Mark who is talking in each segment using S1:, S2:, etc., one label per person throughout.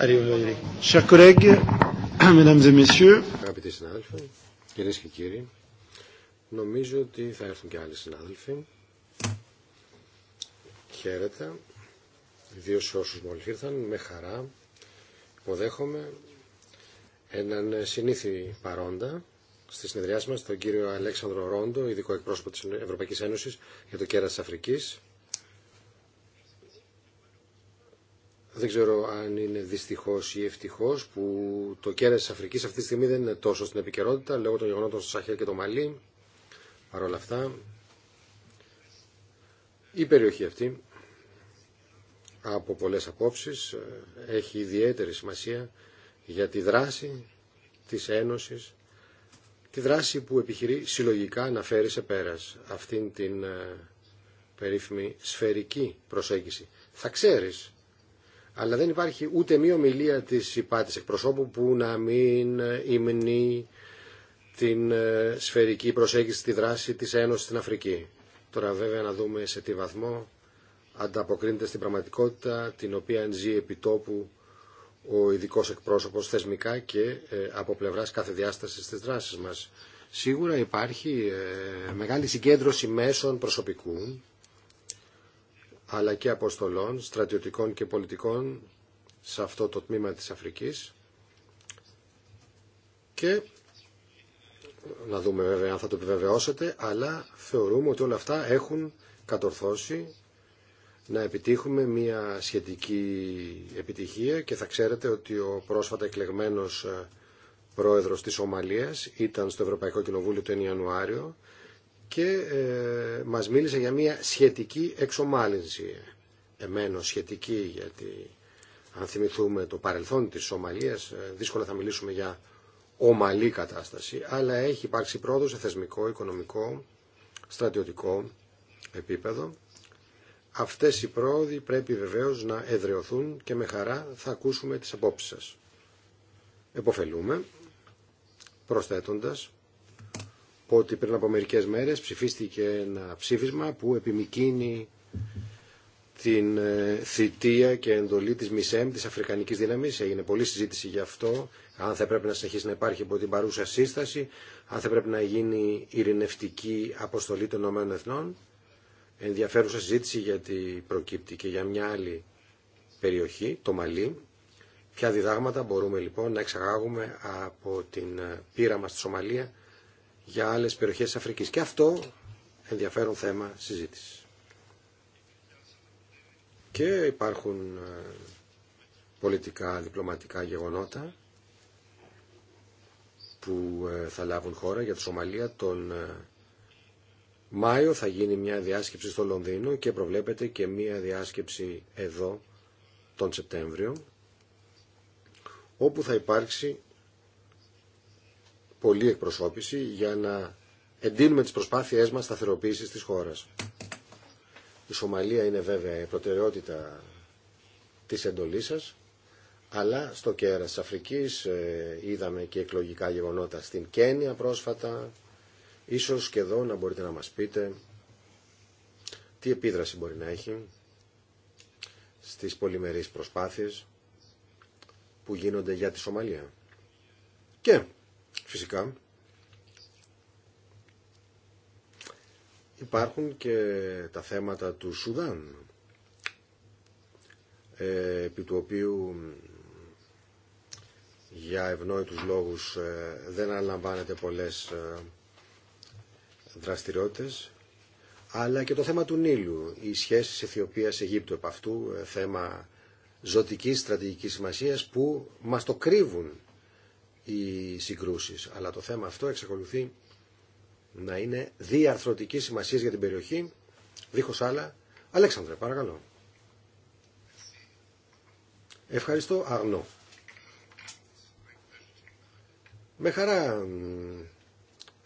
S1: Αγαπητοί συνάδελφοι, κυρίες και κύριοι, νομίζω ότι θα έρθουν και άλλοι συνάδελφοι. Χαίρετε, ιδίως σε όσους μόλις ήρθαν, με χαρά υποδέχομαι έναν συνήθι παρόντα στη συνεδριά μας, τον κύριο Αλέξανδρο Ρόντο, ειδικό εκπρόσωπο της Ευρωπαϊκής Ένωσης για το κέρα της Αφρικής. Δεν ξέρω αν είναι δυστυχώ ή ευτυχώ που το κέρα τη Αφρική αυτή τη στιγμή δεν είναι τόσο στην επικαιρότητα λόγω των γεγονότων στο Σαχέλ και το Μαλί. Παρ' όλα αυτά, η περιοχή αυτή από πολλές απόψεις έχει ιδιαίτερη σημασία για τη δράση της Ένωσης, τη δράση που επιχειρεί συλλογικά να φέρει σε πέρας αυτήν την ε, περίφημη σφαιρική προσέγγιση. Θα ξέρεις αλλά δεν υπάρχει ούτε μία ομιλία της υπάτης εκπροσώπου που να μην υμνεί την ε, σφαιρική προσέγγιση στη δράση της Ένωσης στην Αφρική. Τώρα βέβαια να δούμε σε τι βαθμό ανταποκρίνεται στην πραγματικότητα την οποία ζει επιτόπου ο ειδικό εκπρόσωπος θεσμικά και ε, από πλευράς κάθε διάστασης της δράσης μας. Σίγουρα υπάρχει ε, μεγάλη συγκέντρωση μέσων προσωπικού αλλά και αποστολών στρατιωτικών και πολιτικών σε αυτό το τμήμα της Αφρικής και να δούμε βέβαια αν θα το επιβεβαιώσετε αλλά θεωρούμε ότι όλα αυτά έχουν κατορθώσει να επιτύχουμε μια σχετική επιτυχία και θα ξέρετε ότι ο πρόσφατα εκλεγμένος ε, πρόεδρος της Ομαλίας ήταν στο Ευρωπαϊκό Κοινοβούλιο τον Ιανουάριο και ε, μας μίλησε για μια σχετική εξομάλυνση. Εμένω σχετική γιατί αν θυμηθούμε το παρελθόν της Σομαλίας ε, δύσκολα θα μιλήσουμε για ομαλή κατάσταση αλλά έχει υπάρξει πρόοδο σε θεσμικό, οικονομικό, στρατιωτικό επίπεδο. Αυτές οι πρόοδοι πρέπει βεβαίως να εδρεωθούν και με χαρά θα ακούσουμε τις απόψεις σας. Εποφελούμε προσθέτοντας πω ότι πριν από μερικέ μέρες ψηφίστηκε ένα ψήφισμα που επιμικίνει την ε, θητεία και εντολή τη ΜΙΣΕΜ, της Αφρικανικής Δυναμή. Έγινε πολλή συζήτηση γι' αυτό, αν θα πρέπει να συνεχίσει να υπάρχει από την παρούσα σύσταση, αν θα πρέπει να γίνει ειρηνευτική αποστολή των ΗΕ. Ενδιαφέρουσα συζήτηση γιατί προκύπτει και για μια άλλη περιοχή, το Μαλί. Ποια διδάγματα μπορούμε λοιπόν να εξαγάγουμε από την ε, πείρα μας στη Σομαλία για άλλες περιοχές της Αφρικής. Και αυτό ενδιαφέρον θέμα συζήτησης. Και υπάρχουν ε, πολιτικά, διπλωματικά γεγονότα που ε, θα λάβουν χώρα για τη Σομαλία τον ε, Μάιο θα γίνει μια διάσκεψη στο Λονδίνο και προβλέπεται και μια διάσκεψη εδώ τον Σεπτέμβριο όπου θα υπάρξει πολλή εκπροσώπηση για να εντείνουμε τις προσπάθειές μας σταθεροποίησης της χώρας. Η Σομαλία είναι βέβαια η προτεραιότητα της εντολής σας, αλλά στο κέρας της Αφρικής ε, είδαμε και εκλογικά γεγονότα στην Κένια πρόσφατα. Ίσως και εδώ να μπορείτε να μας πείτε τι επίδραση μπορεί να έχει στις πολυμερείς προσπάθειες που γίνονται για τη Σομαλία. Και Φυσικά υπάρχουν και τα θέματα του Σουδάν ε, επί του οποίου για ευνόητους λόγους ε, δεν αναλαμβάνεται πολλές ε, δραστηριότητες αλλά και το θέμα του Νείλου, οι σχέσεις Αιθιοπίας-Αιγύπτου επ' αυτού, θέμα ζωτικής στρατηγικής σημασίας που μας το κρύβουν οι συγκρούσεις. Αλλά το θέμα αυτό εξακολουθεί να είναι διαρθρωτική σημασία για την περιοχή. Δίχως άλλα, Αλέξανδρε, παρακαλώ. Ευχαριστώ, Αγνώ. Με χαρά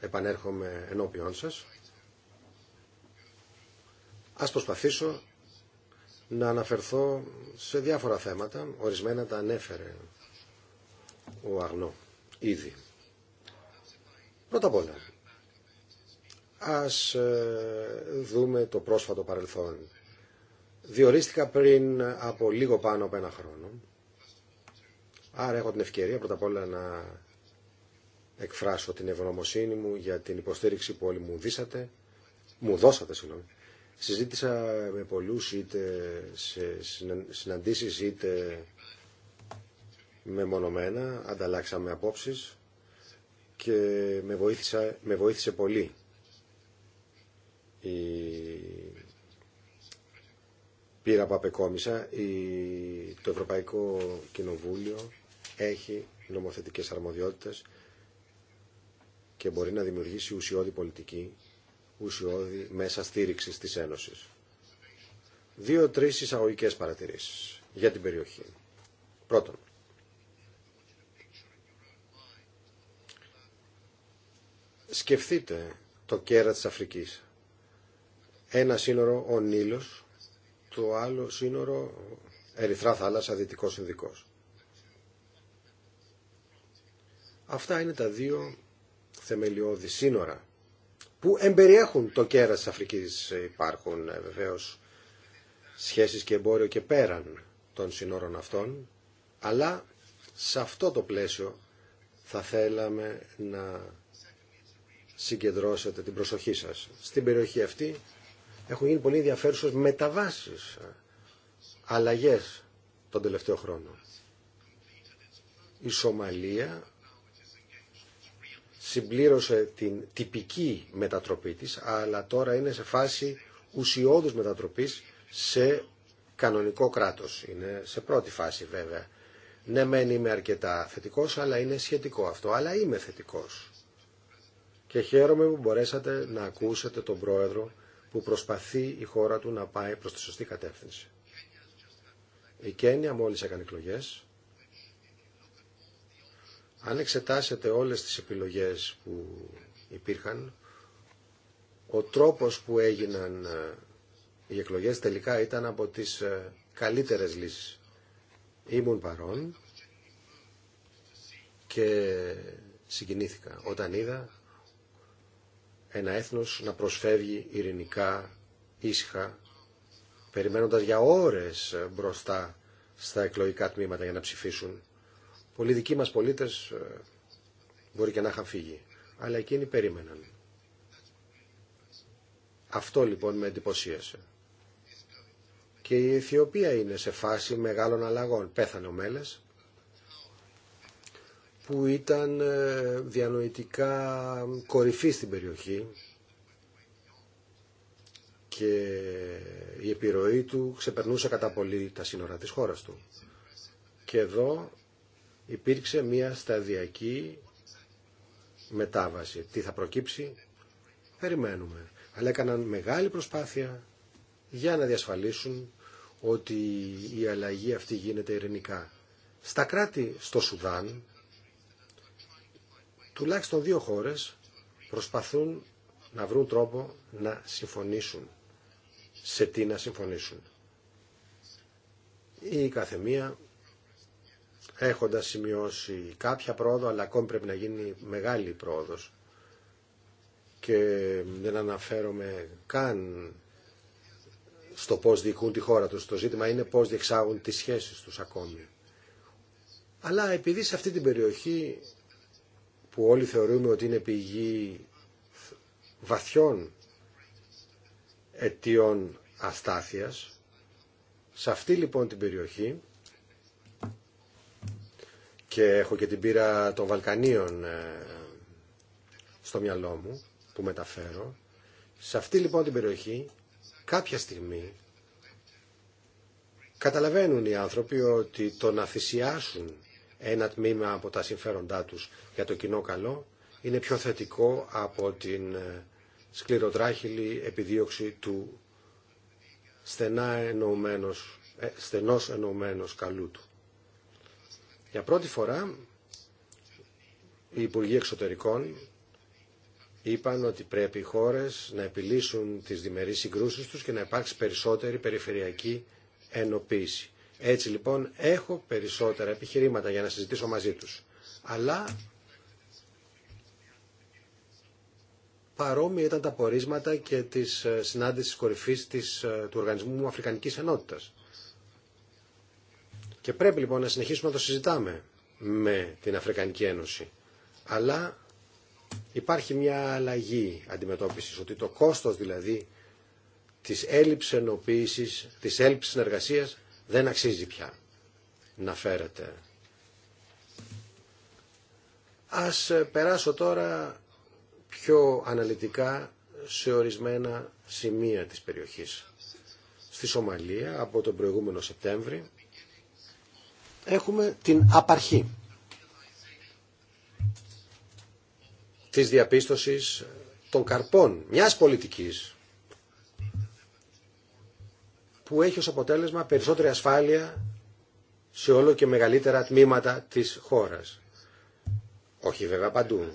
S1: επανέρχομαι ενώπιόν σας. Ας προσπαθήσω να αναφερθώ σε διάφορα θέματα, ορισμένα τα ανέφερε ο Αγνώ ήδη. Πρώτα απ' όλα, ας ε, δούμε το πρόσφατο παρελθόν. Διορίστηκα πριν από λίγο πάνω από ένα χρόνο. Άρα έχω την ευκαιρία πρώτα απ' όλα να εκφράσω την ευγνωμοσύνη μου για την υποστήριξη που όλοι μου δίσατε, μου δώσατε συγγνώμη. Συζήτησα με πολλούς είτε σε συναντήσεις είτε μεμονωμένα, ανταλλάξαμε απόψεις και με, βοήθησα, με βοήθησε πολύ η πείρα που απεκόμισα. Η... Το Ευρωπαϊκό Κοινοβούλιο έχει νομοθετικές αρμοδιότητες και μπορεί να δημιουργήσει ουσιώδη πολιτική, ουσιώδη μέσα στήριξης της Ένωσης. Δύο-τρεις εισαγωγικέ παρατηρήσεις για την περιοχή. Πρώτον, Σκεφτείτε το κέρα της Αφρικής. Ένα σύνορο ο Νείλος, το άλλο σύνορο Ερυθρά θάλασσα, Δυτικός Συνδικός. Αυτά είναι τα δύο θεμελιώδη σύνορα που εμπεριέχουν το κέρα της Αφρικής. Υπάρχουν ε, βεβαίως σχέσεις και εμπόριο και πέραν των σύνορων αυτών, αλλά σε αυτό το πλαίσιο θα θέλαμε να συγκεντρώσετε την προσοχή σας. Στην περιοχή αυτή έχουν γίνει πολύ ενδιαφέρουσες μεταβάσεις, αλλαγές τον τελευταίο χρόνο. Η Σομαλία συμπλήρωσε την τυπική μετατροπή της, αλλά τώρα είναι σε φάση ουσιώδους μετατροπής σε κανονικό κράτος. Είναι σε πρώτη φάση βέβαια. Ναι, μένει είμαι αρκετά θετικός, αλλά είναι σχετικό αυτό. Αλλά είμαι θετικός. Και χαίρομαι που μπορέσατε να ακούσετε τον πρόεδρο που προσπαθεί η χώρα του να πάει προς τη σωστή κατεύθυνση. Η Κένια μόλις έκανε εκλογέ. Αν εξετάσετε όλες τις επιλογές που υπήρχαν, ο τρόπος που έγιναν ε, οι εκλογές τελικά ήταν από τις ε, καλύτερες λύσεις. Ήμουν παρόν και συγκινήθηκα όταν είδα ένα έθνος να προσφεύγει ειρηνικά, ήσυχα, περιμένοντας για ώρες μπροστά στα εκλογικά τμήματα για να ψηφίσουν. Πολλοί δικοί μας πολίτες ε, μπορεί και να είχαν φύγει, αλλά εκείνοι περίμεναν. Αυτό λοιπόν με εντυπωσίασε. Και η Αιθιοπία είναι σε φάση μεγάλων αλλαγών. Πέθανε ο Μέλες, που ήταν ε, διανοητικά κορυφή στην περιοχή και η επιρροή του ξεπερνούσε κατά πολύ τα σύνορα της χώρας του. Και εδώ υπήρξε μια σταδιακή μετάβαση. Τι θα προκύψει, περιμένουμε. Αλλά έκαναν μεγάλη προσπάθεια για να διασφαλίσουν ότι η αλλαγή αυτή γίνεται ειρηνικά. Στα κράτη στο Σουδάν τουλάχιστον δύο χώρες προσπαθούν να βρουν τρόπο να συμφωνήσουν. Σε τι να συμφωνήσουν. Η καθεμία έχοντας σημειώσει κάποια πρόοδο, αλλά ακόμη πρέπει να γίνει μεγάλη πρόοδος. Και δεν αναφέρομαι καν στο πώς διοικούν τη χώρα τους. Το ζήτημα είναι πώς διεξάγουν τις σχέσεις τους ακόμη. Αλλά επειδή σε αυτή την περιοχή που όλοι θεωρούμε ότι είναι πηγή βαθιών αιτιών αστάθειας. Σε αυτή λοιπόν την περιοχή και έχω και την πύρα των Βαλκανίων ε, στο μυαλό μου που μεταφέρω. Σε αυτή λοιπόν την περιοχή κάποια στιγμή καταλαβαίνουν οι άνθρωποι ότι το να θυσιάσουν ένα τμήμα από τα συμφέροντά τους για το κοινό καλό είναι πιο θετικό από την ε, σκληροτράχυλη επιδίωξη του στενά εννοουμένος, ε, στενός εννοουμένος καλού του. Για πρώτη φορά οι Υπουργοί Εξωτερικών είπαν ότι πρέπει οι χώρες να επιλύσουν τις διμερείς συγκρούσεις τους και να υπάρξει περισσότερη περιφερειακή ενοποίηση. Έτσι λοιπόν έχω περισσότερα επιχειρήματα για να συζητήσω μαζί τους. Αλλά παρόμοια ήταν τα πορίσματα και της ε, συνάντησης κορυφής της, ε, του Οργανισμού Αφρικανικής Ενότητας. Και πρέπει λοιπόν να συνεχίσουμε να το συζητάμε με την Αφρικανική Ένωση. Αλλά υπάρχει μια αλλαγή αντιμετώπισης, ότι το κόστος δηλαδή της έλλειψης ενοποίησης, της έλλειψης συνεργασίας δεν αξίζει πια να φέρετε. Ας ε, περάσω τώρα πιο αναλυτικά σε ορισμένα σημεία της περιοχής. Στη Σομαλία από τον προηγούμενο Σεπτέμβρη έχουμε την απαρχή της διαπίστωσης των καρπών μιας πολιτικής που έχει ως αποτέλεσμα περισσότερη ασφάλεια σε όλο και μεγαλύτερα τμήματα της χώρας. Όχι βέβαια παντού.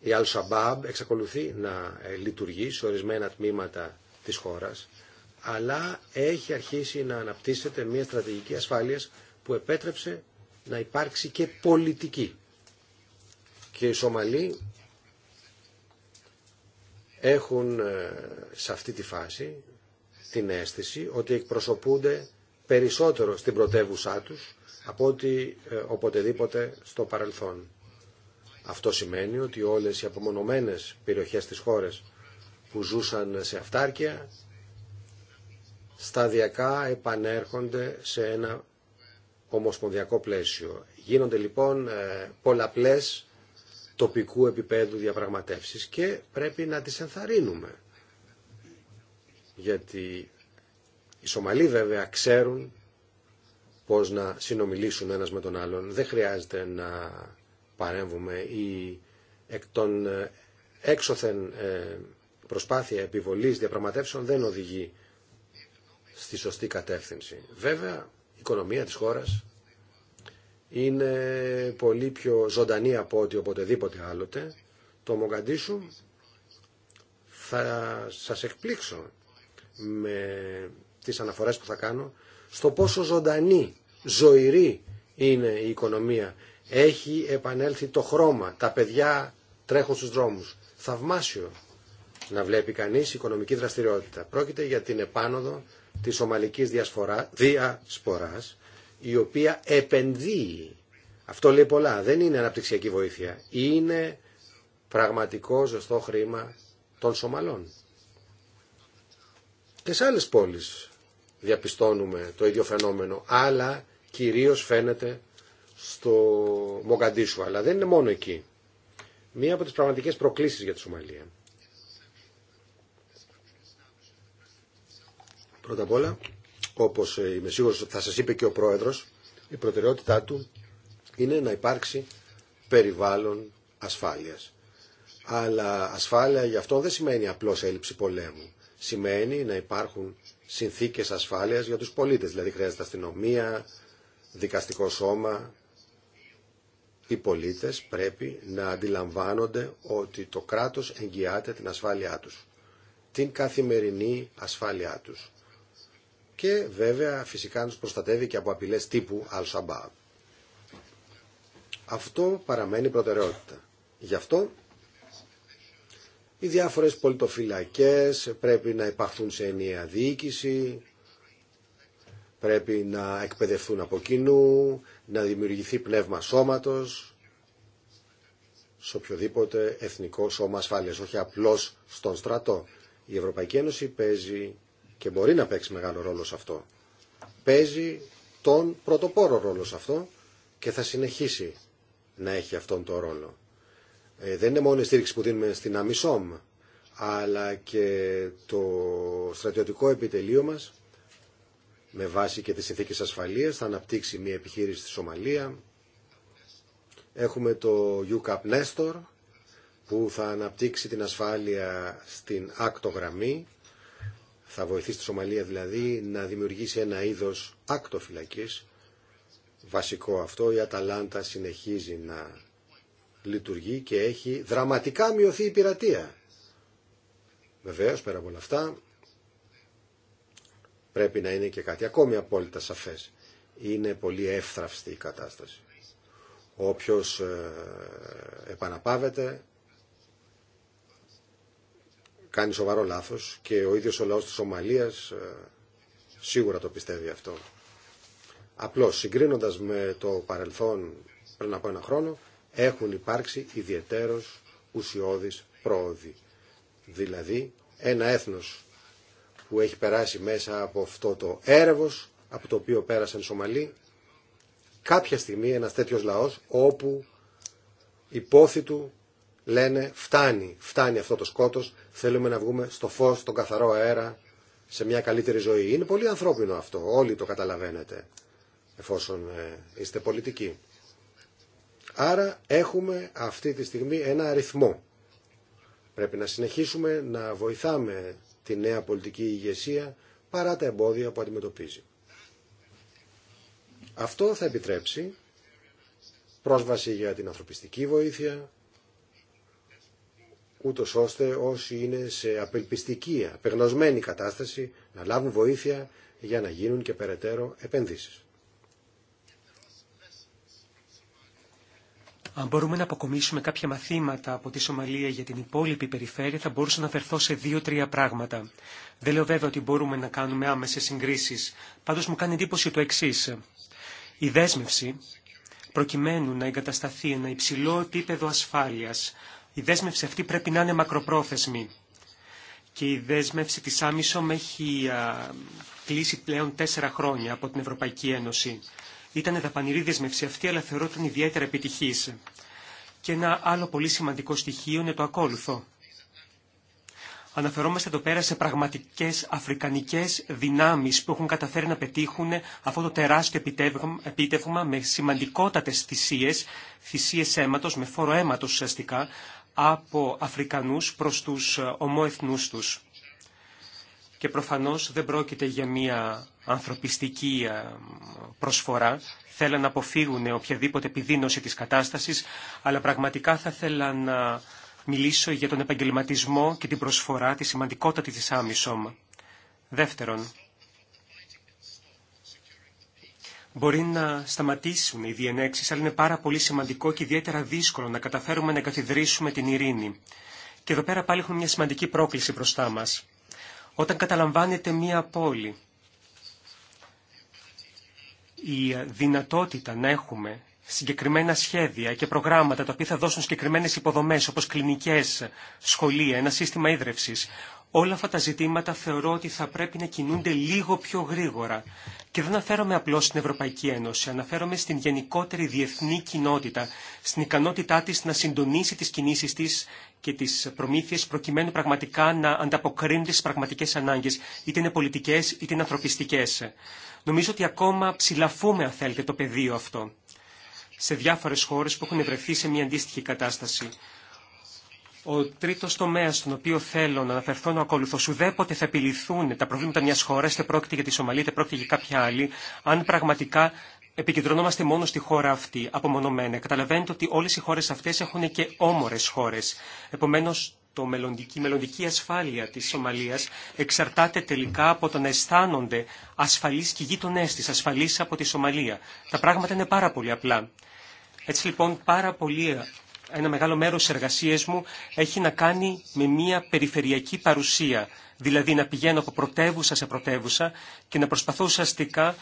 S1: Η Al-Shabaab εξακολουθεί να ε, λειτουργεί σε ορισμένα τμήματα της χώρας, αλλά έχει αρχίσει να αναπτύσσεται μια στρατηγική ασφάλειας που επέτρεψε να υπάρξει και πολιτική. Και οι Σομαλοί έχουν ε, σε αυτή τη φάση την αίσθηση ότι εκπροσωπούνται περισσότερο στην πρωτεύουσά τους από ότι ε, οποτεδήποτε στο παρελθόν. Αυτό σημαίνει ότι όλες οι απομονωμένες περιοχές της χώρας που ζούσαν σε αυτάρκεια σταδιακά επανέρχονται σε ένα ομοσπονδιακό πλαίσιο. Γίνονται λοιπόν ε, πολλαπλές τοπικού επίπεδου διαπραγματεύσεις και πρέπει να τις ενθαρρύνουμε γιατί οι Σομαλοί βέβαια ξέρουν πώς να συνομιλήσουν ένας με τον άλλον. Δεν χρειάζεται να παρέμβουμε ή εκ των ε, έξωθεν ε, προσπάθεια επιβολής διαπραγματεύσεων δεν οδηγεί στη σωστή κατεύθυνση. Βέβαια, η οικονομία της χώρας είναι πολύ πιο ζωντανή από ό,τι οποτεδήποτε άλλοτε. Το Μογκαντήσου θα σας εκπλήξω με τις αναφορές που θα κάνω στο πόσο ζωντανή, ζωηρή είναι η οικονομία. Έχει επανέλθει το χρώμα, τα παιδιά τρέχουν στους δρόμους. Θαυμάσιο να βλέπει κανείς οικονομική δραστηριότητα. Πρόκειται για την επάνωδο της ομαλικής διασφορά, διασποράς, η οποία επενδύει. Αυτό λέει πολλά. Δεν είναι αναπτυξιακή βοήθεια. Είναι πραγματικό ζεστό χρήμα των Σομαλών. Και σε άλλες πόλεις διαπιστώνουμε το ίδιο φαινόμενο, αλλά κυρίως φαίνεται στο Μογκαντίσου. αλλά δεν είναι μόνο εκεί. Μία από τις πραγματικές προκλήσεις για τη Σομαλία. Πρώτα απ' όλα, όπως ε, είμαι σίγουρος θα σας είπε και ο Πρόεδρος, η προτεραιότητά του είναι να υπάρξει περιβάλλον ασφάλειας. Αλλά ασφάλεια γι' αυτό δεν σημαίνει απλώς έλλειψη πολέμου σημαίνει να υπάρχουν συνθήκες ασφάλειας για τους πολίτες. Δηλαδή χρειάζεται αστυνομία, δικαστικό σώμα. Οι πολίτες πρέπει να αντιλαμβάνονται ότι το κράτος εγγυάται την ασφάλειά τους. Την καθημερινή ασφάλειά τους. Και βέβαια φυσικά τους προστατεύει και από απειλές τύπου Al-Shabaab. Αυτό παραμένει προτεραιότητα. Γι' αυτό οι διάφορες πολιτοφυλακές πρέπει να υπάρχουν σε ενιαία διοίκηση, πρέπει να εκπαιδευτούν από κοινού, να δημιουργηθεί πνεύμα σώματος σε οποιοδήποτε εθνικό σώμα ασφάλειας, όχι απλώς στον στρατό. Η Ευρωπαϊκή Ένωση παίζει και μπορεί να παίξει μεγάλο ρόλο σε αυτό. Παίζει τον πρωτοπόρο ρόλο σε αυτό και θα συνεχίσει να έχει αυτόν τον ρόλο. Ε, δεν είναι μόνο η στήριξη που δίνουμε στην Αμισόμ, αλλά και το στρατιωτικό επιτελείο μας, με βάση και τις συνθήκες ασφαλείας, θα αναπτύξει μια επιχείρηση στη Σομαλία. Έχουμε το UCAP Nestor, που θα αναπτύξει την ασφάλεια στην ακτογραμμή. Θα βοηθήσει τη Σομαλία δηλαδή να δημιουργήσει ένα είδος ακτοφυλακής. Βασικό αυτό, η Αταλάντα συνεχίζει να λειτουργεί και έχει δραματικά μειωθεί η πειρατεία. Βεβαίως, πέρα από όλα αυτά, πρέπει να είναι και κάτι ακόμη απόλυτα σαφές. Είναι πολύ εύθραυστη η κατάσταση. Όποιος ε, επαναπάβεται, κάνει σοβαρό λάθος και ο ίδιος ο λαός της Σομαλίας ε, σίγουρα το πιστεύει αυτό. Απλώς συγκρίνοντας με το παρελθόν πριν από ένα χρόνο έχουν υπάρξει ιδιαιτέρως ουσιώδης πρόοδοι. Δηλαδή ένα έθνος που έχει περάσει μέσα από αυτό το έρευος από το οποίο πέρασαν Σομαλοί κάποια στιγμή ένας τέτοιος λαός όπου υπόθη του λένε φτάνει, φτάνει αυτό το σκότος, θέλουμε να βγούμε στο φως, στον καθαρό αέρα, σε μια καλύτερη ζωή. Είναι πολύ ανθρώπινο αυτό, όλοι το καταλαβαίνετε, εφόσον ε, είστε πολιτικοί. Άρα έχουμε αυτή τη στιγμή ένα αριθμό. Πρέπει να συνεχίσουμε να βοηθάμε τη νέα πολιτική ηγεσία παρά τα εμπόδια που αντιμετωπίζει. Αυτό θα επιτρέψει πρόσβαση για την ανθρωπιστική βοήθεια, ούτω ώστε όσοι είναι σε απελπιστική, απεγνωσμένη κατάσταση να λάβουν βοήθεια για να γίνουν και περαιτέρω επενδύσεις.
S2: Αν μπορούμε να αποκομίσουμε κάποια μαθήματα από τη Σομαλία για την υπόλοιπη περιφέρεια, θα μπορούσα να αφαιρθώ σε δύο-τρία πράγματα. Δεν λέω βέβαια ότι μπορούμε να κάνουμε άμεσε συγκρίσει. Πάντω μου κάνει εντύπωση το εξή. Η δέσμευση, προκειμένου να εγκατασταθεί ένα υψηλό επίπεδο ασφάλεια, η δέσμευση αυτή πρέπει να είναι μακροπρόθεσμη. Και η δέσμευση τη Άμισομ έχει κλείσει πλέον τέσσερα χρόνια από την Ευρωπαϊκή Ένωση. Ήταν δαπανηρή δεσμευσή αυτή, αλλά θεωρώ ότι ήταν ιδιαίτερα επιτυχή. Και ένα άλλο πολύ σημαντικό στοιχείο είναι το ακόλουθο. Αναφερόμαστε εδώ πέρα σε πραγματικέ αφρικανικέ δυνάμει που έχουν καταφέρει να πετύχουν αυτό το τεράστιο επίτευγμα με σημαντικότατες θυσίε θυσίε αίματο, με φόρο αίματο, ουσιαστικά, από Αφρικανού προ του ομόεθνού του και προφανώς δεν πρόκειται για μια ανθρωπιστική ε, προσφορά. Θέλαν να αποφύγουν οποιαδήποτε επιδείνωση της κατάστασης, αλλά πραγματικά θα ήθελα να μιλήσω για τον επαγγελματισμό και την προσφορά τη σημαντικότητα της Άμισομ. Δεύτερον, Μπορεί να σταματήσουν οι διενέξεις, αλλά είναι πάρα πολύ σημαντικό και ιδιαίτερα δύσκολο να καταφέρουμε να καθιδρύσουμε την ειρήνη. Και εδώ πέρα πάλι έχουμε μια σημαντική πρόκληση μπροστά μας όταν καταλαμβάνεται μία πόλη. Η δυνατότητα να έχουμε συγκεκριμένα σχέδια και προγράμματα τα οποία θα δώσουν συγκεκριμένε υποδομέ όπω κλινικέ, σχολεία, ένα σύστημα ίδρυυση. Όλα αυτά τα ζητήματα θεωρώ ότι θα πρέπει να κινούνται λίγο πιο γρήγορα. Και δεν αναφέρομαι απλώ στην Ευρωπαϊκή Ένωση, αναφέρομαι στην γενικότερη διεθνή κοινότητα, στην ικανότητά τη να συντονίσει τι κινήσει τη και τι προμήθειε προκειμένου πραγματικά να ανταποκρίνονται στι πραγματικέ ανάγκε, είτε είναι πολιτικέ είτε είναι ανθρωπιστικέ. Νομίζω ότι ακόμα ψηλαφούμε, αν θέλετε, το πεδίο αυτό σε διάφορες χώρες που έχουν βρεθεί σε μια αντίστοιχη κατάσταση. Ο τρίτο τομέα, στον οποίο θέλω να αναφερθώ να ακολουθώ, ουδέποτε θα επιληθούν τα προβλήματα μια χώρα, είτε πρόκειται για τη Σομαλία, είτε πρόκειται για κάποια άλλη, αν πραγματικά επικεντρωνόμαστε μόνο στη χώρα αυτή, απομονωμένα. Καταλαβαίνετε ότι όλε οι χώρε αυτέ έχουν και όμορε χώρε. Επομένω, το μελλοντική, η μελλοντική ασφάλεια της Σομαλίας εξαρτάται τελικά από το να αισθάνονται ασφαλείς και οι γείτονές της, από τη Σομαλία. Τα πράγματα είναι πάρα πολύ απλά. Έτσι λοιπόν πάρα πολύ ε, ένα μεγάλο μέρος εργασίας μου έχει να κάνει με μια περιφερειακή παρουσία, δηλαδή να πηγαίνω από πρωτεύουσα σε πρωτεύουσα και να προσπαθώ ουσιαστικά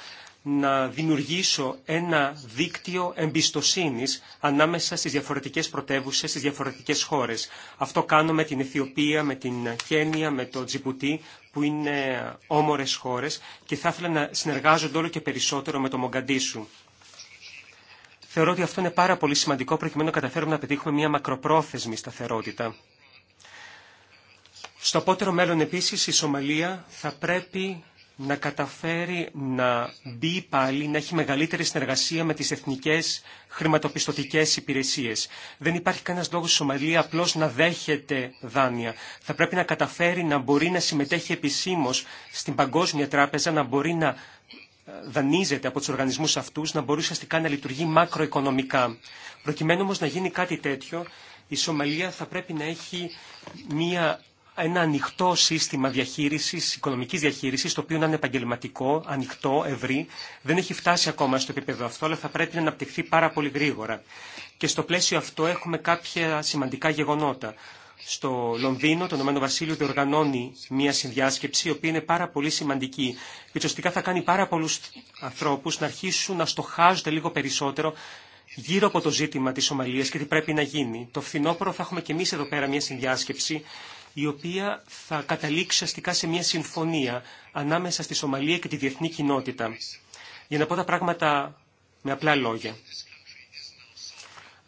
S2: να δημιουργήσω ένα δίκτυο εμπιστοσύνης ανάμεσα στις διαφορετικές πρωτεύουσε, στις διαφορετικές χώρες. Αυτό κάνω με την Αιθιοπία, με την Κένια, με το Τζιπουτί, που είναι όμορες χώρες και θα ήθελα να συνεργάζονται όλο και περισσότερο με το Μογκαντήσου. Θεωρώ ότι αυτό είναι πάρα πολύ σημαντικό προκειμένου να καταφέρουμε να πετύχουμε μια μακροπρόθεσμη σταθερότητα. Στο απότερο μέλλον επίσης η Σομαλία θα πρέπει να καταφέρει να μπει πάλι, να έχει μεγαλύτερη συνεργασία με τις εθνικές χρηματοπιστωτικές υπηρεσίες. Δεν υπάρχει κανένας λόγος η Σομαλία απλώς να δέχεται δάνεια. Θα πρέπει να καταφέρει να μπορεί να συμμετέχει επισήμως στην Παγκόσμια Τράπεζα, να μπορεί να δανείζεται από τους οργανισμούς αυτούς να μπορεί ουσιαστικά να λειτουργεί μακροοικονομικά. Προκειμένου όμω να γίνει κάτι τέτοιο, η Σομαλία θα πρέπει να έχει μια, ένα ανοιχτό σύστημα διαχείρισης, οικονομικής διαχείρισης, το οποίο να είναι επαγγελματικό, ανοιχτό, ευρύ. Δεν έχει φτάσει ακόμα στο επίπεδο αυτό, αλλά θα πρέπει να αναπτυχθεί πάρα πολύ γρήγορα. Και στο πλαίσιο αυτό έχουμε κάποια σημαντικά γεγονότα στο Λονδίνο, το Ηνωμένο Βασίλειο διοργανώνει μία συνδιάσκεψη, η οποία είναι πάρα πολύ σημαντική. Και ουσιαστικά θα κάνει πάρα πολλού ανθρώπου να αρχίσουν να στοχάζονται λίγο περισσότερο γύρω από το ζήτημα τη Ομαλία και τι πρέπει να γίνει. Το φθινόπωρο θα έχουμε και εμεί εδώ πέρα μία συνδιάσκεψη, η οποία θα καταλήξει ουσιαστικά σε μία συμφωνία ανάμεσα στη Σομαλία και τη διεθνή κοινότητα. Για να πω τα πράγματα με απλά λόγια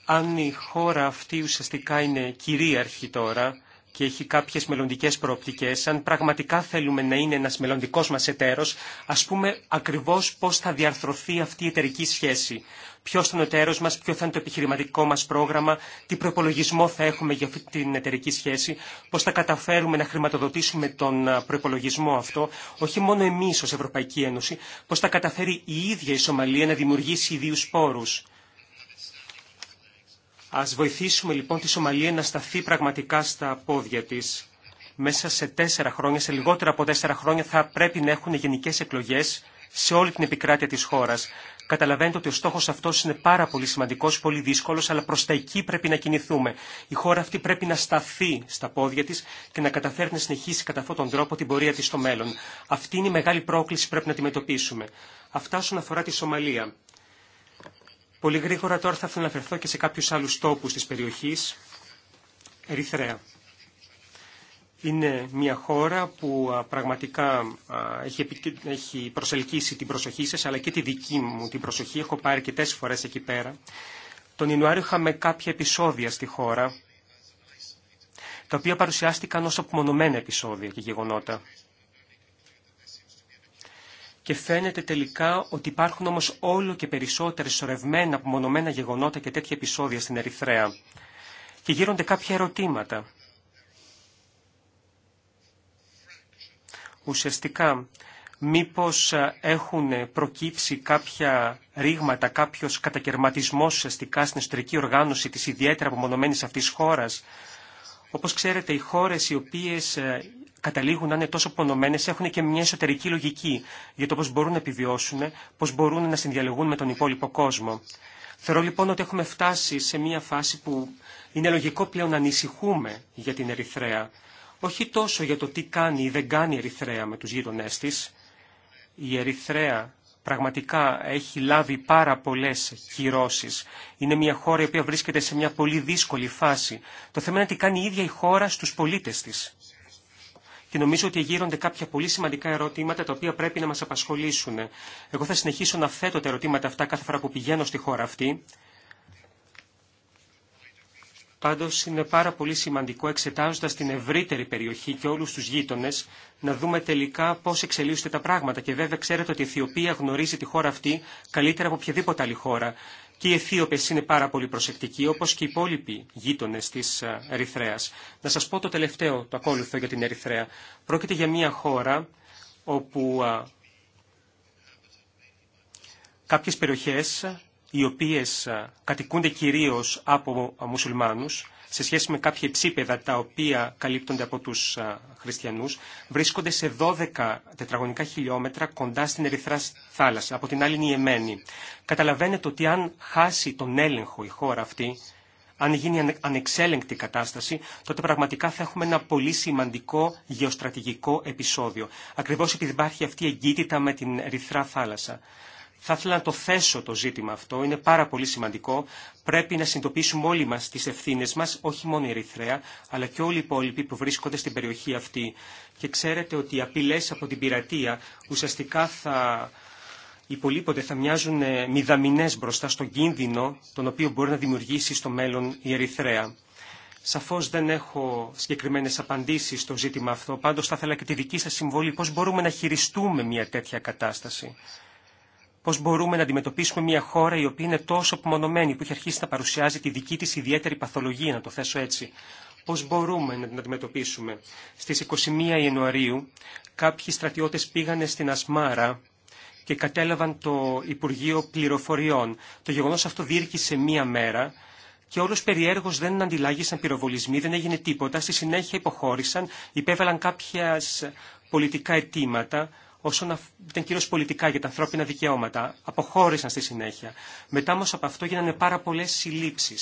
S2: αν η χώρα αυτή ουσιαστικά είναι κυρίαρχη τώρα και έχει κάποιες μελλοντικέ προοπτικές, αν πραγματικά θέλουμε να είναι ένας μελλοντικό μας εταίρος, ας πούμε ακριβώς πώς θα διαρθρωθεί αυτή η εταιρική σχέση. Ποιο θα είναι ο εταίρος μας, ποιο θα είναι το επιχειρηματικό μας πρόγραμμα, τι προπολογισμό θα έχουμε για αυτή την εταιρική σχέση, πώς θα καταφέρουμε να χρηματοδοτήσουμε τον προπολογισμό αυτό, όχι μόνο εμείς ως Ευρωπαϊκή Ένωση, πώς θα καταφέρει η ίδια η Σομαλία να δημιουργήσει ιδίους πόρους. Ας βοηθήσουμε λοιπόν τη Σομαλία να σταθεί πραγματικά στα πόδια της. Μέσα σε τέσσερα χρόνια, σε λιγότερα από τέσσερα χρόνια θα πρέπει να έχουν γενικές εκλογές σε όλη την επικράτεια της χώρας. Καταλαβαίνετε ότι ο στόχος αυτός είναι πάρα πολύ σημαντικός, πολύ δύσκολος, αλλά προς τα εκεί πρέπει να κινηθούμε. Η χώρα αυτή πρέπει να σταθεί στα πόδια της και να καταφέρει να συνεχίσει κατά αυτόν τον τρόπο την πορεία της στο μέλλον. Αυτή είναι η μεγάλη πρόκληση που πρέπει να αντιμετωπίσουμε. Αυτά όσον αφορά τη Σομαλία. Πολύ γρήγορα τώρα θα ήθελα να αναφερθώ και σε κάποιους άλλους τόπους της περιοχής. Ερυθρέα. Είναι μια χώρα που πραγματικά έχει προσελκύσει την προσοχή σας, αλλά και τη δική μου την προσοχή. Έχω πάρει και τέσσερις φορές εκεί πέρα. Τον Ιανουάριο είχαμε κάποια επεισόδια στη χώρα, τα οποία παρουσιάστηκαν ως απομονωμένα επεισόδια και γεγονότα και φαίνεται τελικά ότι υπάρχουν όμως όλο και περισσότερα σωρευμένα, απομονωμένα γεγονότα και τέτοια επεισόδια στην Ερυθρέα. Και γύρονται κάποια ερωτήματα. Ουσιαστικά, μήπως ε, έχουν προκύψει κάποια ρήγματα, κάποιος κατακαιρματισμός ουσιαστικά στην εσωτερική οργάνωση της ιδιαίτερα απομονωμένης αυτής χώρας. Όπως ξέρετε, οι χώρες οι οποίες ε, καταλήγουν να είναι τόσο πονωμένε, έχουν και μια εσωτερική λογική για το πώ μπορούν να επιβιώσουν, πώ μπορούν να συνδιαλεγούν με τον υπόλοιπο κόσμο. Θεωρώ λοιπόν ότι έχουμε φτάσει σε μια φάση που είναι λογικό πλέον να ανησυχούμε για την Ερυθρέα. Όχι τόσο για το τι κάνει ή δεν κάνει η Ερυθρέα με τους γείτονές της. Η Ερυθρέα πραγματικά έχει λάβει πάρα πολλές κυρώσεις. Είναι μια χώρα η οποία βρίσκεται σε μια πολύ δύσκολη φάση. Το θέμα είναι τι κάνει η ίδια η χώρα στους πολίτες της και νομίζω ότι γύρονται κάποια πολύ σημαντικά ερωτήματα τα οποία πρέπει να μας απασχολήσουν. Εγώ θα συνεχίσω να θέτω τα ερωτήματα αυτά κάθε φορά που πηγαίνω στη χώρα αυτή. Πάντως είναι πάρα πολύ σημαντικό εξετάζοντας την ευρύτερη περιοχή και όλους τους γείτονες να δούμε τελικά πώς εξελίσσονται τα πράγματα. Και βέβαια ξέρετε ότι η Αιθιοπία γνωρίζει τη χώρα αυτή καλύτερα από οποιαδήποτε άλλη χώρα και οι Αιθίωπες είναι πάρα πολύ προσεκτικοί, όπως και οι υπόλοιποι γείτονες της ε, Ερυθρέας. Να σας πω το τελευταίο, το ακόλουθο για την Ερυθρέα. Πρόκειται για μια χώρα όπου ε, κάποιες περιοχές, οι οποίες ε, κατοικούνται κυρίως από μουσουλμάνους, σε σχέση με κάποια υψίπεδα τα οποία καλύπτονται από τους χριστιανούς βρίσκονται σε 12 τετραγωνικά χιλιόμετρα κοντά στην Ερυθρά θάλασσα. Από την άλλη είναι η Εμένη. Καταλαβαίνετε ότι αν χάσει τον έλεγχο η χώρα αυτή αν γίνει ανεξέλεγκτη κατάσταση, τότε πραγματικά θα έχουμε ένα πολύ σημαντικό γεωστρατηγικό επεισόδιο. Ακριβώς επειδή υπάρχει αυτή η εγκύτητα με την Ερυθρά θάλασσα. Θα ήθελα να το θέσω το ζήτημα αυτό, είναι πάρα πολύ σημαντικό. Πρέπει να συνειδητοποιήσουμε όλοι μας τις ευθύνες μας, όχι μόνο η Ερυθρέα, αλλά και όλοι οι υπόλοιποι που βρίσκονται στην περιοχή αυτή. Και ξέρετε ότι οι απειλές από την πειρατεία ουσιαστικά θα υπολείπονται, θα μοιάζουν ε, μηδαμινές μπροστά στον κίνδυνο τον οποίο μπορεί να δημιουργήσει στο μέλλον η Ερυθρέα. Σαφώς δεν έχω συγκεκριμένες απαντήσεις στο ζήτημα αυτό, πάντως θα ήθελα και τη δική σας συμβολή πώ μπορούμε να χειριστούμε μια τέτοια κατάσταση. Πώ μπορούμε να αντιμετωπίσουμε μια χώρα η οποία είναι τόσο απομονωμένη που έχει αρχίσει να παρουσιάζει τη δική τη ιδιαίτερη παθολογία, να το θέσω έτσι. Πώ μπορούμε να την αντιμετωπίσουμε. στι 21 Ιανουαρίου κάποιοι στρατιώτε πήγανε στην Ασμάρα και κατέλαβαν το Υπουργείο Πληροφοριών. Το γεγονό αυτό διήρκησε μία μέρα και όλο περιέργω δεν αντιλάγησαν πυροβολισμοί, δεν έγινε τίποτα. Στη συνέχεια υποχώρησαν, υπέβαλαν κάποια πολιτικά αιτήματα όσον ήταν κυρίω πολιτικά για τα ανθρώπινα δικαιώματα. Αποχώρησαν στη συνέχεια. Μετά όμω από αυτό γίνανε πάρα πολλέ συλλήψει.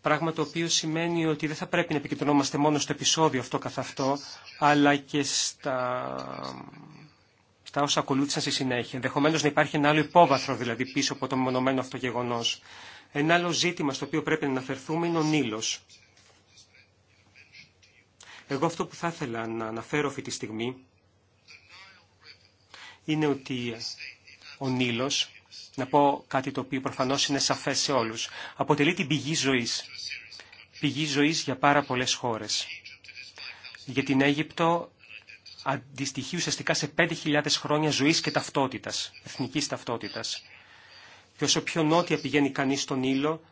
S2: Πράγμα το οποίο σημαίνει ότι δεν θα πρέπει να επικεντρωνόμαστε μόνο στο επεισόδιο αυτό καθ' αυτό, αλλά και στα, στα όσα ακολούθησαν στη συνέχεια. Ενδεχομένω να υπάρχει ένα άλλο υπόβαθρο δηλαδή πίσω από το μονομένο αυτό γεγονό. Ένα άλλο ζήτημα στο οποίο πρέπει να αναφερθούμε είναι ο Νίλος. Εγώ αυτό που θα ήθελα να αναφέρω αυτή τη στιγμή είναι ότι ο Νείλος, να πω κάτι το οποίο προφανώς είναι σαφές σε όλους, αποτελεί την πηγή ζωής. Πηγή ζωής για πάρα πολλές χώρες. Για την Αίγυπτο αντιστοιχεί ουσιαστικά σε 5.000 χρόνια ζωής και ταυτότητας, εθνικής ταυτότητας. Και όσο πιο νότια πηγαίνει κανείς στον Νείλο,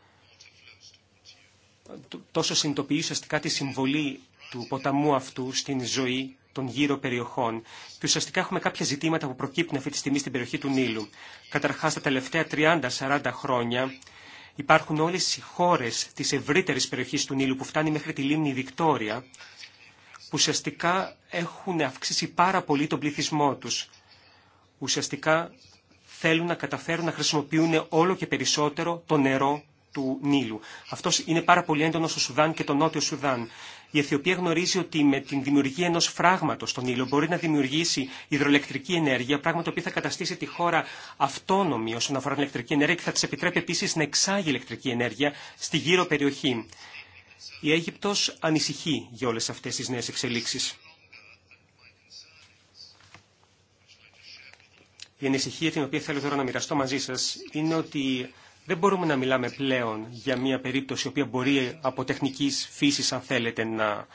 S2: τόσο συνειδητοποιεί ουσιαστικά τη συμβολή του ποταμού αυτού στην ζωή των γύρω περιοχών. Και ουσιαστικά έχουμε κάποια ζητήματα που προκύπτουν αυτή τη στιγμή στην περιοχή του Νείλου. Καταρχάς, τα τελευταία 30-40 χρόνια υπάρχουν όλες οι χώρες της ευρύτερης περιοχής του Νείλου που φτάνει μέχρι τη λίμνη Βικτόρια, που ουσιαστικά έχουν αυξήσει πάρα πολύ τον πληθυσμό τους. Ουσιαστικά θέλουν να καταφέρουν να χρησιμοποιούν όλο και περισσότερο το νερό του Νείλου. Αυτό είναι πάρα πολύ έντονο στο Σουδάν και το Νότιο Σουδάν. Η Αιθιοπία γνωρίζει ότι με την δημιουργία ενό φράγματο στον ήλιο μπορεί να δημιουργήσει υδροελεκτρική ενέργεια, πράγμα το οποίο θα καταστήσει τη χώρα αυτόνομη όσον αφορά την ηλεκτρική ενέργεια και θα τη επιτρέπει επίση να εξάγει ηλεκτρική ενέργεια στη γύρω περιοχή. Η Αίγυπτος ανησυχεί για όλε αυτέ τι νέε εξελίξει. Η ανησυχία την οποία θέλω τώρα να μοιραστώ μαζί σας είναι ότι δεν μπορούμε να μιλάμε πλέον για μια περίπτωση η οποία μπορεί από τεχνικής φύσης, αν θέλετε, να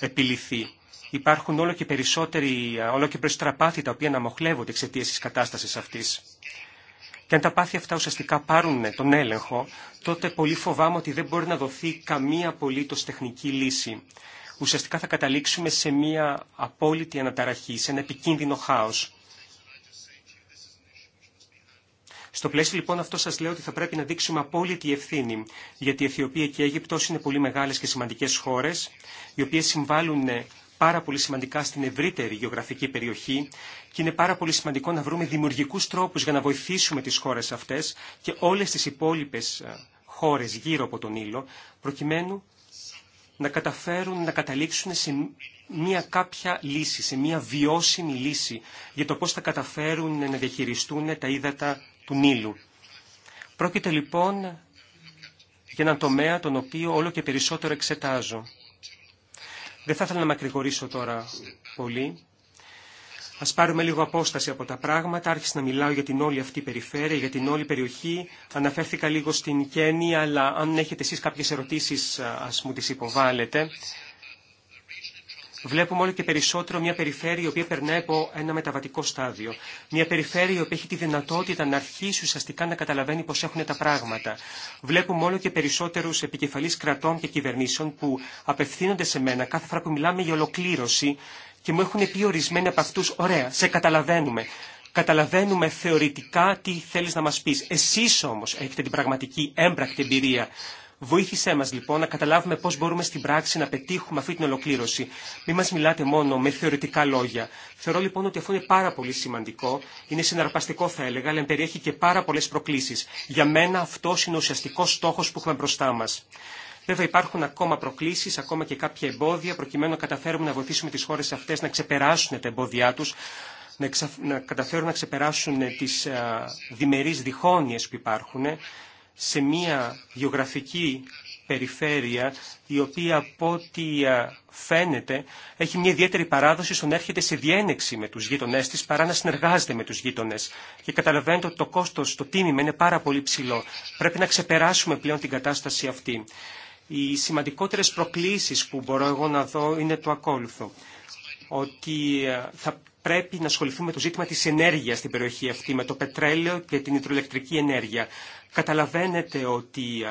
S2: επιληθεί. Υπάρχουν όλο και, περισσότεροι, όλο και περισσότερα πάθη τα οποία αναμοχλεύονται εξαιτία τη κατάσταση αυτή. Και αν τα πάθη αυτά ουσιαστικά πάρουν τον έλεγχο, τότε πολύ φοβάμαι ότι δεν μπορεί να δοθεί καμία απολύτω τεχνική λύση. Ουσιαστικά θα καταλήξουμε σε μια απόλυτη αναταραχή, σε ένα επικίνδυνο χάος. Στο πλαίσιο λοιπόν αυτό σα λέω ότι θα πρέπει να δείξουμε απόλυτη ευθύνη, γιατί η Αιθιοπία και η Αίγυπτος είναι πολύ μεγάλε και σημαντικέ χώρε, οι οποίε συμβάλλουν ε, πάρα πολύ σημαντικά στην ευρύτερη γεωγραφική περιοχή και είναι πάρα πολύ σημαντικό να βρούμε δημιουργικού τρόπου για να βοηθήσουμε τι χώρε αυτέ και όλε τι υπόλοιπε ε, χώρε γύρω από τον Ήλο, προκειμένου να καταφέρουν να καταλήξουν σε μια κάποια λύση, σε μια βιώσιμη λύση για το πώς θα καταφέρουν να διαχειριστούν τα ύδατα του Νείλου. Πρόκειται λοιπόν για έναν τομέα τον οποίο όλο και περισσότερο εξετάζω. Δεν θα ήθελα να μακρηγορήσω τώρα πολύ. Ας πάρουμε λίγο απόσταση από τα πράγματα. Άρχισα να μιλάω για την όλη αυτή περιφέρεια, για την όλη περιοχή. Αναφέρθηκα λίγο στην Κέννη, αλλά αν έχετε εσείς κάποιες ερωτήσεις ας μου τις υποβάλλετε βλέπουμε όλο και περισσότερο μια περιφέρεια η οποία περνάει από ένα μεταβατικό στάδιο. Μια περιφέρεια η οποία έχει τη δυνατότητα να αρχίσει ουσιαστικά να καταλαβαίνει πώ έχουν τα πράγματα. Βλέπουμε όλο και περισσότερου επικεφαλεί κρατών και κυβερνήσεων που απευθύνονται σε μένα κάθε φορά που μιλάμε για ολοκλήρωση και μου έχουν πει ορισμένοι από αυτού, ωραία, σε καταλαβαίνουμε. Καταλαβαίνουμε θεωρητικά τι θέλει να μα πει. Εσεί όμω έχετε την πραγματική έμπρακτη εμπειρία Βοήθησέ μας λοιπόν να καταλάβουμε πώς μπορούμε στην πράξη να πετύχουμε αυτή την ολοκλήρωση. Μη μας μιλάτε μόνο με θεωρητικά λόγια. Θεωρώ λοιπόν ότι αυτό είναι πάρα πολύ σημαντικό, είναι συναρπαστικό θα έλεγα, αλλά περιέχει και πάρα πολλές προκλήσεις. Για μένα αυτό είναι ο ουσιαστικός στόχος που έχουμε μπροστά μας. Βέβαια υπάρχουν ακόμα προκλήσει, ακόμα και κάποια εμπόδια, προκειμένου να καταφέρουμε να βοηθήσουμε τι χώρε αυτέ να ξεπεράσουν τα εμπόδια του, να, καταφέρουν να ξεπεράσουν τι διμερεί διχόνοιε που υπάρχουν σε μια γεωγραφική περιφέρεια η οποία από ό,τι ε, φαίνεται έχει μια ιδιαίτερη παράδοση στον έρχεται σε διένεξη με τους γείτονές της παρά να συνεργάζεται με τους γείτονες. Και καταλαβαίνετε ότι το κόστος, το τίμημα είναι πάρα πολύ ψηλό. Πρέπει να ξεπεράσουμε πλέον την κατάσταση αυτή. Οι σημαντικότερες προκλήσεις που μπορώ εγώ να δω είναι το ακόλουθο. Ότι ε, θα πρέπει να ασχοληθούμε με το ζήτημα της ενέργειας στην περιοχή αυτή, με το πετρέλαιο και την υδροελεκτρική ενέργεια. Καταλαβαίνετε ότι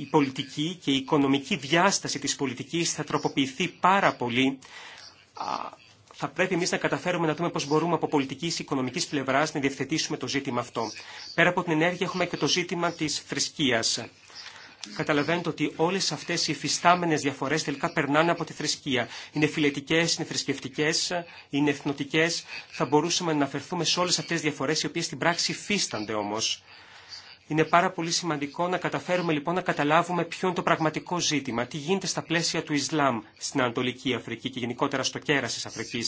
S2: η πολιτική και η οικονομική διάσταση της πολιτικής θα τροποποιηθεί πάρα πολύ. Θα πρέπει εμείς να καταφέρουμε να δούμε πώς μπορούμε από πολιτικής και οικονομικής πλευρά να διευθετήσουμε το ζήτημα αυτό. Πέρα από την ενέργεια έχουμε και το ζήτημα της θρησκείας καταλαβαίνετε ότι όλε αυτέ οι φυστάμενε διαφορέ τελικά περνάνε από τη θρησκεία. Είναι φιλετικέ, είναι θρησκευτικέ, είναι εθνοτικέ. Θα μπορούσαμε να αναφερθούμε σε όλε αυτέ τις διαφορές οι οποίε στην πράξη υφίστανται όμω. Είναι πάρα πολύ σημαντικό να καταφέρουμε λοιπόν να καταλάβουμε ποιο είναι το πραγματικό ζήτημα, τι γίνεται στα πλαίσια του Ισλάμ στην Ανατολική Αφρική και γενικότερα στο κέρα τη Αφρική.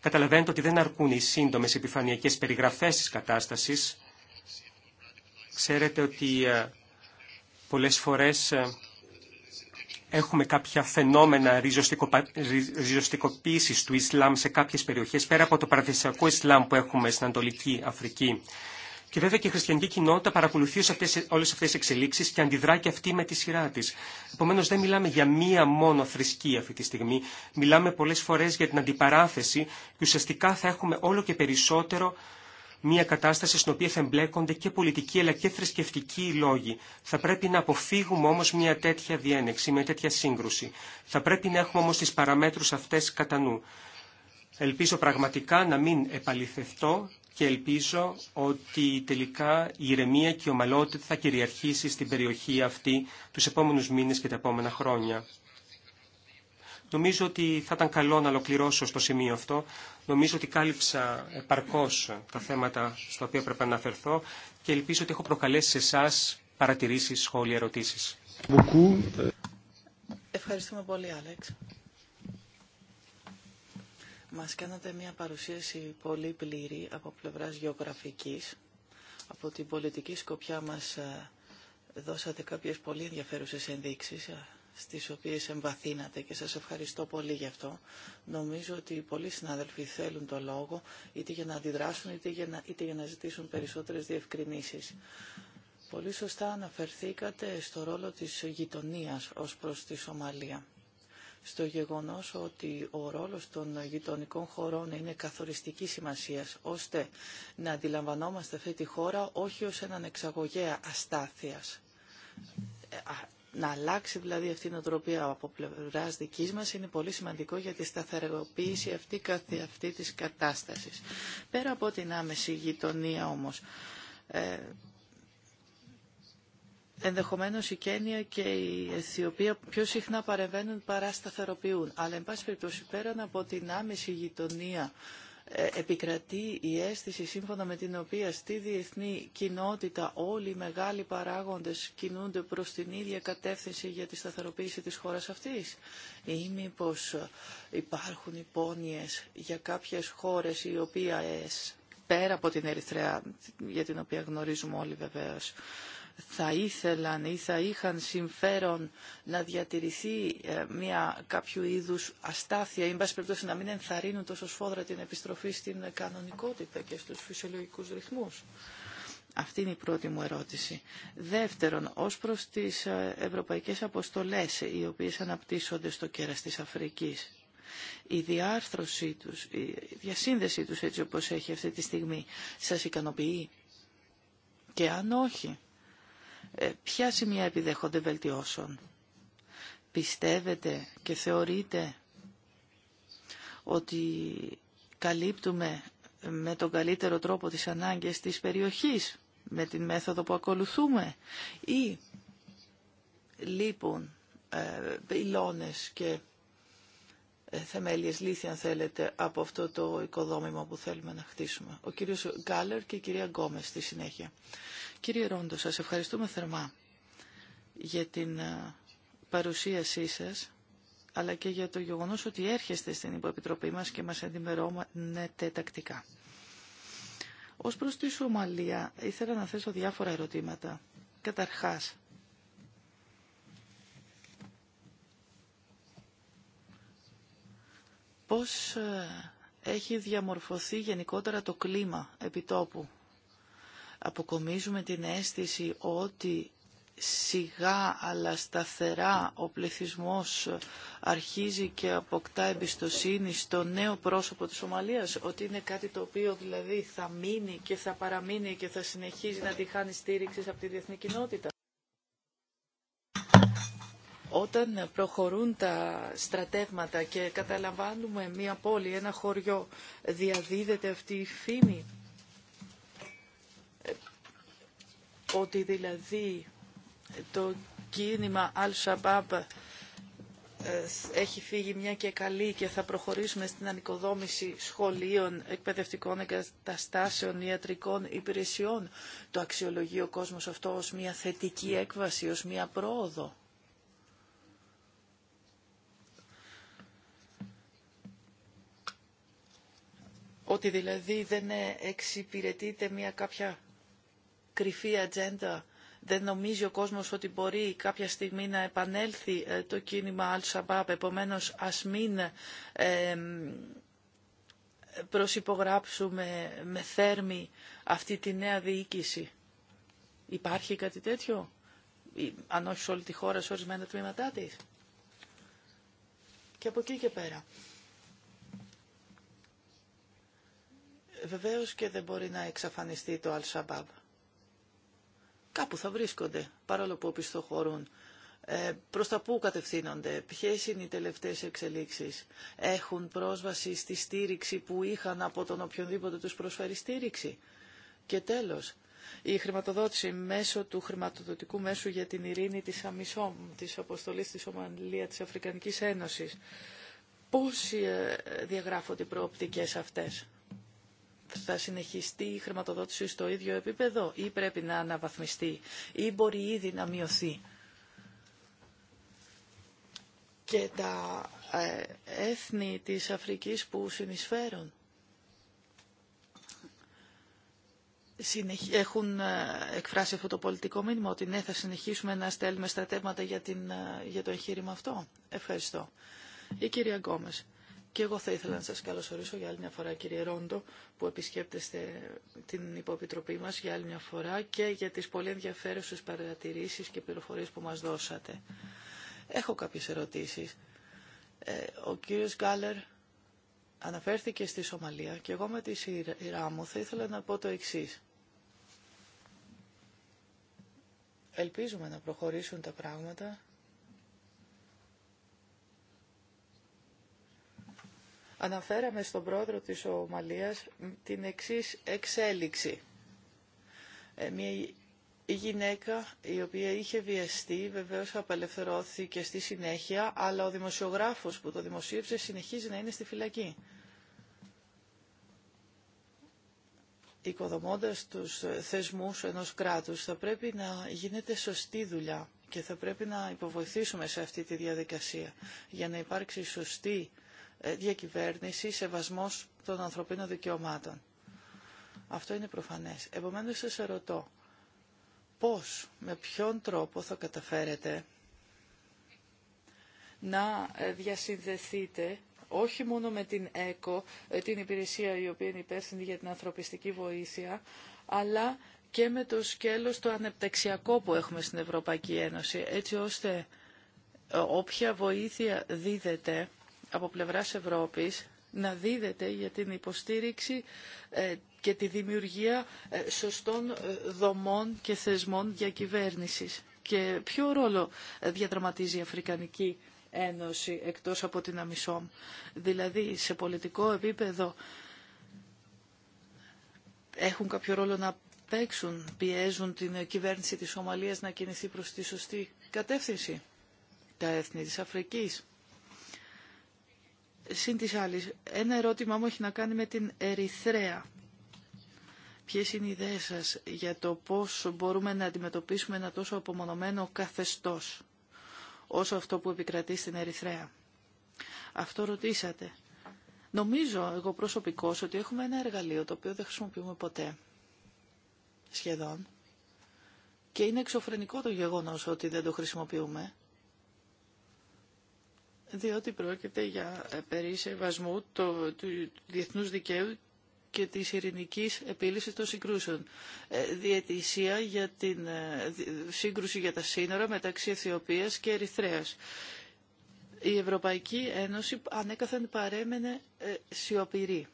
S2: Καταλαβαίνετε ότι δεν αρκούν οι σύντομε επιφανειακέ περιγραφέ τη κατάσταση. Ξέρετε ότι ε, πολλές φορές ε, έχουμε κάποια φαινόμενα ριζοστικοποίησης του Ισλάμ σε κάποιες περιοχές, πέρα από το παραδοσιακό Ισλάμ που έχουμε στην Ανατολική Αφρική. Και βέβαια και η χριστιανική κοινότητα παρακολουθεί όλες αυτές τις εξελίξεις και αντιδρά και αυτή με τη σειρά τη. Επομένω, δεν μιλάμε για μία μόνο θρησκεία αυτή τη στιγμή. Μιλάμε πολλέ φορέ για την αντιπαράθεση και ουσιαστικά θα έχουμε όλο και περισσότερο μια κατάσταση στην οποία θα εμπλέκονται και πολιτικοί αλλά και θρησκευτικοί λόγοι. Θα πρέπει να αποφύγουμε όμως μια τέτοια διένεξη, μια τέτοια σύγκρουση. Θα πρέπει να έχουμε όμως τις παραμέτρους αυτές κατά νου. Ελπίζω πραγματικά να μην επαληθευτώ και ελπίζω ότι τελικά η ηρεμία και η ομαλότητα θα κυριαρχήσει στην περιοχή αυτή τους επόμενους μήνες και τα επόμενα χρόνια. Νομίζω ότι θα ήταν καλό να ολοκληρώσω στο σημείο αυτό. Νομίζω ότι κάλυψα επαρκώς τα θέματα στα οποία πρέπει να αναφερθώ και ελπίζω ότι έχω προκαλέσει σε εσά παρατηρήσεις, σχόλια, ερωτήσεις.
S3: Ευχαριστούμε πολύ, Άλεξ. Μας κάνατε μια παρουσίαση πολύ πλήρη από πλευράς γεωγραφικής. Από την πολιτική σκοπιά μας ε, δώσατε κάποιες πολύ ενδιαφέρουσες ενδείξεις ε, στις οποίες εμβαθύνατε και σας ευχαριστώ πολύ γι' αυτό. Νομίζω ότι πολλοί συνάδελφοι θέλουν το λόγο είτε για να αντιδράσουν είτε για να, είτε για να ζητήσουν περισσότερες διευκρινήσεις. Πολύ σωστά αναφερθήκατε στο ρόλο της γειτονίας ως προς τη Σομαλία. Στο γεγονός ότι ο ρόλος των γειτονικών χωρών είναι καθοριστική σημασίας, ώστε να αντιλαμβανόμαστε αυτή τη χώρα όχι ως έναν εξαγωγέα αστάθειας να αλλάξει δηλαδή αυτή η νοοτροπία από πλευρά δική μα είναι πολύ σημαντικό για τη σταθεροποίηση αυτή, αυτή τη κατάσταση. Πέρα από την άμεση γειτονία όμω, ε, ενδεχομένως η Κένια και η Αιθιοπία πιο συχνά παρεμβαίνουν παρά σταθεροποιούν. Αλλά, εν πάση περιπτώσει, πέραν από την άμεση γειτονία ε, επικρατεί η αίσθηση σύμφωνα με την οποία στη διεθνή κοινότητα όλοι οι μεγάλοι παράγοντες κινούνται προς την ίδια κατεύθυνση για τη σταθεροποίηση της χώρας αυτής ή μήπω ε, υπάρχουν υπόνοιες για κάποιες χώρες οι οποίες πέρα από την Ερυθρέα για την οποία γνωρίζουμε όλοι βεβαίως θα ήθελαν ή θα είχαν συμφέρον να διατηρηθεί ε, μια κάποιου είδους αστάθεια ή μπας περιπτώσει να μην ενθαρρύνουν τόσο σφόδρα την επιστροφή στην κανονικότητα και στους φυσιολογικούς ρυθμούς. Αυτή είναι η πρώτη μου ερώτηση. Δεύτερον, ως προς τις ε, ευρωπαϊκές αποστολές οι οποίες αναπτύσσονται στο κέρας της Αφρικής. Η διάρθρωσή τους, η διασύνδεσή τους έτσι όπως έχει αυτή τη στιγμή, σας ικανοποιεί. Και αν όχι, ε, ποια σημεία επιδέχονται βελτιώσεων. Πιστεύετε και θεωρείτε ότι καλύπτουμε με τον καλύτερο τρόπο τις ανάγκες της περιοχής, με την μέθοδο που ακολουθούμε ή λείπουν ε, και ε, θεμέλιες λύθη, αν θέλετε, από αυτό το οικοδόμημα που θέλουμε να χτίσουμε. Ο κύριος Γκάλερ και η κυρία Γκόμες στη συνέχεια. Κύριε Ρόντο, σας ευχαριστούμε θερμά για την ε, παρουσίασή σας, αλλά και για το γεγονός ότι έρχεστε στην υποεπιτροπή μας και μας ενημερώνετε τακτικά. Ως προς τη Σομαλία, ήθελα να θέσω διάφορα ερωτήματα. Καταρχάς, πώς ε, έχει διαμορφωθεί γενικότερα το κλίμα επιτόπου αποκομίζουμε την αίσθηση ότι σιγά αλλά σταθερά ο πληθυσμός αρχίζει και αποκτά εμπιστοσύνη στο νέο πρόσωπο της Σομαλίας, ότι είναι κάτι το οποίο δηλαδή θα μείνει και θα παραμείνει και θα συνεχίζει να τη χάνει στήριξη από τη διεθνή κοινότητα. Όταν προχωρούν τα στρατεύματα και καταλαμβάνουμε μία πόλη, ένα χωριό, διαδίδεται αυτή η φήμη ότι δηλαδή το κίνημα Al-Shabaab ε, έχει φύγει μια και καλή και θα προχωρήσουμε στην ανοικοδόμηση σχολείων, εκπαιδευτικών εγκαταστάσεων, ιατρικών υπηρεσιών. Το αξιολογεί ο κόσμος αυτό ως μια θετική έκβαση, ως μια πρόοδο. Ότι δηλαδή δεν εξυπηρετείται μια κάποια κρυφή ατζέντα. Δεν νομίζει ο κόσμος ότι μπορεί κάποια στιγμή να επανέλθει ε, το κίνημα Al-Shabaab. Επομένως, ας μην προσυπογράψουμε με θέρμη αυτή τη νέα διοίκηση. Υπάρχει κάτι τέτοιο, αν όχι σε όλη τη χώρα, σε ορισμένα τμήματά της. Και από εκεί και πέρα. Βεβαίως και δεν μπορεί να εξαφανιστεί το Al-Shabaab κάπου θα βρίσκονται, παρόλο που οπισθοχωρούν. Ε, προς τα πού κατευθύνονται, ποιες είναι οι τελευταίες εξελίξεις, έχουν πρόσβαση στη στήριξη που είχαν από τον οποιονδήποτε τους προσφέρει στήριξη. Και τέλος, η χρηματοδότηση μέσω του χρηματοδοτικού μέσου για την ειρήνη της Αμισόμ, της αποστολής της Ομαλία της Αφρικανικής Ένωσης. Πώς ε, διαγράφονται οι προοπτικές αυτές θα συνεχιστεί η χρηματοδότηση στο ίδιο επίπεδο ή πρέπει να αναβαθμιστεί ή μπορεί ήδη να μειωθεί. Και τα ε, έθνη της Αφρικής που συνεισφέρουν έχουν ε, εκφράσει αυτό το πολιτικό μήνυμα ότι ναι θα συνεχίσουμε να στέλνουμε στρατεύματα για, την, ε, για το εγχείρημα αυτό. Ευχαριστώ. Η κυρία Γκόμες. Και εγώ θα ήθελα να σας καλωσορίσω για άλλη μια φορά κύριε Ρόντο που επισκέπτεστε την υποπιτροπή μας για άλλη μια φορά και για τις πολύ ενδιαφέρουσες παρατηρήσεις και πληροφορίες που μας δώσατε. Έχω κάποιες ερωτήσεις. Ε, ο κύριος Γκάλερ αναφέρθηκε στη Σομαλία και εγώ με τη σειρά μου θα ήθελα να πω το εξής. Ελπίζουμε να προχωρήσουν τα πράγματα αναφέραμε στον πρόεδρο της Ομαλίας την εξής εξέλιξη. Ε, μια γυναίκα η οποία είχε βιαστεί βεβαίως απελευθερώθηκε στη συνέχεια, αλλά ο δημοσιογράφος που το δημοσίευσε συνεχίζει να είναι στη φυλακή. Οικοδομώντας τους θεσμούς ενός κράτους θα πρέπει να γίνεται σωστή δουλειά και θα πρέπει να υποβοηθήσουμε σε αυτή τη διαδικασία για να υπάρξει σωστή ε, διακυβέρνηση, σεβασμός των ανθρωπίνων δικαιωμάτων. Αυτό είναι προφανές. Επομένως, σα ρωτώ, πώς, με ποιον τρόπο θα καταφέρετε να ε, διασυνδεθείτε όχι μόνο με την ΕΚΟ, ε, την υπηρεσία η οποία είναι υπεύθυνη για την ανθρωπιστική βοήθεια, αλλά και με το σκέλος το ανεπτεξιακό που έχουμε στην Ευρωπαϊκή Ένωση, έτσι ώστε όποια βοήθεια δίδεται από πλευράς Ευρώπης να δίδεται για την υποστήριξη ε, και τη δημιουργία ε, σωστών ε, δομών και θεσμών διακυβέρνησης. Και ποιο ρόλο διαδραματίζει η Αφρικανική Ένωση εκτός από την Αμισόμ. Δηλαδή σε πολιτικό επίπεδο έχουν κάποιο ρόλο να παίξουν, πιέζουν την κυβέρνηση της Ομαλίας να κινηθεί προς τη σωστή κατεύθυνση. Τα έθνη της Αφρικής Συν της άλλης, ένα ερώτημά μου έχει να κάνει με την Ερυθρέα. Ποιες είναι οι ιδέες σας για το πώς μπορούμε να αντιμετωπίσουμε ένα τόσο απομονωμένο καθεστώς όσο αυτό που επικρατεί στην Ερυθρέα. Αυτό ρωτήσατε. Νομίζω εγώ προσωπικώς ότι έχουμε ένα εργαλείο το οποίο δεν χρησιμοποιούμε ποτέ. Σχεδόν. Και είναι εξωφρενικό το γεγονός ότι δεν το χρησιμοποιούμε διότι πρόκειται για περί σεβασμού του διεθνούς δικαίου και της ειρηνικής επίλυσης των συγκρούσεων. Ε, διαιτησία για την ε, σύγκρουση για τα σύνορα μεταξύ Αιθιοπίας και Ερυθρέας. Η Ευρωπαϊκή Ένωση ανέκαθεν παρέμενε ε, σιωπηρή.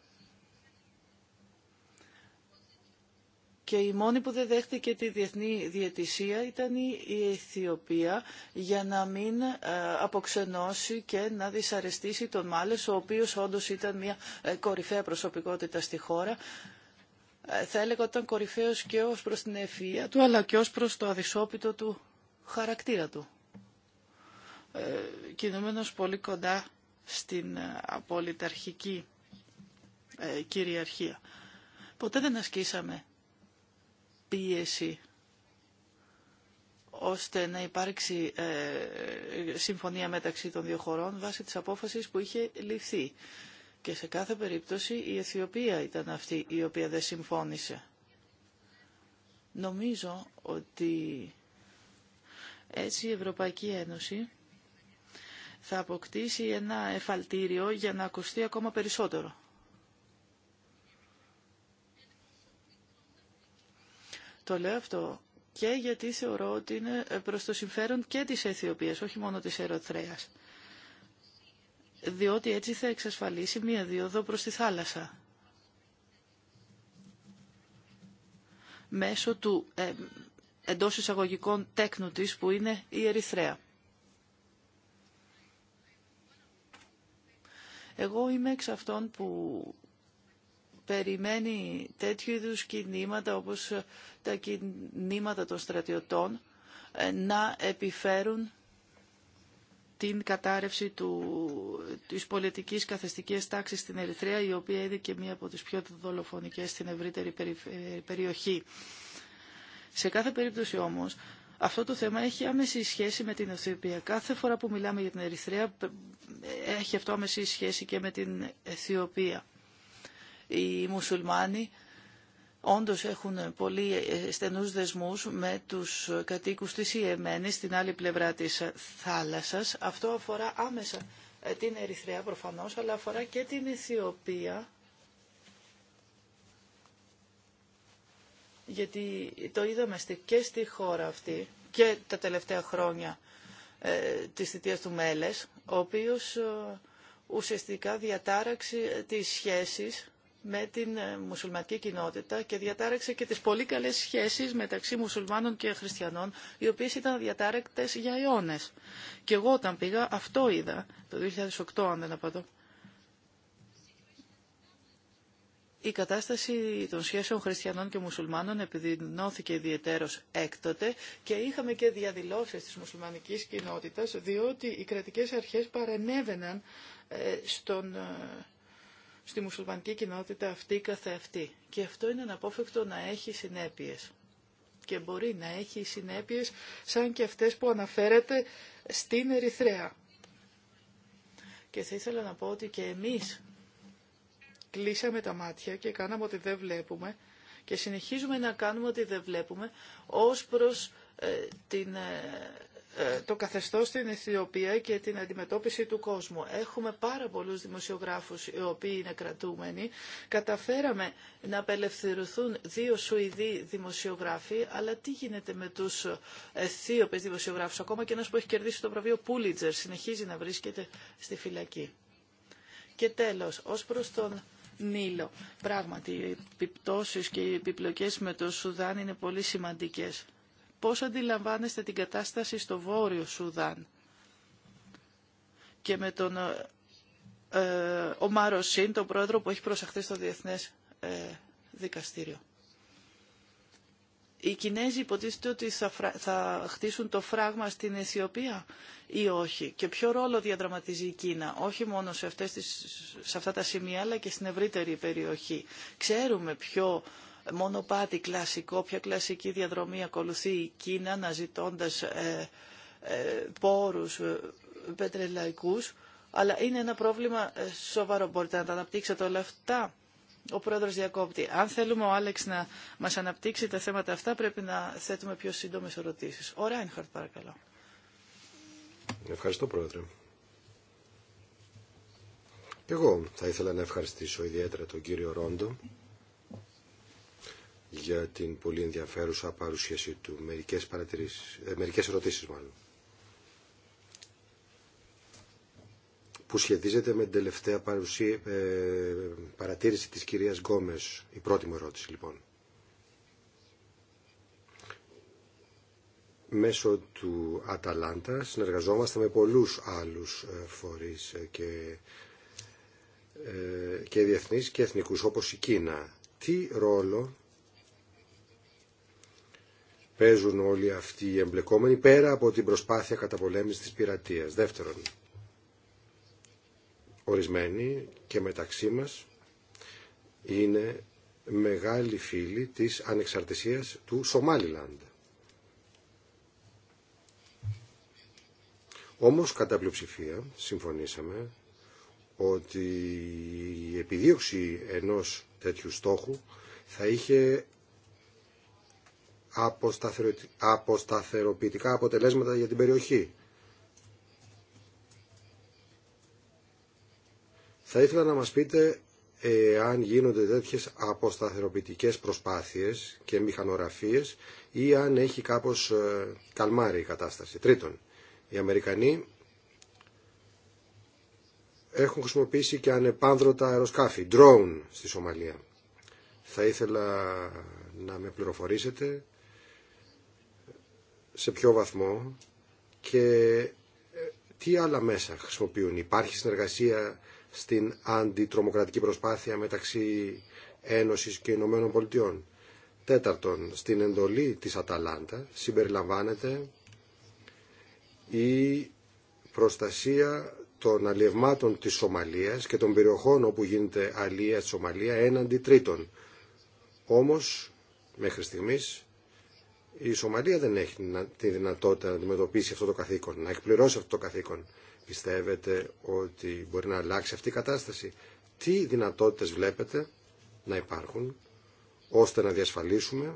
S3: και η μόνη που δεν δέχτηκε τη διεθνή διαιτησία ήταν η Αιθιοπία για να μην ε, αποξενώσει και να δυσαρεστήσει τον Μάλες, ο οποίος όντως ήταν μια ε, κορυφαία προσωπικότητα στη χώρα. Ε, θα έλεγα ότι ήταν κορυφαίος και ως προς την ευφυΐα του, αλλά και ως προς το αδυσόπιτο του χαρακτήρα του. Κινούμενος πολύ κοντά στην απολυταρχική κυριαρχία. Ποτέ δεν ασκήσαμε πίεση ώστε να υπάρξει ε, συμφωνία μεταξύ των δύο χωρών βάσει της απόφασης που είχε ληφθεί. Και σε κάθε περίπτωση η Αιθιοπία ήταν αυτή η οποία δεν συμφώνησε. Νομίζω ότι έτσι η Ευρωπαϊκή Ένωση θα αποκτήσει ένα εφαλτήριο για να ακουστεί ακόμα περισσότερο. Το λέω αυτό και γιατί θεωρώ ότι είναι προς το συμφέρον και της Αιθιοπίας, όχι μόνο της Ερυθρέας. Διότι έτσι θα εξασφαλίσει μία διόδο προς τη θάλασσα. Μέσω του ε, εντός εισαγωγικών τέκνου της που είναι η Ερυθρέα. Εγώ είμαι εξ αυτών που περιμένει τέτοιου είδου κινήματα όπως ε, τα κινήματα των στρατιωτών ε, να επιφέρουν την κατάρρευση του, της πολιτικής καθεστικής τάξης στην Ερυθρέα, η οποία είναι και μία από τις πιο δολοφονικές στην ευρύτερη ε, περιοχή. Σε κάθε περίπτωση όμως, αυτό το θέμα έχει άμεση σχέση με την Αιθιοπία. Κάθε φορά που μιλάμε για την Ερυθρέα, έχει αυτό άμεση σχέση και με την Αιθιοπία οι μουσουλμάνοι όντως έχουν πολύ ε, στενούς δεσμούς με τους κατοίκους της Ιεμένης στην άλλη πλευρά της θάλασσας. Αυτό αφορά άμεσα ε, την Ερυθρέα προφανώς, αλλά αφορά και την Αιθιοπία. Γιατί το είδαμε και στη χώρα αυτή και τα τελευταία χρόνια ε, της θητείας του Μέλες, ο οποίος ουσιαστικά διατάραξε τις σχέσεις με την ε, μουσουλμανική κοινότητα και διατάραξε και τις πολύ καλές σχέσεις μεταξύ μουσουλμάνων και χριστιανών, οι οποίες ήταν διατάρεκτες για αιώνες. Και εγώ όταν πήγα αυτό είδα, το 2008 αν δεν απατώ. Η κατάσταση των σχέσεων χριστιανών και μουσουλμάνων επιδεινώθηκε ιδιαιτέρως έκτοτε και είχαμε και διαδηλώσεις της μουσουλμανικής κοινότητας διότι οι κρατικές αρχές παρενέβαιναν ε, στον ε, στη μουσουλμανική κοινότητα αυτή καθεαυτή. Και αυτό είναι αναπόφευκτο να έχει συνέπειες. Και μπορεί να έχει συνέπειες σαν και αυτές που αναφέρεται στην Ερυθρέα. Και θα ήθελα να πω ότι και εμείς κλείσαμε τα μάτια και κάναμε ότι δεν βλέπουμε και συνεχίζουμε να κάνουμε ότι δεν βλέπουμε ως προς ε, την ε, ε, το καθεστώς στην Αιθιοπία και την αντιμετώπιση του κόσμου. Έχουμε πάρα πολλούς δημοσιογράφους οι οποίοι είναι κρατούμενοι. Καταφέραμε να απελευθερωθούν δύο Σουηδοί δημοσιογράφοι, αλλά τι γίνεται με τους Αιθίωπες δημοσιογράφους. Ακόμα και ένας που έχει κερδίσει το βραβείο Πούλιτζερ συνεχίζει να βρίσκεται στη φυλακή. Και τέλος, ως προς τον Νείλο, πράγματι οι επιπτώσεις και οι επιπλοκές με το Σουδάν είναι πολύ σημαντικές πώς αντιλαμβάνεστε την κατάσταση στο Βόρειο Σουδάν και με τον ε, ε ο Μαροσίν, τον πρόεδρο που έχει προσαχθεί στο Διεθνές ε, Δικαστήριο. Οι Κινέζοι υποτίθεται ότι θα, θα χτίσουν το φράγμα στην Αιθιοπία ή όχι. Και ποιο ρόλο διαδραματίζει η Κίνα, όχι μόνο σε, αυτές τις, σε αυτά τα σημεία, αλλά και στην ευρύτερη περιοχή. Ξέρουμε ποιο μονοπάτι κλασικό, ποια κλασική διαδρομή ακολουθεί η Κίνα αναζητώντας ε, ε, πόρους ε, πετρελαϊκούς, αλλά είναι ένα πρόβλημα ε, σοβαρό. Μπορείτε να τα αναπτύξετε όλα αυτά. Ο πρόεδρος διακόπτει. Αν θέλουμε ο Άλεξ να μας αναπτύξει τα θέματα αυτά, πρέπει να θέτουμε πιο σύντομες ερωτήσεις. Ο Ράινχαρτ, παρακαλώ.
S1: Ευχαριστώ, πρόεδρε. εγώ θα ήθελα να ευχαριστήσω ιδιαίτερα τον κύριο Ρόντο για την πολύ ενδιαφέρουσα παρουσίαση του. Μερικές, ε, μερικές ερωτήσεις μάλλον. Που σχετίζεται με την τελευταία παρουσίαση, ε, παρατήρηση της κυρίας Γκόμες. Η πρώτη μου ερώτηση λοιπόν. Μέσω του Αταλάντα συνεργαζόμαστε με πολλούς άλλους ε, φορείς και, και διεθνείς και εθνικούς όπως η Κίνα. Τι ρόλο παίζουν όλοι αυτοί οι εμπλεκόμενοι πέρα από την προσπάθεια καταπολέμησης της πειρατείας. Δεύτερον, ορισμένοι και μεταξύ μας είναι μεγάλοι φίλοι της ανεξαρτησίας του Σομάλιλαντ. Όμως κατά πλειοψηφία συμφωνήσαμε ότι η επιδίωξη ενός τέτοιου στόχου θα είχε αποσταθεροποιητικά αποτελέσματα για την περιοχή. Θα ήθελα να μας πείτε αν γίνονται τέτοιες αποσταθεροποιητικές προσπάθειες και μηχανογραφίες ή αν έχει κάπως ε, καλμάρει η κατάσταση. Τρίτον, οι Αμερικανοί έχουν χρησιμοποιήσει και ανεπάνδρωτα αεροσκάφη, drone στη Σομαλία. Θα ήθελα να με πληροφορήσετε σε ποιο βαθμό και ε, τι άλλα μέσα χρησιμοποιούν. Υπάρχει συνεργασία στην αντιτρομοκρατική προσπάθεια μεταξύ Ένωσης και Ηνωμένων Πολιτειών. Τέταρτον, στην εντολή της Αταλάντα συμπεριλαμβάνεται η προστασία των αλλιευμάτων της Σομαλίας και των περιοχών όπου γίνεται αλλία της Σομαλία έναντι τρίτων. Όμως, μέχρι στιγμής, η Σομαλία δεν έχει τη δυνατότητα να αντιμετωπίσει αυτό το καθήκον, να εκπληρώσει αυτό το καθήκον. Πιστεύετε ότι μπορεί να αλλάξει αυτή η κατάσταση. Τι δυνατότητες βλέπετε να υπάρχουν ώστε να διασφαλίσουμε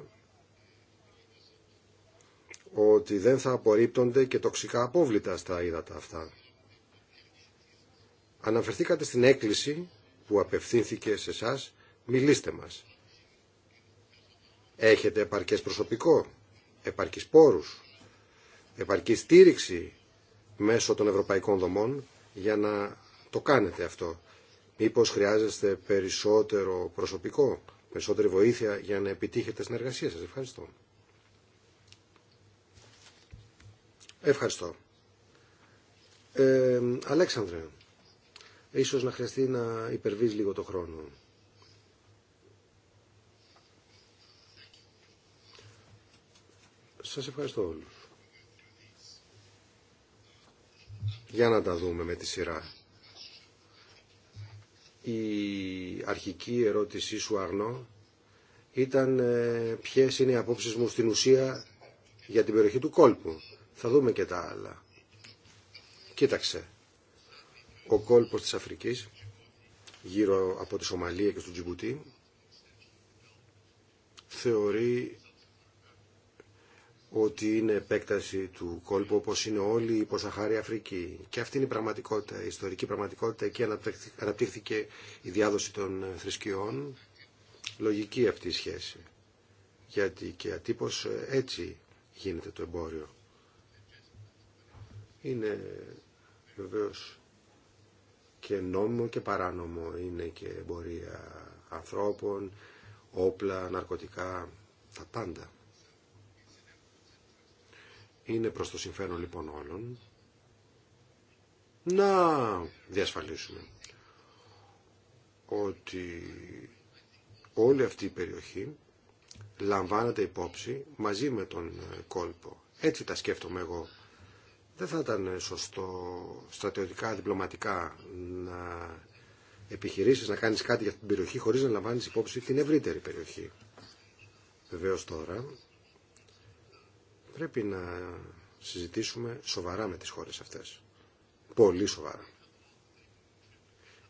S1: ότι δεν θα απορρίπτονται και τοξικά απόβλητα στα ύδατα αυτά. Αναφερθήκατε στην έκκληση που απευθύνθηκε σε εσά, μιλήστε μας. Έχετε επαρκές προσωπικό επαρκείς πόρους, επαρκή στήριξη μέσω των ευρωπαϊκών δομών για να το κάνετε αυτό. Μήπως χρειάζεστε περισσότερο προσωπικό, περισσότερη βοήθεια για να επιτύχετε στην εργασία σας. Ευχαριστώ. Ευχαριστώ. Ε, Αλέξανδρε, ίσως να χρειαστεί να υπερβείς λίγο το χρόνο. Σας ευχαριστώ όλους. Για να τα δούμε με τη σειρά. Η αρχική ερώτησή σου, Αρνό, ήταν ε, ποιες είναι οι απόψεις μου στην ουσία για την περιοχή του κόλπου. Θα δούμε και τα άλλα. Κοίταξε, ο κόλπος της Αφρικής, γύρω από τη Σομαλία και στο Τζιμπουτί, θεωρεί ότι είναι επέκταση του κόλπου όπως είναι όλη η Ποσαχάρη Αφρική. Και αυτή είναι η πραγματικότητα, η ιστορική πραγματικότητα. Εκεί αναπτύχθηκε η διάδοση των ε, θρησκειών. Λογική αυτή η σχέση. Γιατί και ατύπως ε, έτσι γίνεται το εμπόριο. Είναι βεβαίως και νόμιμο και παράνομο. Είναι και εμπορία ανθρώπων, όπλα, ναρκωτικά, τα πάντα. Είναι προς το συμφέρον λοιπόν όλων να διασφαλίσουμε ότι όλη αυτή η περιοχή λαμβάνεται υπόψη μαζί με τον κόλπο. Έτσι τα σκέφτομαι εγώ. Δεν θα ήταν σωστό στρατιωτικά, διπλωματικά να επιχειρήσεις να κάνεις κάτι για την περιοχή χωρίς να λαμβάνεις υπόψη την ευρύτερη περιοχή. Βεβαίω τώρα Πρέπει να συζητήσουμε σοβαρά με τις χώρες αυτές. Πολύ σοβαρά.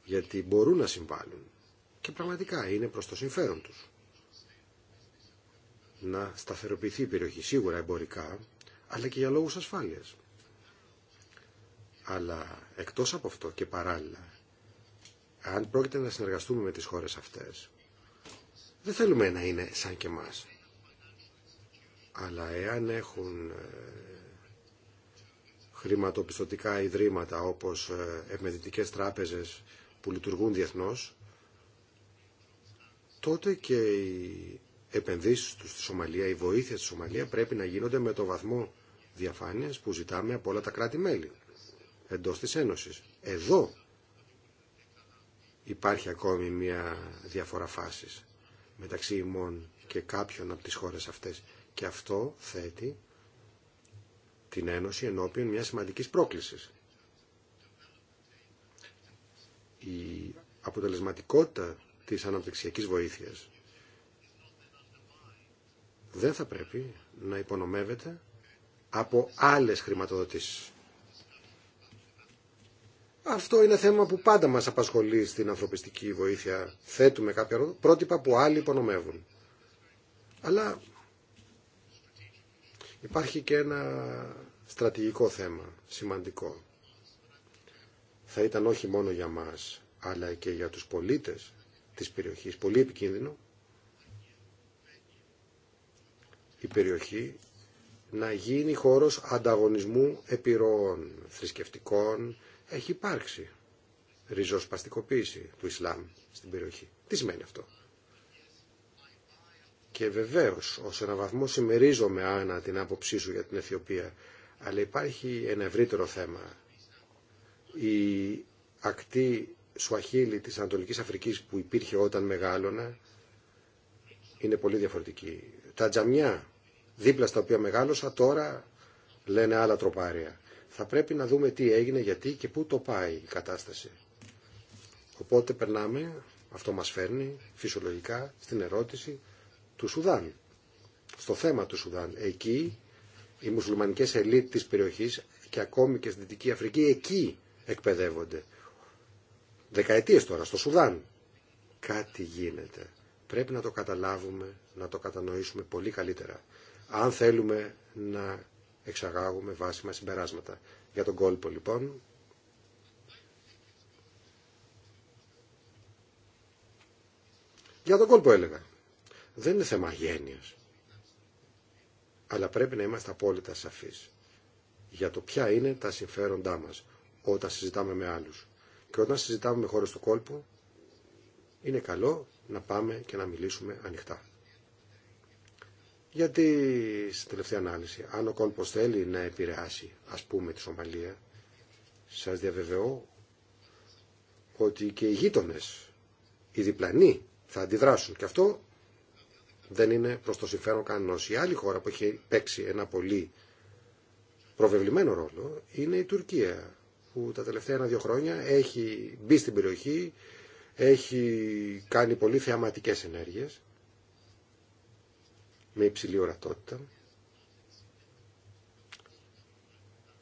S1: Γιατί μπορούν να συμβάλλουν και πραγματικά είναι προς το συμφέρον τους. Να σταθεροποιηθεί η περιοχή σίγουρα εμπορικά, αλλά και για λόγους ασφάλειας. Αλλά εκτός από αυτό και παράλληλα, αν πρόκειται να συνεργαστούμε με τις χώρες αυτές, δεν θέλουμε να είναι σαν και εμάς. Αλλά εάν έχουν ε, χρηματοπιστωτικά ιδρύματα όπως ε, επενδυτικές τράπεζες που λειτουργούν διεθνώς, τότε και οι επενδύσεις του στη Σομαλία, η βοήθεια στη Σομαλία πρέπει να γίνονται με το βαθμό διαφάνειας που ζητάμε από όλα τα κράτη-μέλη εντός της Ένωσης. Εδώ υπάρχει ακόμη μια διαφορά φάσης μεταξύ ημών και κάποιων από τις χώρες αυτές. Και αυτό θέτει την Ένωση ενώπιον μια σημαντικής πρόκλησης. Η αποτελεσματικότητα της αναπτυξιακής βοήθειας δεν θα πρέπει να υπονομεύεται από άλλες χρηματοδοτήσεις. Αυτό είναι θέμα που πάντα μας απασχολεί στην ανθρωπιστική βοήθεια. Θέτουμε κάποια πρότυπα που άλλοι υπονομεύουν. Αλλά Υπάρχει και ένα στρατηγικό θέμα, σημαντικό. Θα ήταν όχι μόνο για μας, αλλά και για τους πολίτες της περιοχής, πολύ επικίνδυνο, η περιοχή να γίνει χώρος ανταγωνισμού επιρροών θρησκευτικών. Έχει υπάρξει ριζοσπαστικοποίηση του Ισλάμ στην περιοχή. Τι σημαίνει αυτό. Και βεβαίω ω ένα βαθμό συμμερίζομαι Άννα την άποψή σου για την Αιθιοπία, αλλά υπάρχει ένα ευρύτερο θέμα. Η ακτή Σουαχίλη της Ανατολικής Αφρικής που υπήρχε όταν μεγάλωνα είναι πολύ διαφορετική. Τα τζαμιά δίπλα στα οποία μεγάλωσα τώρα λένε άλλα τροπάρια. Θα πρέπει να δούμε τι έγινε, γιατί και πού το πάει η κατάσταση. Οπότε περνάμε, αυτό μας φέρνει φυσιολογικά στην ερώτηση του Σουδάν. Στο θέμα του Σουδάν. Εκεί οι μουσουλμανικές ελίτ της περιοχής και ακόμη και στην Δυτική Αφρική εκεί εκπαιδεύονται. Δεκαετίες τώρα στο Σουδάν. Κάτι γίνεται. Πρέπει να το καταλάβουμε, να το κατανοήσουμε πολύ καλύτερα. Αν θέλουμε να εξαγάγουμε βάσιμα συμπεράσματα. Για τον κόλπο λοιπόν, Για τον κόλπο έλεγα δεν είναι θέμα γένειας. Αλλά πρέπει να είμαστε απόλυτα σαφείς για το ποια είναι τα συμφέροντά μας όταν συζητάμε με άλλους. Και όταν συζητάμε με χώρες του κόλπου, είναι καλό να πάμε και να μιλήσουμε ανοιχτά. Γιατί στην τελευταία ανάλυση, αν ο κόλπος θέλει να επηρεάσει, ας πούμε, τη Σομαλία, σας διαβεβαιώ ότι και οι γείτονε, οι διπλανοί θα αντιδράσουν. Και αυτό δεν είναι προς το συμφέρον κανένας. Η άλλη χώρα που έχει παίξει ένα πολύ προβεβλημένο ρόλο είναι η Τουρκία που τα τελευταία ένα-δύο χρόνια έχει μπει στην περιοχή, έχει κάνει πολύ θεαματικές ενέργειες με υψηλή ορατότητα.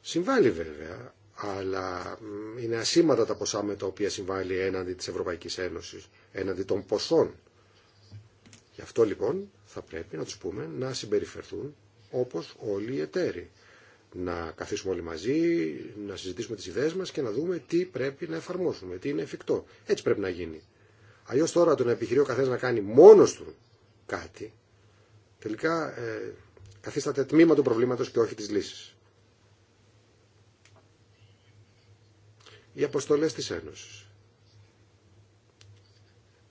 S1: Συμβάλλει βέβαια, αλλά είναι ασήμαντα τα ποσά με τα οποία συμβάλλει έναντι της Ευρωπαϊκής Ένωσης, έναντι των ποσών Γι' αυτό λοιπόν θα πρέπει να τους πούμε να συμπεριφερθούν όπως όλοι οι εταίροι. Να καθίσουμε όλοι μαζί, να συζητήσουμε τις ιδέες μας και να δούμε τι πρέπει να εφαρμόσουμε, τι είναι εφικτό. Έτσι πρέπει να γίνει. Αλλιώ τώρα το να επιχειρεί ο καθένα να κάνει μόνο του κάτι, τελικά ε, καθίσταται τμήμα του προβλήματο και όχι τη λύση. Οι αποστολέ τη Ένωση.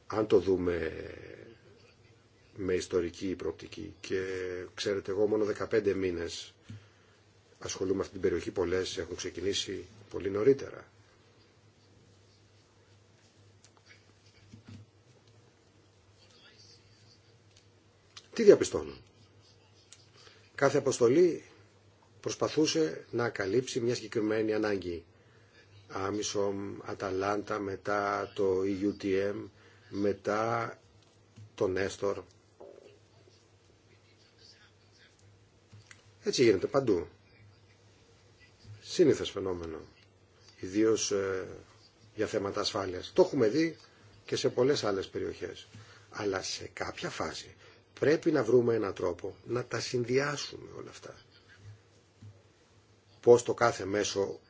S1: Αν το δούμε με ιστορική προοπτική και ξέρετε εγώ μόνο 15 μήνες ασχολούμαι με αυτή την περιοχή πολλές έχουν ξεκινήσει πολύ νωρίτερα Τι διαπιστώνω Κάθε αποστολή προσπαθούσε να καλύψει μια συγκεκριμένη ανάγκη Άμισομ, Αταλάντα μετά το EUTM μετά τον Έστορ Έτσι γίνεται παντού. Σύνηθε φαινόμενο. ιδίω ε, για θέματα ασφάλεια. Το έχουμε δει και σε πολλέ άλλε περιοχέ. Αλλά σε κάποια φάση πρέπει να βρούμε έναν τρόπο να τα συνδυάσουμε όλα αυτά. Πώς το κάθε μέσο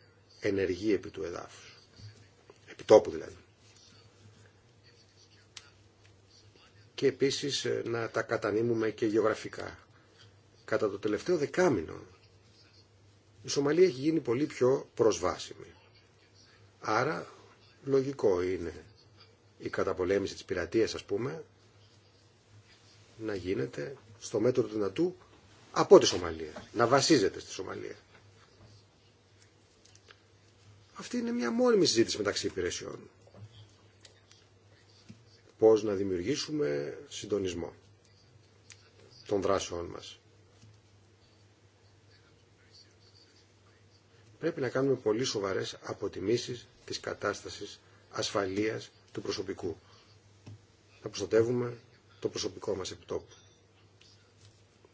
S1: ενεργεί επί του εδάφους. Επί τόπου δηλαδή. Και επίσης ε, να τα κατανείμουμε και γεωγραφικά. Κατά το τελευταίο δεκάμινο η Σομαλία έχει γίνει πολύ πιο προσβάσιμη. Άρα λογικό είναι η καταπολέμηση της πειρατείας ας πούμε να γίνεται στο μέτρο του δυνατού από τη Σομαλία, να βασίζεται στη Σομαλία. Αυτή είναι μια μόνιμη συζήτηση μεταξύ υπηρεσιών. Πώς να δημιουργήσουμε συντονισμό των δράσεών μας. πρέπει να κάνουμε πολύ σοβαρές αποτιμήσεις της κατάστασης ασφαλείας του προσωπικού. Να προστατεύουμε το προσωπικό μας επιτόπου.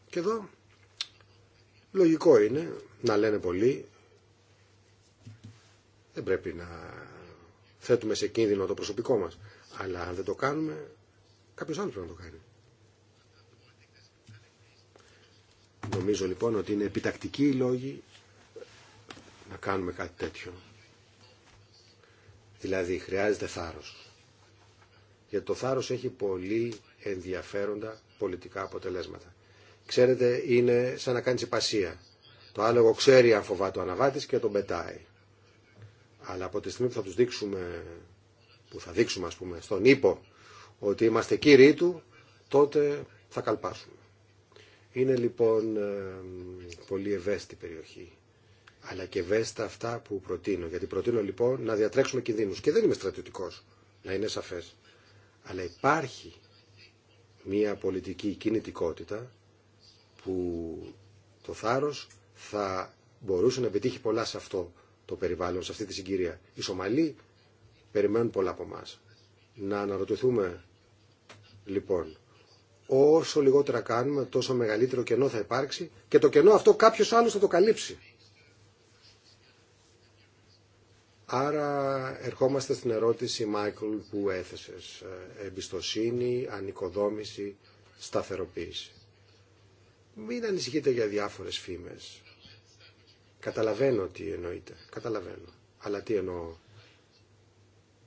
S1: Και εδώ λογικό είναι να λένε πολλοί δεν πρέπει να θέτουμε σε κίνδυνο το προσωπικό μας. Αλλά αν δεν το κάνουμε, κάποιος άλλος πρέπει να το κάνει. Νομίζω λοιπόν ότι είναι επιτακτικοί οι λόγοι να κάνουμε κάτι τέτοιο. Δηλαδή χρειάζεται θάρρος. Γιατί το θάρρος έχει πολύ ενδιαφέροντα πολιτικά αποτελέσματα. Ξέρετε, είναι σαν να κάνει υπασία. Το άλογο ξέρει αν φοβάται ο αναβάτης και τον πετάει. Αλλά από τη στιγμή που θα τους δείξουμε, που θα δείξουμε ας πούμε στον ύπο ότι είμαστε κύριοι του, τότε θα καλπάσουμε. Είναι λοιπόν ε, πολύ ευαίσθητη περιοχή αλλά και ευαίσθητα αυτά που προτείνω. Γιατί προτείνω λοιπόν να διατρέξουμε κινδύνους. Και δεν είμαι στρατιωτικός, να είναι σαφές. Αλλά υπάρχει μια πολιτική κινητικότητα που το θάρρος θα μπορούσε να επιτύχει πολλά σε αυτό το περιβάλλον, σε αυτή τη συγκυρία. Οι Σομαλοί περιμένουν πολλά από εμά. Να αναρωτηθούμε λοιπόν όσο λιγότερα κάνουμε τόσο μεγαλύτερο κενό θα υπάρξει και το κενό αυτό κάποιος άλλος θα το καλύψει. Άρα ερχόμαστε στην ερώτηση, Μάικλ, που έθεσες. Ε, εμπιστοσύνη, ανοικοδόμηση, σταθεροποίηση. Μην ανησυχείτε για διάφορες φήμες. Καταλαβαίνω τι εννοείτε. Καταλαβαίνω. Αλλά τι εννοώ.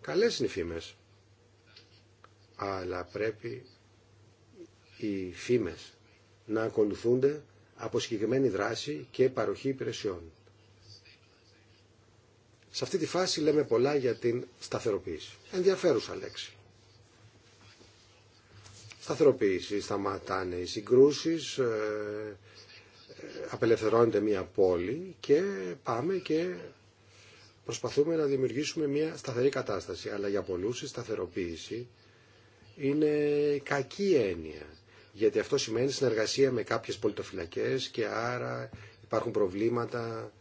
S1: Καλές είναι οι φήμες. Αλλά πρέπει οι φήμες να ακολουθούνται από συγκεκριμένη δράση και παροχή υπηρεσιών. Σε αυτή τη φάση λέμε πολλά για την σταθεροποίηση. Ενδιαφέρουσα λέξη. Σταθεροποίηση, σταματάνε οι συγκρούσεις, ε, ε, απελευθερώνεται μια πόλη και πάμε και προσπαθούμε να δημιουργήσουμε μια σταθερή κατάσταση. Αλλά για πολλούς η σταθεροποίηση είναι κακή έννοια. Γιατί αυτό σημαίνει συνεργασία με κάποιες πολιτοφυλακές και άρα υπάρχουν προβλήματα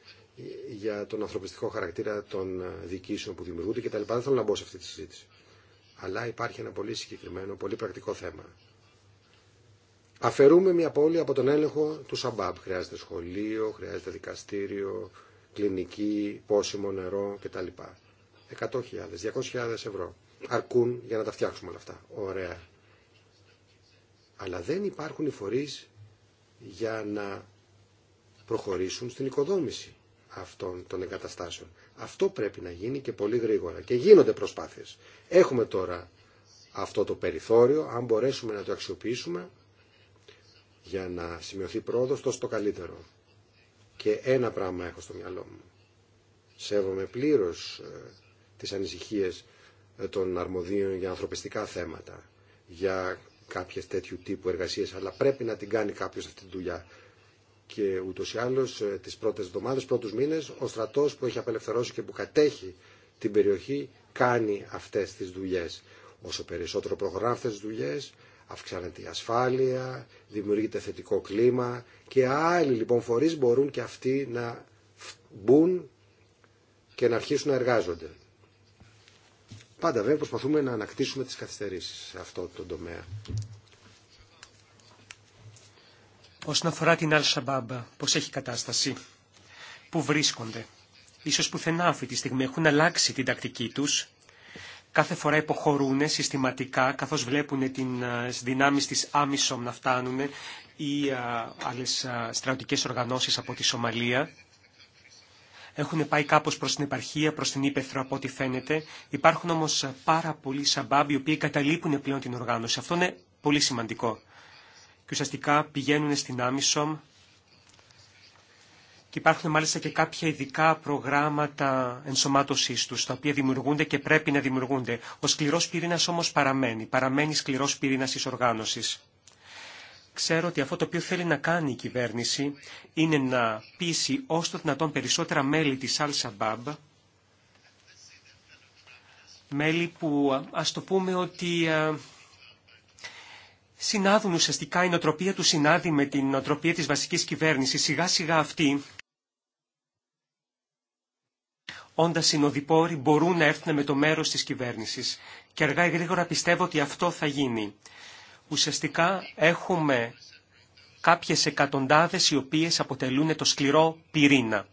S1: για τον ανθρωπιστικό χαρακτήρα των διοικήσεων που δημιουργούνται κτλ. Δεν θέλω να μπω σε αυτή τη συζήτηση. Αλλά υπάρχει ένα πολύ συγκεκριμένο, πολύ πρακτικό θέμα. Αφαιρούμε μια πόλη από τον έλεγχο του Σαμπάμπ. Χρειάζεται σχολείο, χρειάζεται δικαστήριο, κλινική, πόσιμο νερό κτλ. 100.000, 200.000 ευρώ. Αρκούν για να τα φτιάξουμε όλα αυτά. Ωραία. Αλλά δεν υπάρχουν οι φορείς για να προχωρήσουν στην οικοδόμηση αυτών των εγκαταστάσεων. Αυτό πρέπει να γίνει και πολύ γρήγορα. Και γίνονται προσπάθειες. Έχουμε τώρα αυτό το περιθώριο, αν μπορέσουμε να το αξιοποιήσουμε για να σημειωθεί πρόοδος, τόσο το καλύτερο. Και ένα πράγμα έχω στο μυαλό μου. Σέβομαι πλήρως ε, τις ανησυχίες ε, των αρμοδίων για ανθρωπιστικά θέματα, για κάποιες τέτοιου τύπου εργασίες, αλλά πρέπει να την κάνει κάποιος αυτή τη δουλειά και ούτω ή άλλω ε, τι πρώτε εβδομάδε, πρώτου μήνε, ο στρατό που έχει απελευθερώσει και που κατέχει την περιοχή κάνει αυτέ τι δουλειέ. Όσο περισσότερο προχωράνε αυτέ τι δουλειέ, αυξάνεται η ασφάλεια, δημιουργείται θετικό κλίμα και άλλοι λοιπόν φορεί μπορούν και αυτοί να μπουν και να αρχίσουν να εργάζονται. Πάντα βέβαια προσπαθούμε να ανακτήσουμε τις καθυστερήσεις σε αυτό το τομέα
S2: όσον αφορά την Al-Shabaab, πώς έχει κατάσταση, πού βρίσκονται. Ίσως πουθενά αυτή τη στιγμή έχουν αλλάξει την τακτική τους. Κάθε φορά υποχωρούν συστηματικά, καθώς βλέπουν ε, τις δυνάμεις της Άμισομ να φτάνουν ή ε, άλλες ε, στρατιωτικές οργανώσεις από τη Σομαλία. Έχουν πάει κάπως προς την επαρχία, προς την Ήπεθρο από ό,τι φαίνεται. Υπάρχουν όμως πάρα πολλοί Σαμπάμπ οι οποίοι καταλείπουν πλέον την οργάνωση. Αυτό είναι πολύ σημαντικό και ουσιαστικά πηγαίνουν στην Άμισομ και υπάρχουν μάλιστα και κάποια ειδικά προγράμματα ενσωμάτωσή του, τα οποία δημιουργούνται και πρέπει να δημιουργούνται. Ο σκληρό πυρήνα όμω παραμένει. Παραμένει σκληρό πυρήνα τη οργάνωση. Ξέρω ότι αυτό το οποίο θέλει να κάνει η κυβέρνηση είναι να πείσει όσο το δυνατόν περισσότερα μέλη τη Al Shabaab, μέλη που ας το πούμε ότι ε, συνάδουν ουσιαστικά η νοτροπία του συνάδει με την νοτροπία της βασικής κυβέρνησης. Σιγά σιγά αυτοί, όντας συνοδοιπόροι, μπορούν να έρθουν με το μέρος της κυβέρνησης. Και αργά ή γρήγορα πιστεύω ότι αυτό θα γίνει. Ουσιαστικά έχουμε κάποιες εκατοντάδες οι οποίες αποτελούν το σκληρό πυρήνα.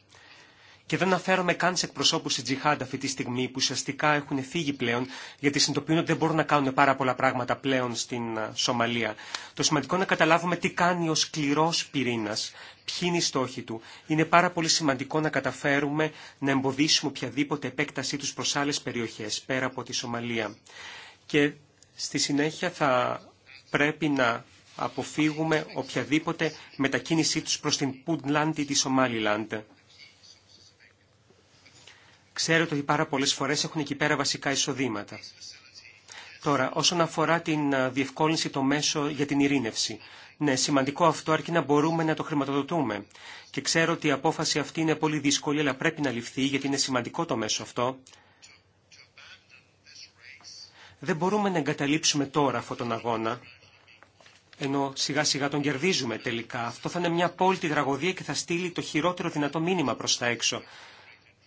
S2: Και δεν αναφέρομαι καν σε εκπροσώπου τη Τζιχάντα αυτή τη στιγμή που ουσιαστικά έχουν φύγει πλέον γιατί συνειδητοποιούν ότι δεν μπορούν να κάνουν πάρα πολλά πράγματα πλέον στην ε, Σομαλία. Το σημαντικό είναι να καταλάβουμε τι κάνει ο σκληρό πυρήνα, ποιοι είναι οι στόχοι του. Είναι πάρα πολύ σημαντικό να καταφέρουμε να εμποδίσουμε οποιαδήποτε επέκτασή του προ άλλε περιοχέ πέρα από τη Σομαλία. Και στη συνέχεια θα πρέπει να αποφύγουμε οποιαδήποτε μετακίνησή τους προς την Πούντλαντ ή τη Σομάλιλαντ. Ξέρετε ότι πάρα πολλές φορές έχουν εκεί πέρα βασικά εισοδήματα. Τώρα, όσον αφορά την ε, διευκόλυνση το μέσο για την ειρήνευση. Ναι, σημαντικό αυτό αρκεί να μπορούμε να το χρηματοδοτούμε. Και ξέρω ότι η απόφαση αυτή είναι πολύ δύσκολη, αλλά πρέπει να ληφθεί γιατί είναι σημαντικό το μέσο αυτό. Δεν μπορούμε να εγκαταλείψουμε τώρα αυτόν τον αγώνα, ενώ σιγά σιγά τον κερδίζουμε τελικά. Αυτό θα είναι μια απόλυτη τραγωδία και θα στείλει το χειρότερο δυνατό μήνυμα προς τα έξω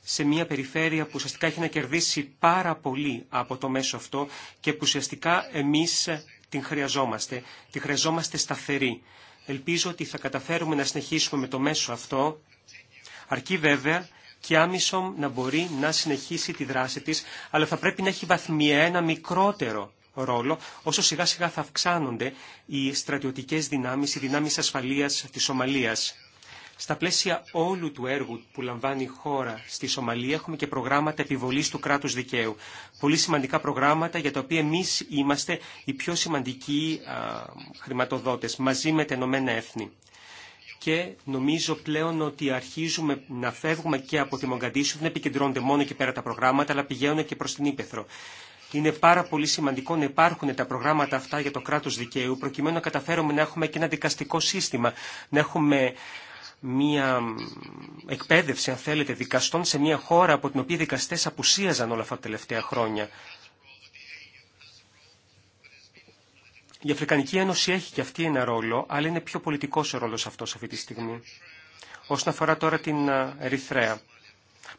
S2: σε μια περιφέρεια που ουσιαστικά έχει να κερδίσει πάρα πολύ από το μέσο αυτό και που ουσιαστικά εμείς την χρειαζόμαστε. Την χρειαζόμαστε σταθερή. Ελπίζω ότι θα καταφέρουμε να συνεχίσουμε με το μέσο αυτό, αρκεί βέβαια και άμυσο να μπορεί να συνεχίσει τη δράση της, αλλά θα πρέπει να έχει βαθμιαία ένα μικρότερο ρόλο, όσο σιγά σιγά θα αυξάνονται οι στρατιωτικές δυνάμεις, οι δυνάμεις ασφαλείας της Σομαλίας. Στα πλαίσια όλου του έργου που λαμβάνει η χώρα στη Σομαλία έχουμε και προγράμματα επιβολής του κράτους δικαίου. Πολύ σημαντικά προγράμματα για τα οποία εμείς είμαστε οι πιο σημαντικοί χρηματοδότες μαζί με τα Ενωμένα Έθνη και νομίζω πλέον ότι αρχίζουμε να φεύγουμε και από τη Μογκαντήσου, δεν επικεντρώνονται μόνο και πέρα τα προγράμματα, αλλά πηγαίνουν και προς την Ήπεθρο. Είναι πάρα πολύ σημαντικό να υπάρχουν τα προγράμματα αυτά για το κράτος δικαίου, προκειμένου να καταφέρουμε να έχουμε και ένα δικαστικό σύστημα, να έχουμε μία εκπαίδευση, αν θέλετε, δικαστών σε μία χώρα από την οποία οι δικαστές απουσίαζαν όλα αυτά τα τελευταία χρόνια. Η Αφρικανική Ένωση έχει και αυτή ένα ρόλο, αλλά είναι πιο πολιτικός ο ρόλος αυτός αυτή τη στιγμή. Όσον αφορά τώρα την Ερυθρέα.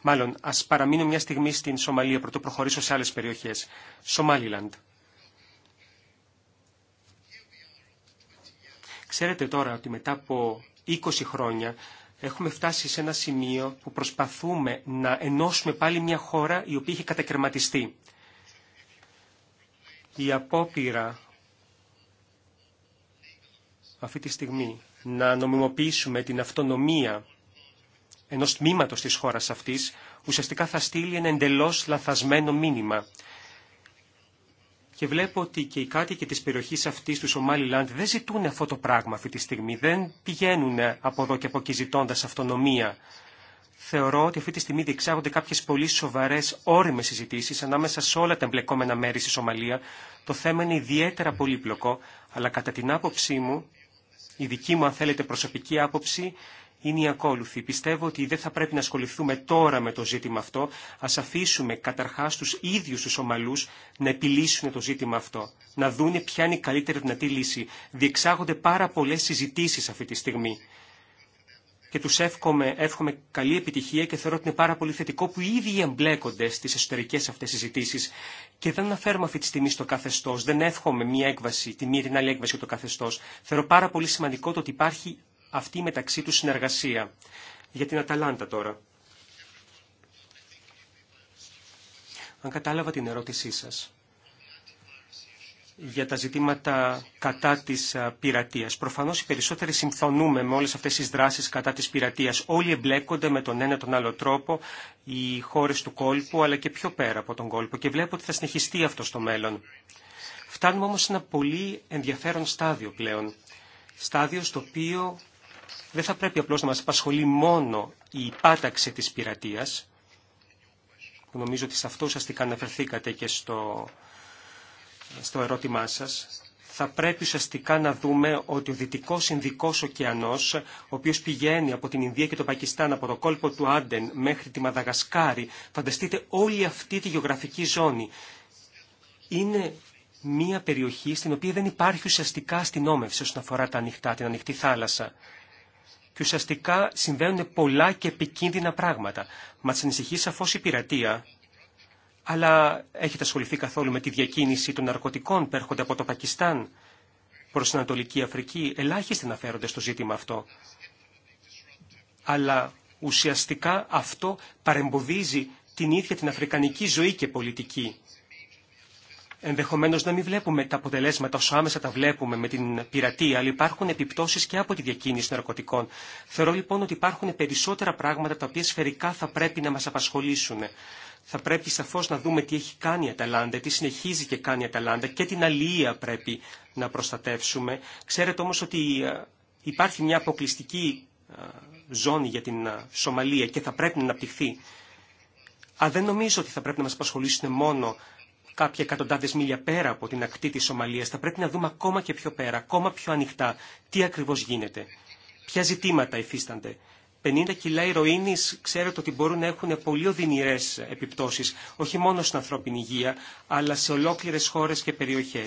S2: Μάλλον, ας παραμείνω μια στιγμή στην Σομαλία, πρωτού προχωρήσω σε άλλες περιοχές. Σομάλιλαντ. Ξέρετε τώρα ότι μετά από 20 χρόνια έχουμε φτάσει σε ένα σημείο που προσπαθούμε να ενώσουμε πάλι μια χώρα η οποία είχε κατακαιρματιστεί. Η απόπειρα αυτή τη στιγμή να νομιμοποιήσουμε την αυτονομία ενός τμήματος της χώρας αυτής ουσιαστικά θα στείλει ένα εντελώς λαθασμένο μήνυμα και βλέπω ότι και οι κάτοικοι της περιοχής αυτής του Σομάλι Λάντ δεν ζητούν αυτό το πράγμα αυτή τη στιγμή. Δεν πηγαίνουν από εδώ και από εκεί ζητώντα αυτονομία. Θεωρώ ότι αυτή τη στιγμή διεξάγονται κάποιε πολύ σοβαρέ όριμες συζητήσει, ανάμεσα σε όλα τα εμπλεκόμενα μέρη στη Σομαλία. Το θέμα είναι ιδιαίτερα πολύπλοκο, αλλά κατά την άποψή μου, η δική μου αν θέλετε προσωπική άποψη, είναι η ακόλουθη. Πιστεύω ότι δεν θα πρέπει να ασχοληθούμε τώρα με το ζήτημα αυτό. Α αφήσουμε καταρχά του ίδιους του ομαλού να επιλύσουν το ζήτημα αυτό. Να δούνε ποια είναι η καλύτερη δυνατή λύση. Διεξάγονται πάρα πολλέ συζητήσει αυτή τη στιγμή. Και του εύχομαι, εύχομαι καλή επιτυχία και θεωρώ ότι είναι πάρα πολύ θετικό που ήδη εμπλέκονται στι εσωτερικέ αυτέ συζητήσει Και δεν αναφέρουμε αυτή τη στιγμή στο καθεστώ. Δεν εύχομαι μία έκβαση, τη μία την άλλη έκβαση για το καθεστώ. Θεωρώ πάρα πολύ σημαντικό το ότι υπάρχει αυτή η μεταξύ του συνεργασία. Για την Αταλάντα τώρα. Αν κατάλαβα την ερώτησή σας για τα ζητήματα κατά της πειρατείας. Προφανώς οι περισσότεροι συμφωνούμε με όλες αυτές τις δράσεις κατά της πειρατείας. Όλοι εμπλέκονται με τον ένα τον άλλο τρόπο, οι χώρες του κόλπου αλλά και πιο πέρα από τον κόλπο και βλέπω ότι θα συνεχιστεί αυτό στο μέλλον. Φτάνουμε όμως σε ένα πολύ ενδιαφέρον στάδιο πλέον. Στάδιο στο οποίο δεν θα πρέπει απλώς να μας απασχολεί μόνο η υπάταξη της πειρατεία, που νομίζω ότι σε αυτό ουσιαστικά αναφερθήκατε και στο, στο ερώτημά σας, θα πρέπει ουσιαστικά να δούμε ότι ο Δυτικό Ινδικό Ωκεανό, ο οποίο πηγαίνει από την Ινδία και το Πακιστάν, από το κόλπο του Άντεν μέχρι τη Μαδαγασκάρη, φανταστείτε όλη αυτή τη γεωγραφική ζώνη, είναι μια περιοχή στην οποία δεν υπάρχει ουσιαστικά αστυνόμευση όσον αφορά τα ανοιχτά, την ανοιχτή θάλασσα και ουσιαστικά συμβαίνουν πολλά και επικίνδυνα πράγματα. Μα ανησυχεί σαφώ η πειρατεία, αλλά έχετε ασχοληθεί καθόλου με τη διακίνηση των ναρκωτικών που έρχονται από το Πακιστάν προς την Ανατολική Αφρική. Ελάχιστοι αναφέρονται στο ζήτημα αυτό. Αλλά ουσιαστικά αυτό παρεμποδίζει την ίδια την αφρικανική ζωή και πολιτική ενδεχομένω να μην βλέπουμε τα αποτελέσματα όσο άμεσα τα βλέπουμε με την πειρατεία, αλλά υπάρχουν επιπτώσει και από τη διακίνηση ναρκωτικών. Θεωρώ λοιπόν ότι υπάρχουν περισσότερα πράγματα τα οποία σφαιρικά θα πρέπει να μα απασχολήσουν. Θα πρέπει σαφώ να δούμε τι έχει κάνει η Αταλάντα, τι συνεχίζει και κάνει η Αταλάντα και την αλληλεία πρέπει να προστατεύσουμε. Ξέρετε όμω ότι ε, υπάρχει μια αποκλειστική ε, ζώνη για την ε, Σομαλία και θα πρέπει να αναπτυχθεί. Α, δεν νομίζω ότι θα πρέπει να μα απασχολήσουν μόνο κάποια εκατοντάδε μίλια πέρα από την ακτή τη Σομαλία, θα πρέπει να δούμε ακόμα και πιο πέρα, ακόμα πιο ανοιχτά, τι ακριβώ γίνεται. Ποια ζητήματα υφίστανται. 50 κιλά ηρωίνη ξέρετε ότι μπορούν να έχουν πολύ οδυνηρέ επιπτώσει, όχι μόνο στην ανθρώπινη υγεία, αλλά σε ολόκληρε χώρε και περιοχέ.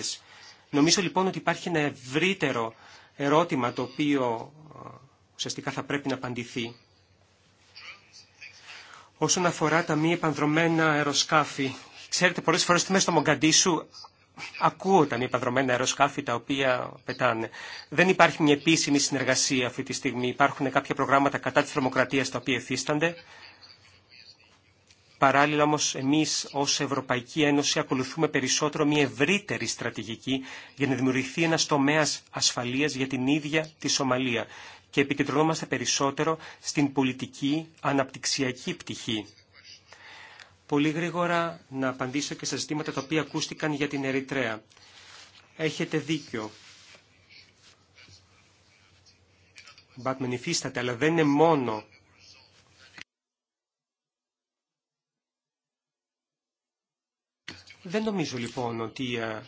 S2: Νομίζω λοιπόν ότι υπάρχει ένα ευρύτερο ερώτημα το οποίο ε, ουσιαστικά θα πρέπει να απαντηθεί. Όσον αφορά τα μη επανδρομένα αεροσκάφη, Ξέρετε, πολλές φορές ότι μέσα στο Μογκαντήσου τα οι παδρομένα αεροσκάφη τα οποία πετάνε. Δεν υπάρχει μια επίσημη συνεργασία αυτή τη στιγμή. Υπάρχουν κάποια προγράμματα κατά τη θερμοκρατίας τα οποία εφίστανται. Παράλληλα όμω, εμεί ω Ευρωπαϊκή Ένωση ακολουθούμε περισσότερο μια ευρύτερη στρατηγική για να δημιουργηθεί ένα τομέα ασφαλείας για την ίδια τη Σομαλία και επικεντρωνόμαστε περισσότερο στην πολιτική αναπτυξιακή πτυχή πολύ γρήγορα να απαντήσω και στα ζητήματα τα οποία ακούστηκαν για την Ερυτρέα. Έχετε δίκιο. Μπατ μεν υφίσταται, αλλά δεν είναι μόνο Δεν νομίζω λοιπόν ότι ε,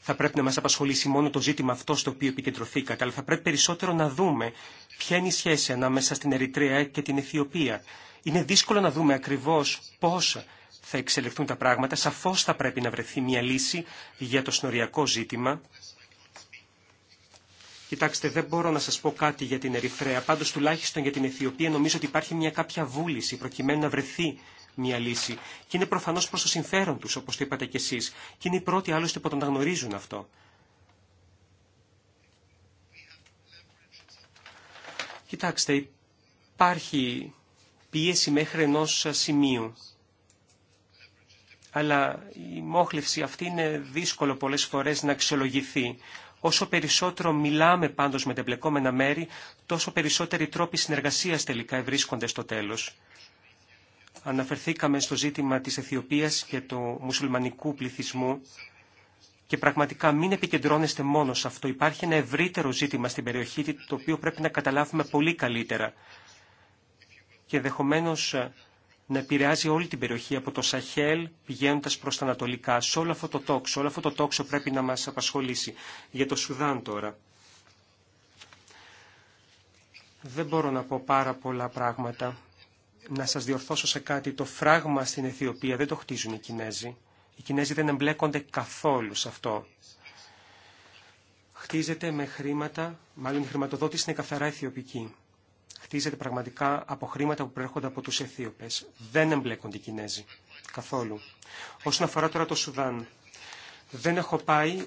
S2: θα πρέπει να μας απασχολήσει μόνο το ζήτημα αυτό στο οποίο επικεντρωθήκατε, αλλά θα πρέπει περισσότερο να δούμε ποια είναι η σχέση ανάμεσα στην Ερυτρέα και την Αιθιοπία. Είναι δύσκολο να δούμε ακριβώς πώς θα εξελιχθούν τα πράγματα. Σαφώς θα πρέπει να βρεθεί μια λύση για το σνοριακό ζήτημα. Κοιτάξτε, δεν μπορώ να σας πω κάτι για την Ερυθρέα. Πάντως, τουλάχιστον για την Αιθιοπία, νομίζω ότι υπάρχει μια κάποια βούληση προκειμένου να βρεθεί μια λύση. Και είναι προφανώς προς το συμφέρον τους, όπως το είπατε κι εσείς. Και είναι οι πρώτοι άλλωστε που τον αναγνωρίζουν αυτό. Κοιτάξτε, υπάρχει πίεση μέχρι ενός σημείου. Αλλά η μόχλευση αυτή είναι δύσκολο πολλές φορές να αξιολογηθεί. Όσο περισσότερο μιλάμε πάντως με τα εμπλεκόμενα μέρη, τόσο περισσότεροι τρόποι συνεργασίας τελικά βρίσκονται στο τέλος. Αναφερθήκαμε στο ζήτημα της Αιθιοπίας και του μουσουλμανικού πληθυσμού και πραγματικά μην επικεντρώνεστε μόνο σε αυτό. Υπάρχει ένα ευρύτερο ζήτημα στην περιοχή το οποίο πρέπει να καταλάβουμε πολύ καλύτερα και ενδεχομένω ε, να επηρεάζει όλη την περιοχή από το Σαχέλ πηγαίνοντα προ τα Ανατολικά. Σε όλο αυτό το τόξο, όλο αυτό το τόξο πρέπει να μα απασχολήσει. Για το Σουδάν τώρα. Δεν μπορώ να πω πάρα πολλά πράγματα. Να σας διορθώσω σε κάτι. Το φράγμα στην Αιθιοπία δεν το χτίζουν οι Κινέζοι. Οι Κινέζοι δεν εμπλέκονται καθόλου σε αυτό. Χτίζεται με χρήματα, μάλλον η χρηματοδότηση είναι καθαρά αιθιοπική χτίζεται πραγματικά από χρήματα που προέρχονται από τους Αιθίωπες. Δεν εμπλέκονται οι Κινέζοι. Καθόλου. Όσον αφορά τώρα το Σουδάν. Δεν έχω πάει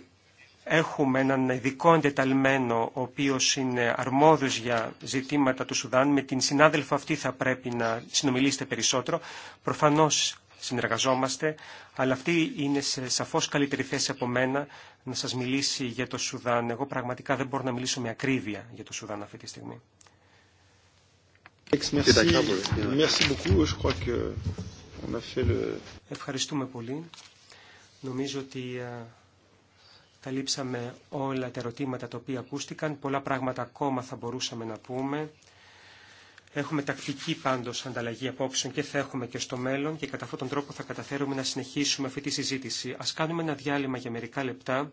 S2: Έχουμε έναν ειδικό εντεταλμένο, ο οποίος είναι αρμόδιος για ζητήματα του Σουδάν. Με την συνάδελφο αυτή θα πρέπει να συνομιλήσετε περισσότερο. Προφανώς συνεργαζόμαστε, αλλά αυτή είναι σε σαφώς καλύτερη θέση από μένα να σας μιλήσει για το Σουδάν. Εγώ πραγματικά δεν μπορώ να μιλήσω με ακρίβεια για το Σουδάν αυτή τη στιγμή. Ευχαριστούμε πολύ. Νομίζω ότι καλύψαμε ε, όλα τα ερωτήματα τα οποία ακούστηκαν. Πολλά πράγματα ακόμα θα μπορούσαμε να πούμε. Έχουμε τακτική πάντως ανταλλαγή απόψεων και θα έχουμε και στο μέλλον και κατά αυτόν τον τρόπο θα καταφέρουμε να συνεχίσουμε αυτή τη συζήτηση. Ας κάνουμε ένα διάλειμμα για μερικά λεπτά.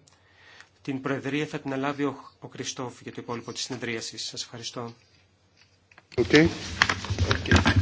S2: Την Προεδρία θα την αλάβει ο Κριστόφ για το υπόλοιπο της συνεδρίασης. Σας ευχαριστώ.
S4: Okay. Okay.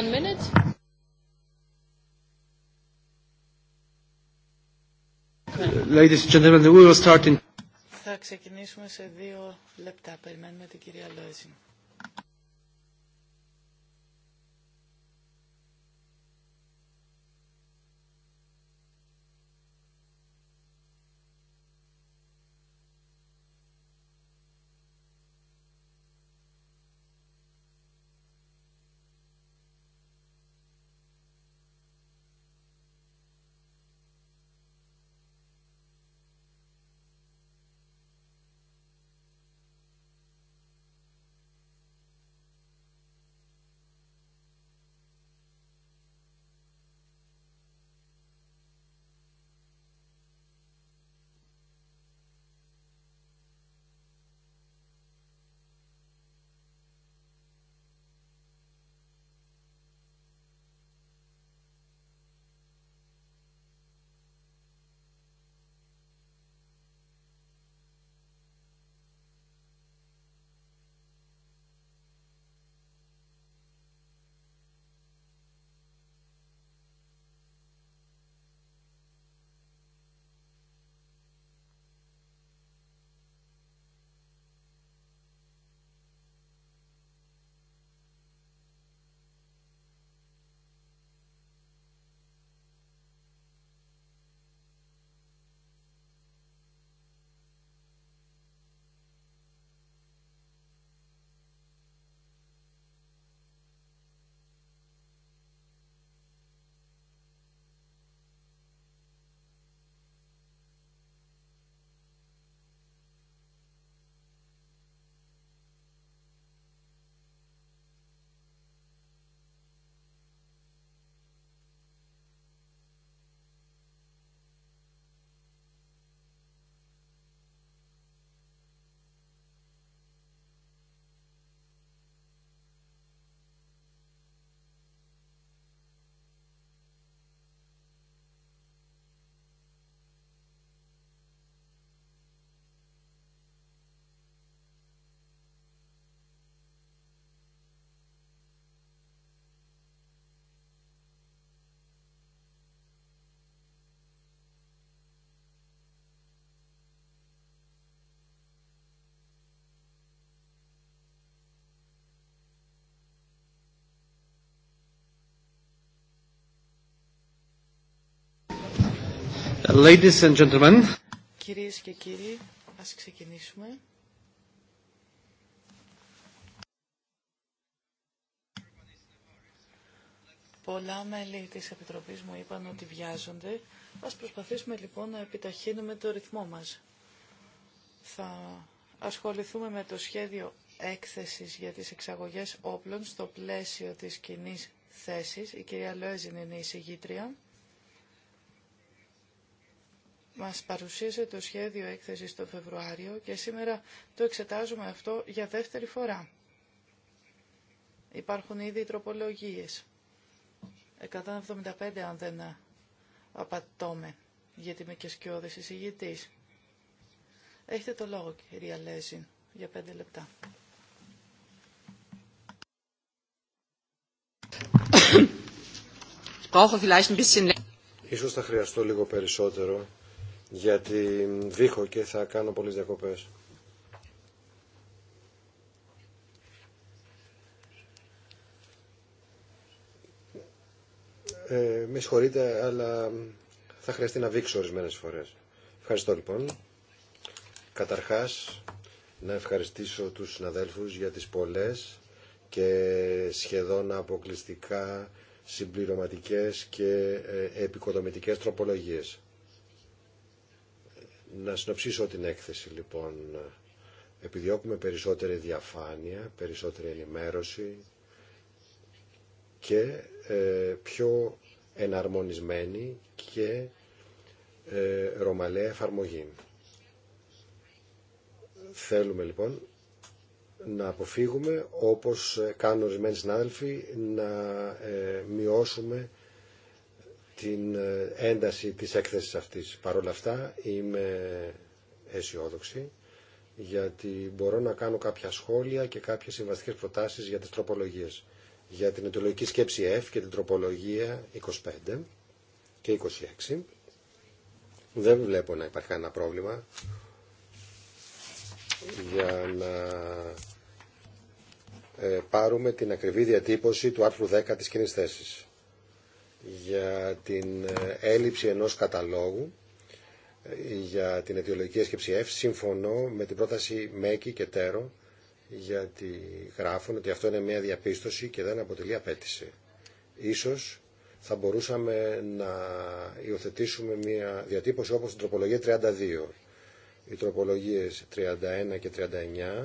S3: Ladies and
S2: gentlemen, we will start in...
S3: Θα ξεκινήσουμε σε δύο λεπτά. Περιμένουμε την κυρία Λόιζιν.
S4: Ladies and
S3: Κυρίες και κύριοι, ας ξεκινήσουμε. Πολλά μέλη της Επιτροπής μου είπαν ότι βιάζονται. Ας προσπαθήσουμε λοιπόν να επιταχύνουμε το ρυθμό μας. Θα ασχοληθούμε με το σχέδιο έκθεσης για τις εξαγωγές όπλων στο πλαίσιο της κοινή θέσης. Η κυρία Λόεζιν είναι η συγγήτρια μας παρουσίασε το σχέδιο έκθεσης το Φεβρουάριο και σήμερα το εξετάζουμε αυτό για δεύτερη φορά. Υπάρχουν ήδη τροπολογίες. 175 αν δεν απατώμε, για τη και σκιώδη Έχετε το λόγο, κυρία Λέζιν, για πέντε λεπτά.
S1: Ίσως θα χρειαστώ λίγο περισσότερο γιατί βήχω και θα κάνω πολλές διακοπές. Ε, με συγχωρείτε, αλλά θα χρειαστεί να βήξω ορισμένες φορές. Ευχαριστώ λοιπόν. Καταρχάς, να ευχαριστήσω τους συναδέλφους για τις πολλές και σχεδόν αποκλειστικά συμπληρωματικές και ε, επικοδομητικές τροπολογίες. Να συνοψίσω την έκθεση λοιπόν. Επιδιώκουμε περισσότερη διαφάνεια, περισσότερη ενημέρωση και ε, πιο εναρμονισμένη και ε, ρωμαλαία εφαρμογή. Θέλουμε λοιπόν να αποφύγουμε, όπως κάνουν ορισμένοι συνάδελφοι, να ε, μειώσουμε την ε, ένταση της έκθεσης αυτής. Παρ' όλα αυτά είμαι αισιόδοξη γιατί μπορώ να κάνω κάποια σχόλια και κάποιες συμβαστικές προτάσεις για τις τροπολογίες. Για την αιτιολογική σκέψη F και την τροπολογία 25 και 26 δεν βλέπω να υπάρχει κανένα πρόβλημα για να ε, πάρουμε την ακριβή διατύπωση του άρθρου 10 της κοινής θέσης για την ε, έλλειψη ενός καταλόγου ε, για την αιτιολογική έσκεψη F. Συμφωνώ με την πρόταση ΜΕΚη και ΤΕΡΟ γιατί γράφουν ότι αυτό είναι μια διαπίστωση και δεν αποτελεί απέτηση. Ίσως θα μπορούσαμε να υιοθετήσουμε μια διατύπωση όπως την τροπολογία 32. Οι τροπολογίες 31 και 39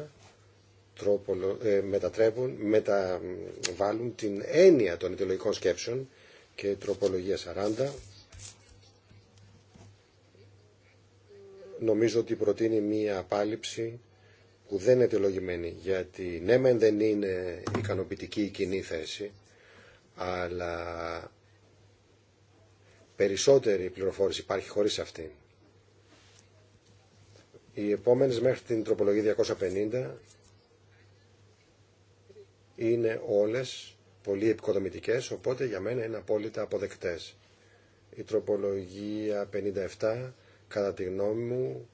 S1: τροπολο, ε, μετατρέπουν, μεταβάλλουν την έννοια των αιτιολογικών σκέψεων και τροπολογία 40 νομίζω ότι προτείνει μία απάλληψη που δεν είναι τελογημένη γιατί ναι μεν δεν είναι ικανοποιητική η κοινή θέση αλλά περισσότερη πληροφόρηση υπάρχει χωρίς αυτή. Οι επόμενες μέχρι την τροπολογία 250 είναι όλες πολύ επικοδομητικές, οπότε για μένα είναι απόλυτα αποδεκτές. Η τροπολογία 57, κατά τη γνώμη μου,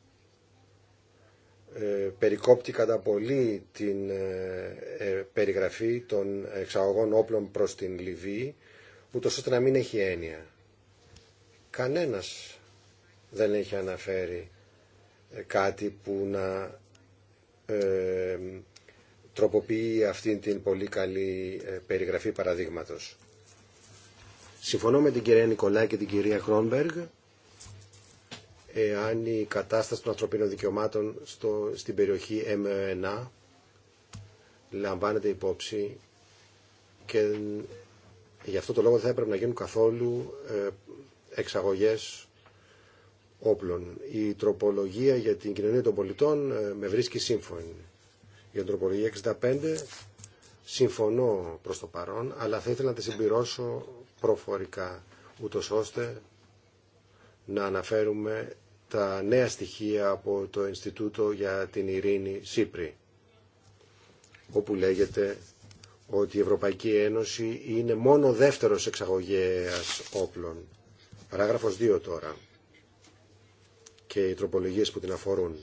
S1: ε, περικόπτει κατά πολύ την ε, ε, περιγραφή των εξαγωγών όπλων προς την Λιβύη, ούτως ώστε να μην έχει έννοια. Κανένας δεν έχει αναφέρει κάτι που να τροποποιεί αυτή την πολύ καλή ε, περιγραφή παραδείγματος. Συμφωνώ με την κυρία Νικολά και την κυρία Κρόνμπεργκ, εάν η κατάσταση των ανθρωπίνων δικαιωμάτων στο, στην περιοχη ΜΕΝΑ M1 λαμβάνεται υπόψη και γι' αυτό το λόγο δεν θα έπρεπε να γίνουν καθόλου ε, εξαγωγές όπλων. Η τροπολογία για την κοινωνία των πολιτών ε, με βρίσκει σύμφωνη για την τροπολογία 65 συμφωνώ προς το παρόν, αλλά θα ήθελα να τη συμπληρώσω προφορικά, ούτως ώστε να αναφέρουμε τα νέα στοιχεία από το Ινστιτούτο για την Ειρήνη Σύπρη, όπου λέγεται ότι η Ευρωπαϊκή Ένωση είναι μόνο δεύτερος εξαγωγέας όπλων. Παράγραφος 2 τώρα και οι τροπολογίες που την αφορούν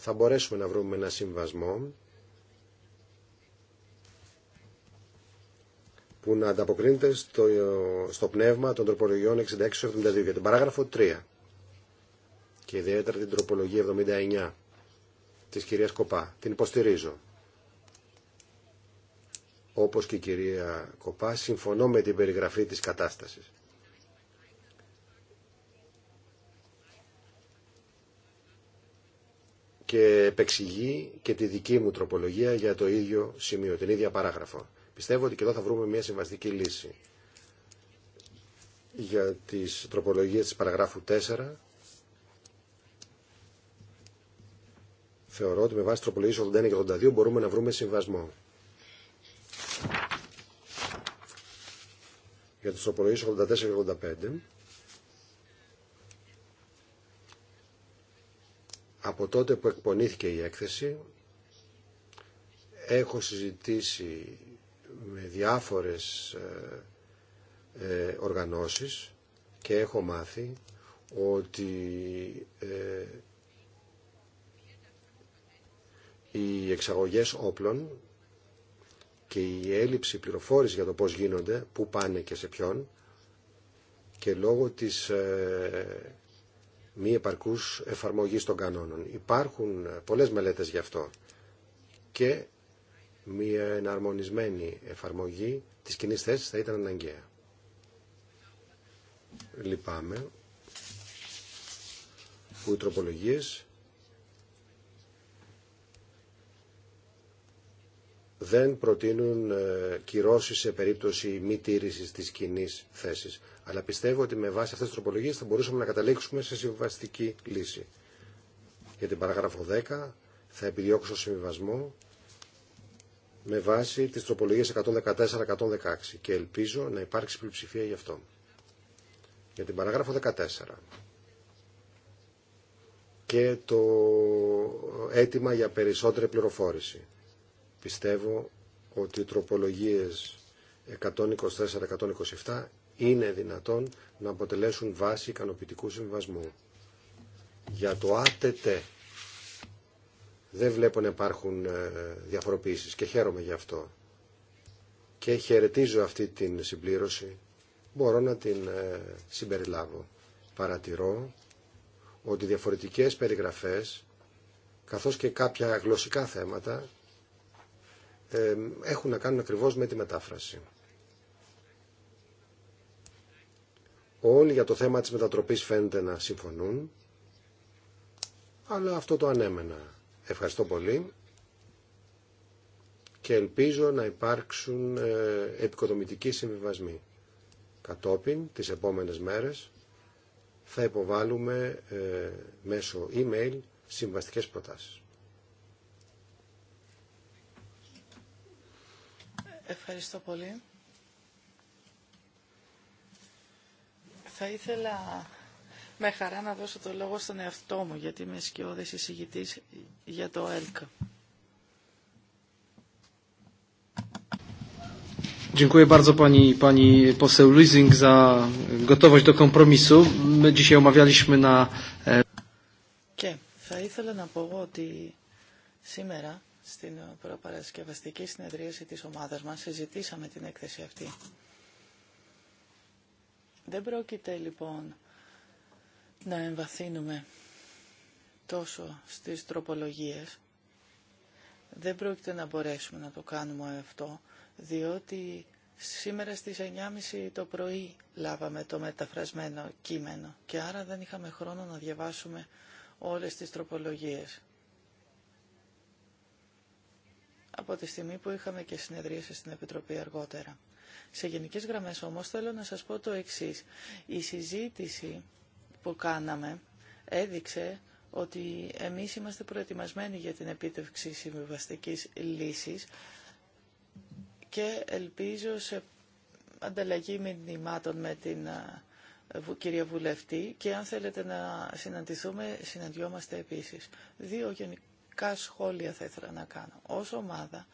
S1: θα μπορέσουμε να βρούμε ένα συμβασμό που να ανταποκρίνεται στο, στο πνεύμα των τροπολογιών 66-72 για την παράγραφο 3 και ιδιαίτερα την τροπολογία 79 της κυρίας Κοπά. Την υποστηρίζω. Όπως και η κυρία Κοπά, συμφωνώ με την περιγραφή της κατάστασης. και επεξηγεί και τη δική μου τροπολογία για το ίδιο σημείο, την ίδια παράγραφο. Πιστεύω ότι και εδώ θα βρούμε μια συμβαστική λύση για τις τροπολογίες της παραγράφου 4. Θεωρώ ότι με βάση τροπολογίες 81 και 82 μπορούμε να βρούμε συμβασμό. Για τις τροπολογίες 84 και 85 Από τότε που εκπονήθηκε η έκθεση έχω συζητήσει με διάφορες ε, ε οργανώσεις και έχω μάθει ότι ε, οι εξαγωγές όπλων και η έλλειψη πληροφόρηση για το πώς γίνονται, πού πάνε και σε ποιον και λόγω της ε, μη επαρκούς εφαρμογής των κανόνων. Υπάρχουν πολλές μελέτες γι' αυτό και μια εναρμονισμένη εφαρμογή της κοινή θέση θα ήταν αναγκαία. Λυπάμαι που οι τροπολογίες δεν προτείνουν ε, κυρώσεις σε περίπτωση μη τήρησης της κοινή θέσης. Αλλά πιστεύω ότι με βάση αυτές τις τροπολογίες θα μπορούσαμε να καταλήξουμε σε συμβαστική λύση. Για την παράγραφο 10 θα επιδιώξω συμβιβασμό με βάση τις τροπολογίες 114-116 και ελπίζω να υπάρξει πλειοψηφία γι' αυτό. Για την παράγραφο 14 και το αίτημα για περισσότερη πληροφόρηση. Πιστεύω ότι οι τροπολογίες 124-127 είναι δυνατόν να αποτελέσουν βάση ικανοποιητικού συμβασμού. Για το ΑΤΤ δεν βλέπω να υπάρχουν ε, διαφοροποιήσεις και χαίρομαι γι' αυτό. Και χαιρετίζω αυτή την συμπλήρωση. Μπορώ να την ε, συμπεριλάβω. Παρατηρώ ότι διαφορετικές περιγραφές καθώς και κάποια γλωσσικά θέματα ε, έχουν να κάνουν ακριβώς με τη μετάφραση. Όλοι για το θέμα της μετατροπής φαίνεται να συμφωνούν, αλλά αυτό το ανέμενα. Ευχαριστώ πολύ και ελπίζω να υπάρξουν ε, επικοδομητικοί συμβιβασμοί. Κατόπιν, τις επόμενες μέρες, θα υποβάλουμε ε, μέσω email συμβαστικές προτάσεις.
S3: Ευχαριστώ πολύ. Θα ήθελα με χαρά να δώσω το λόγο στον εαυτό μου, γιατί είμαι σκιώδης εισηγητής για το ΕΛΚΑ.
S1: Dziękuję bardzo pani, pani
S2: poseł Luizing za gotowość do kompromisu. My dzisiaj omawialiśmy na... E,
S3: Και θα ήθελα να πω ότι σήμερα στην προπαρασκευαστική συνεδρίαση της ομάδας μας συζητήσαμε την έκθεση αυτή. Δεν πρόκειται λοιπόν να εμβαθύνουμε τόσο στις τροπολογίες. Δεν πρόκειται να μπορέσουμε να το κάνουμε αυτό, διότι σήμερα στις 9.30 το πρωί λάβαμε το μεταφρασμένο κείμενο και άρα δεν είχαμε χρόνο να διαβάσουμε όλες τις τροπολογίες. από τη στιγμή που είχαμε και συνεδρίαση στην Επιτροπή αργότερα. Σε γενικές γραμμές όμως θέλω να σας πω το εξής. Η συζήτηση που κάναμε έδειξε ότι εμείς είμαστε προετοιμασμένοι για την επίτευξη συμβιβαστικής λύσης και ελπίζω σε ανταλλαγή μηνυμάτων με την κυρία Βουλευτή και αν θέλετε να συναντηθούμε συναντιόμαστε επίσης. Δύο μερικά σχόλια θα ήθελα να κάνω. Ως ομάδα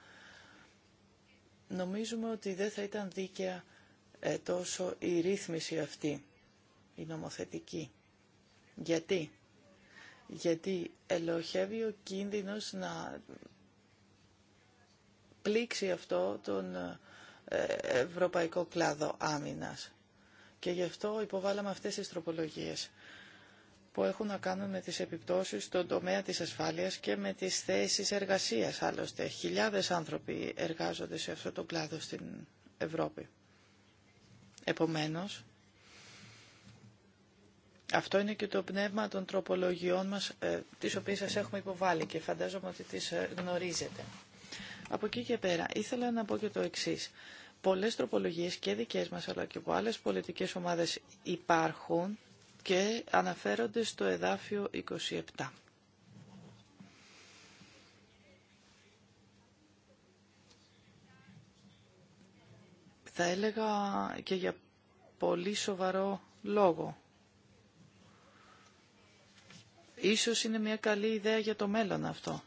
S3: νομίζουμε ότι δεν θα ήταν δίκαια ε, τόσο η ρύθμιση αυτή, η νομοθετική. Γιατί? Γιατί ελοχεύει ο κίνδυνος να πλήξει αυτό τον ε, ε, ευρωπαϊκό κλάδο άμυνας. Και γι' αυτό υποβάλαμε αυτές τις τροπολογίες που έχουν να κάνουν με τις επιπτώσεις στον τομέα της ασφάλειας και με τις θέσεις εργασίας. Άλλωστε, χιλιάδες άνθρωποι εργάζονται σε αυτό το κλάδο στην Ευρώπη. Επομένως, αυτό είναι και το πνεύμα των τροπολογιών μας, ε, τις οποίες σας έχουμε υποβάλει και φαντάζομαι ότι τις ε, γνωρίζετε. Από εκεί και πέρα, ήθελα να πω και το εξής. Πολλές τροπολογίες και δικές μας, αλλά και από άλλες πολιτικές ομάδες υπάρχουν και αναφέρονται στο εδάφιο 27. Θα έλεγα και για πολύ σοβαρό λόγο. Ίσως είναι μια καλή ιδέα για το μέλλον αυτό.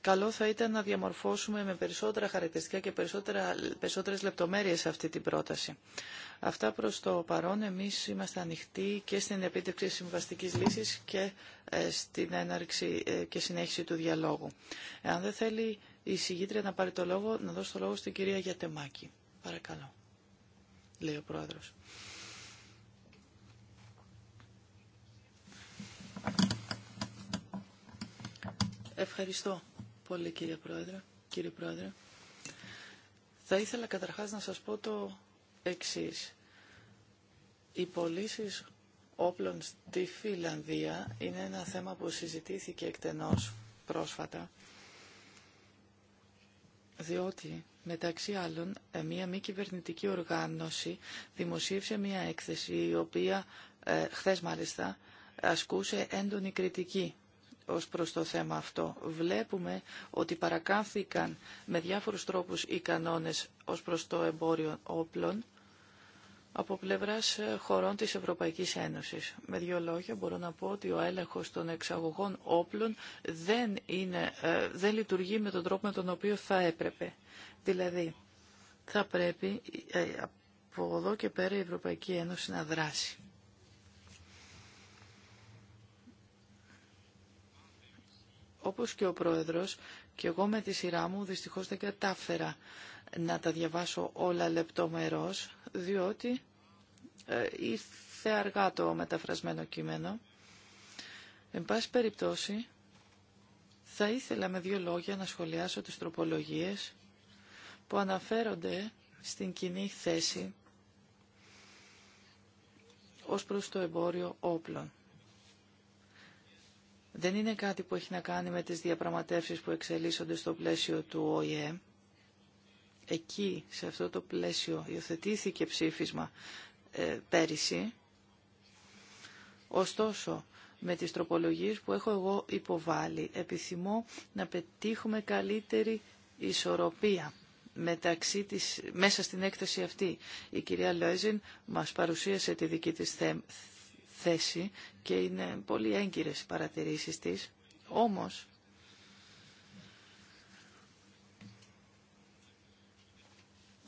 S3: καλό θα ήταν να διαμορφώσουμε με περισσότερα χαρακτηριστικά και περισσότερε περισσότερες λεπτομέρειες αυτή την πρόταση. Αυτά προς το παρόν εμείς είμαστε ανοιχτοί και στην επίτευξη συμβαστικής λύσης και ε, στην έναρξη ε, και συνέχιση του διαλόγου. Εάν δεν θέλει η συγγήτρια να πάρει το λόγο, να δώσει το λόγο στην κυρία Γιατεμάκη. Παρακαλώ, λέει ο Πρόεδρος. Ευχαριστώ πολύ κύριε Πρόεδρε. Κύριε Πρόεδρε. Θα ήθελα καταρχάς να σας πω το εξής. Οι πωλήσει όπλων στη Φιλανδία είναι ένα θέμα που συζητήθηκε εκτενώς πρόσφατα, διότι μεταξύ άλλων μια μη κυβερνητική οργάνωση δημοσίευσε μια έκθεση η οποία ε, χθες μάλιστα ασκούσε έντονη κριτική ως προς το θέμα αυτό. Βλέπουμε ότι παρακάθηκαν με διάφορους τρόπους οι κανόνες ως προς το εμπόριο όπλων από πλευράς ε, χωρών της Ευρωπαϊκής Ένωσης. Με δύο λόγια μπορώ να πω ότι ο έλεγχος των εξαγωγών όπλων δεν, είναι, ε, δεν λειτουργεί με τον τρόπο με τον οποίο θα έπρεπε. Δηλαδή, θα πρέπει ε, από εδώ και πέρα η Ευρωπαϊκή Ένωση να δράσει. όπως και ο Πρόεδρος, και εγώ με τη σειρά μου δυστυχώς δεν κατάφερα να τα διαβάσω όλα λεπτομερώς, διότι ε, ήρθε αργά το μεταφρασμένο κείμενο. Εν πάση περιπτώσει, θα ήθελα με δύο λόγια να σχολιάσω τις τροπολογίες που αναφέρονται στην κοινή θέση ως προς το εμπόριο όπλων δεν είναι κάτι που έχει να κάνει με τις διαπραγματεύσεις που εξελίσσονται στο πλαίσιο του ΟΗΕ. Εκεί, σε αυτό το πλαίσιο, υιοθετήθηκε ψήφισμα ε, πέρυσι. Ωστόσο, με τις τροπολογίες που έχω εγώ υποβάλει, επιθυμώ να πετύχουμε καλύτερη ισορροπία μεταξύ της, μέσα στην έκθεση αυτή. Η κυρία Λόιζιν μας παρουσίασε τη δική της θέση και είναι πολύ έγκυρες οι παρατηρήσεις της. Όμως,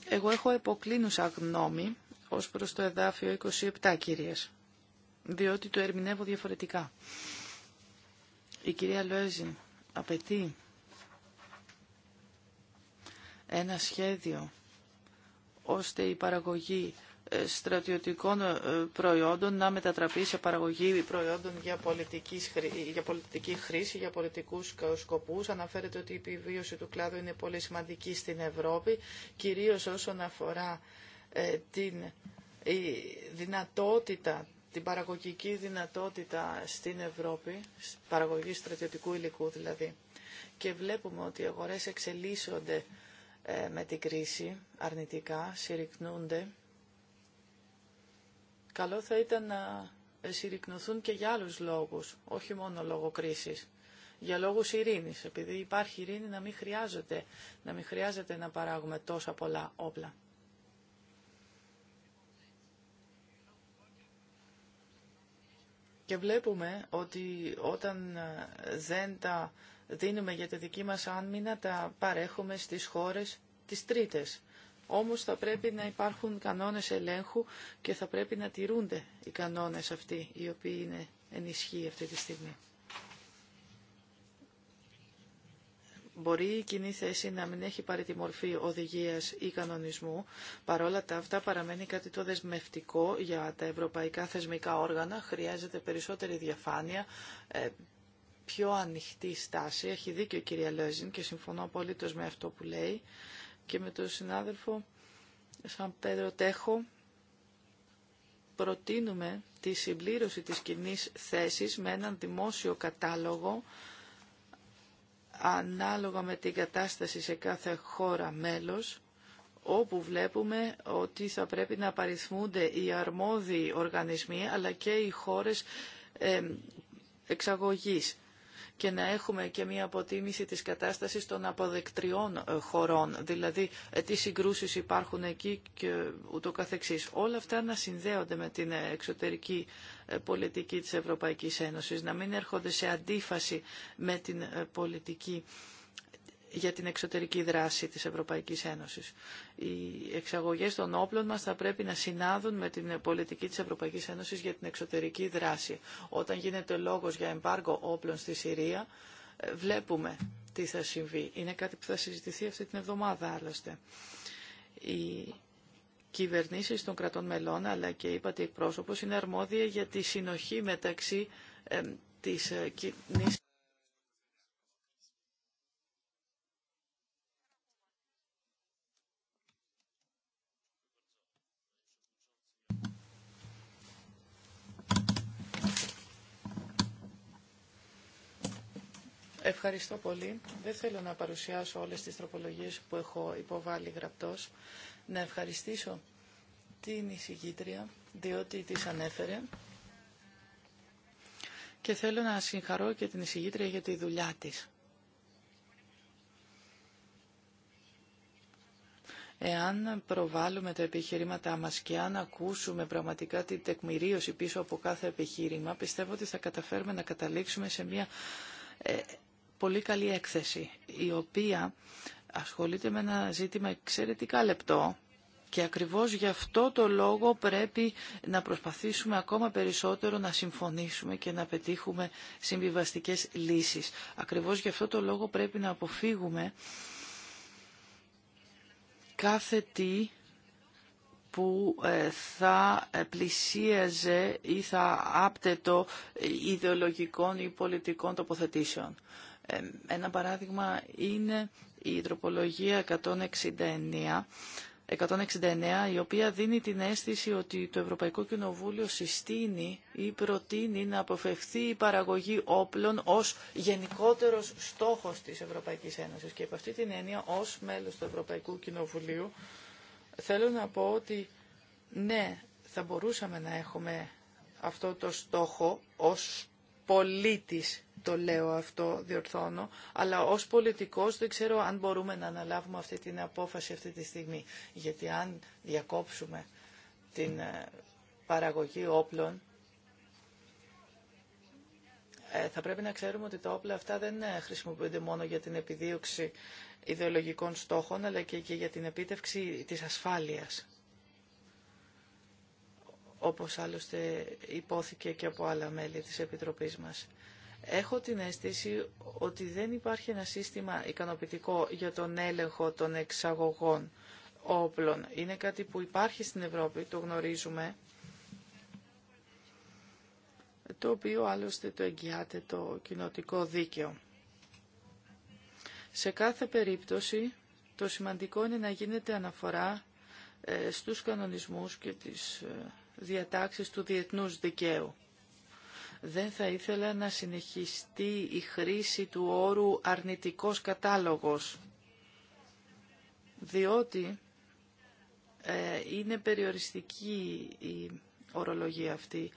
S3: εγώ έχω υποκλίνουσα γνώμη ως προς το εδάφιο 27, κυρίες, διότι το ερμηνεύω διαφορετικά. Η κυρία Λοέζη απαιτεί ένα σχέδιο ώστε η παραγωγή στρατιωτικών ε, προϊόντων να μετατραπεί σε παραγωγή προϊόντων για πολιτική, για πολιτική χρήση, για πολιτικούς σκοπούς. Αναφέρεται ότι η επιβίωση του κλάδου είναι πολύ σημαντική στην Ευρώπη, κυρίως όσον αφορά ε, την δυνατότητα την παραγωγική δυνατότητα στην Ευρώπη, παραγωγή στρατιωτικού υλικού δηλαδή. Και βλέπουμε ότι οι αγορές εξελίσσονται ε, με την κρίση αρνητικά, συρρυκνούνται καλό θα ήταν να συρρυκνωθούν και για άλλους λόγους, όχι μόνο λόγω κρίσης. Για λόγους ειρήνης, επειδή υπάρχει ειρήνη να μην χρειάζεται να, μην χρειάζεται να παράγουμε τόσα πολλά όπλα. Και βλέπουμε ότι όταν ε, δεν τα δίνουμε για τη δική μας άμυνα, τα παρέχουμε στις χώρες τις τρίτες. Όμως θα πρέπει να υπάρχουν κανόνες ελέγχου και θα πρέπει να τηρούνται οι κανόνες αυτοί οι οποίοι είναι ισχύ αυτή τη στιγμή. Μπορεί η κοινή θέση να μην έχει πάρει τη μορφή οδηγίας ή κανονισμού, παρόλα τα αυτά παραμένει κάτι το δεσμευτικό για τα ευρωπαϊκά θεσμικά όργανα, χρειάζεται περισσότερη διαφάνεια, ε, πιο ανοιχτή στάση. Έχει δίκιο η κυρία Λέζιν και συμφωνώ απολύτως με αυτό που λέει και με τον συνάδελφο Σαν Πέδρο Τέχο προτείνουμε τη συμπλήρωση της κοινή θέσης με έναν δημόσιο κατάλογο ανάλογα με την κατάσταση σε κάθε χώρα μέλος όπου βλέπουμε ότι θα πρέπει να απαριθμούνται οι αρμόδιοι οργανισμοί αλλά και οι χώρες εξαγωγής και να έχουμε και μια αποτίμηση της κατάστασης των αποδεκτριών ε, χωρών, δηλαδή ε, τι συγκρούσεις υπάρχουν εκεί και ούτω καθεξής. Όλα αυτά να συνδέονται με την ε, εξωτερική πολιτική της Ευρωπαϊκής Ένωσης, να μην έρχονται σε αντίφαση με την πολιτική για την εξωτερική δράση της Ευρωπαϊκής Ένωσης. Οι εξαγωγές των όπλων μας θα πρέπει να συνάδουν με την πολιτική της Ευρωπαϊκής Ένωσης για την εξωτερική δράση. Όταν γίνεται λόγος για εμπάργο όπλων στη Συρία, ε, βλέπουμε τι θα συμβεί. Είναι κάτι που θα συζητηθεί αυτή την εβδομάδα άλλωστε. Οι κυβερνήσεις των κρατών μελών, αλλά και είπατε εκπρόσωπο, είναι αρμόδια για τη συνοχή μεταξύ ε, της ε, κοινής Ευχαριστώ πολύ. Δεν θέλω να παρουσιάσω όλες τις τροπολογίες που έχω υποβάλει γραπτός. Να ευχαριστήσω την εισηγήτρια, διότι της ανέφερε. Και θέλω να συγχαρώ και την εισηγήτρια για τη δουλειά της. Εάν προβάλλουμε τα επιχειρήματά μας και αν ακούσουμε πραγματικά την τεκμηρίωση πίσω από κάθε επιχείρημα, πιστεύω ότι θα καταφέρουμε να καταλήξουμε σε μια ε, πολύ καλή έκθεση, η οποία ασχολείται με ένα ζήτημα εξαιρετικά λεπτό και ακριβώς γι' αυτό το λόγο πρέπει να προσπαθήσουμε ακόμα περισσότερο να συμφωνήσουμε και να πετύχουμε συμβιβαστικές λύσεις. Ακριβώς γι' αυτό το λόγο πρέπει να αποφύγουμε κάθε τι που ε, θα ε, πλησίαζε ή θα άπτετο ε, ιδεολογικών ή πολιτικών τοποθετήσεων. Ε, ένα παράδειγμα είναι η τροπολογία 169 169, η οποία δίνει την αίσθηση ότι το Ευρωπαϊκό Κοινοβούλιο συστήνει ή προτείνει να αποφευθεί η παραγωγή όπλων ως γενικότερος στόχος της Ευρωπαϊκής Ένωσης. Και από αυτή την έννοια, ως μέλος του Ευρωπαϊκού Κοινοβουλίου, θέλω να πω ότι ναι, θα μπορούσαμε να έχουμε αυτό το στόχο ως πολίτης το λέω αυτό, διορθώνω, αλλά ως πολιτικός δεν ξέρω αν μπορούμε να αναλάβουμε αυτή την απόφαση αυτή τη στιγμή. Γιατί αν διακόψουμε την ε, παραγωγή όπλων, ε, θα πρέπει να ξέρουμε ότι τα όπλα αυτά δεν ε, χρησιμοποιούνται μόνο για την επιδίωξη ιδεολογικών στόχων, αλλά και για την επίτευξη της ασφάλειας όπως άλλωστε υπόθηκε και από άλλα μέλη της Επιτροπής μας. Έχω την αίσθηση ότι δεν υπάρχει ένα σύστημα ικανοποιητικό για τον έλεγχο των εξαγωγών όπλων. Είναι κάτι που υπάρχει στην Ευρώπη, το γνωρίζουμε, το οποίο άλλωστε το εγγυάται το κοινοτικό δίκαιο. Σε κάθε περίπτωση το σημαντικό είναι να γίνεται αναφορά ε, στους κανονισμούς και τις ε, διατάξεις του διεθνούς δικαίου. Δεν θα ήθελα να συνεχιστεί η χρήση του όρου αρνητικός κατάλογος, διότι ε, είναι περιοριστική η ορολογία αυτή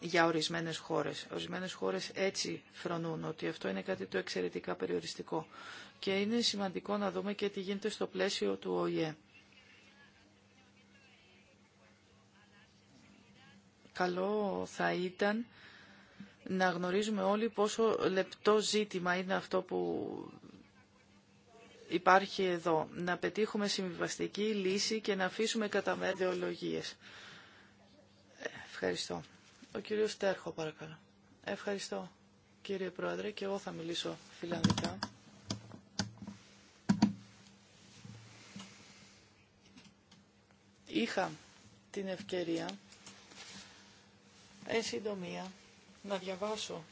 S3: για ορισμένες χώρες. Ορισμένες χώρες έτσι φρονούν ότι αυτό είναι κάτι το εξαιρετικά περιοριστικό. Και είναι σημαντικό να δούμε και τι γίνεται στο πλαίσιο του ΟΗΕ. καλό θα ήταν να γνωρίζουμε όλοι πόσο λεπτό ζήτημα είναι αυτό που υπάρχει εδώ. Να πετύχουμε συμβιβαστική λύση και να αφήσουμε κατά ιδεολογίες. Ευχαριστώ. Ο κύριος Τέρχο παρακαλώ. Ευχαριστώ κύριε Πρόεδρε και εγώ θα μιλήσω φιλανδικά. Είχα την ευκαιρία Εν συντομία, να διαβάσω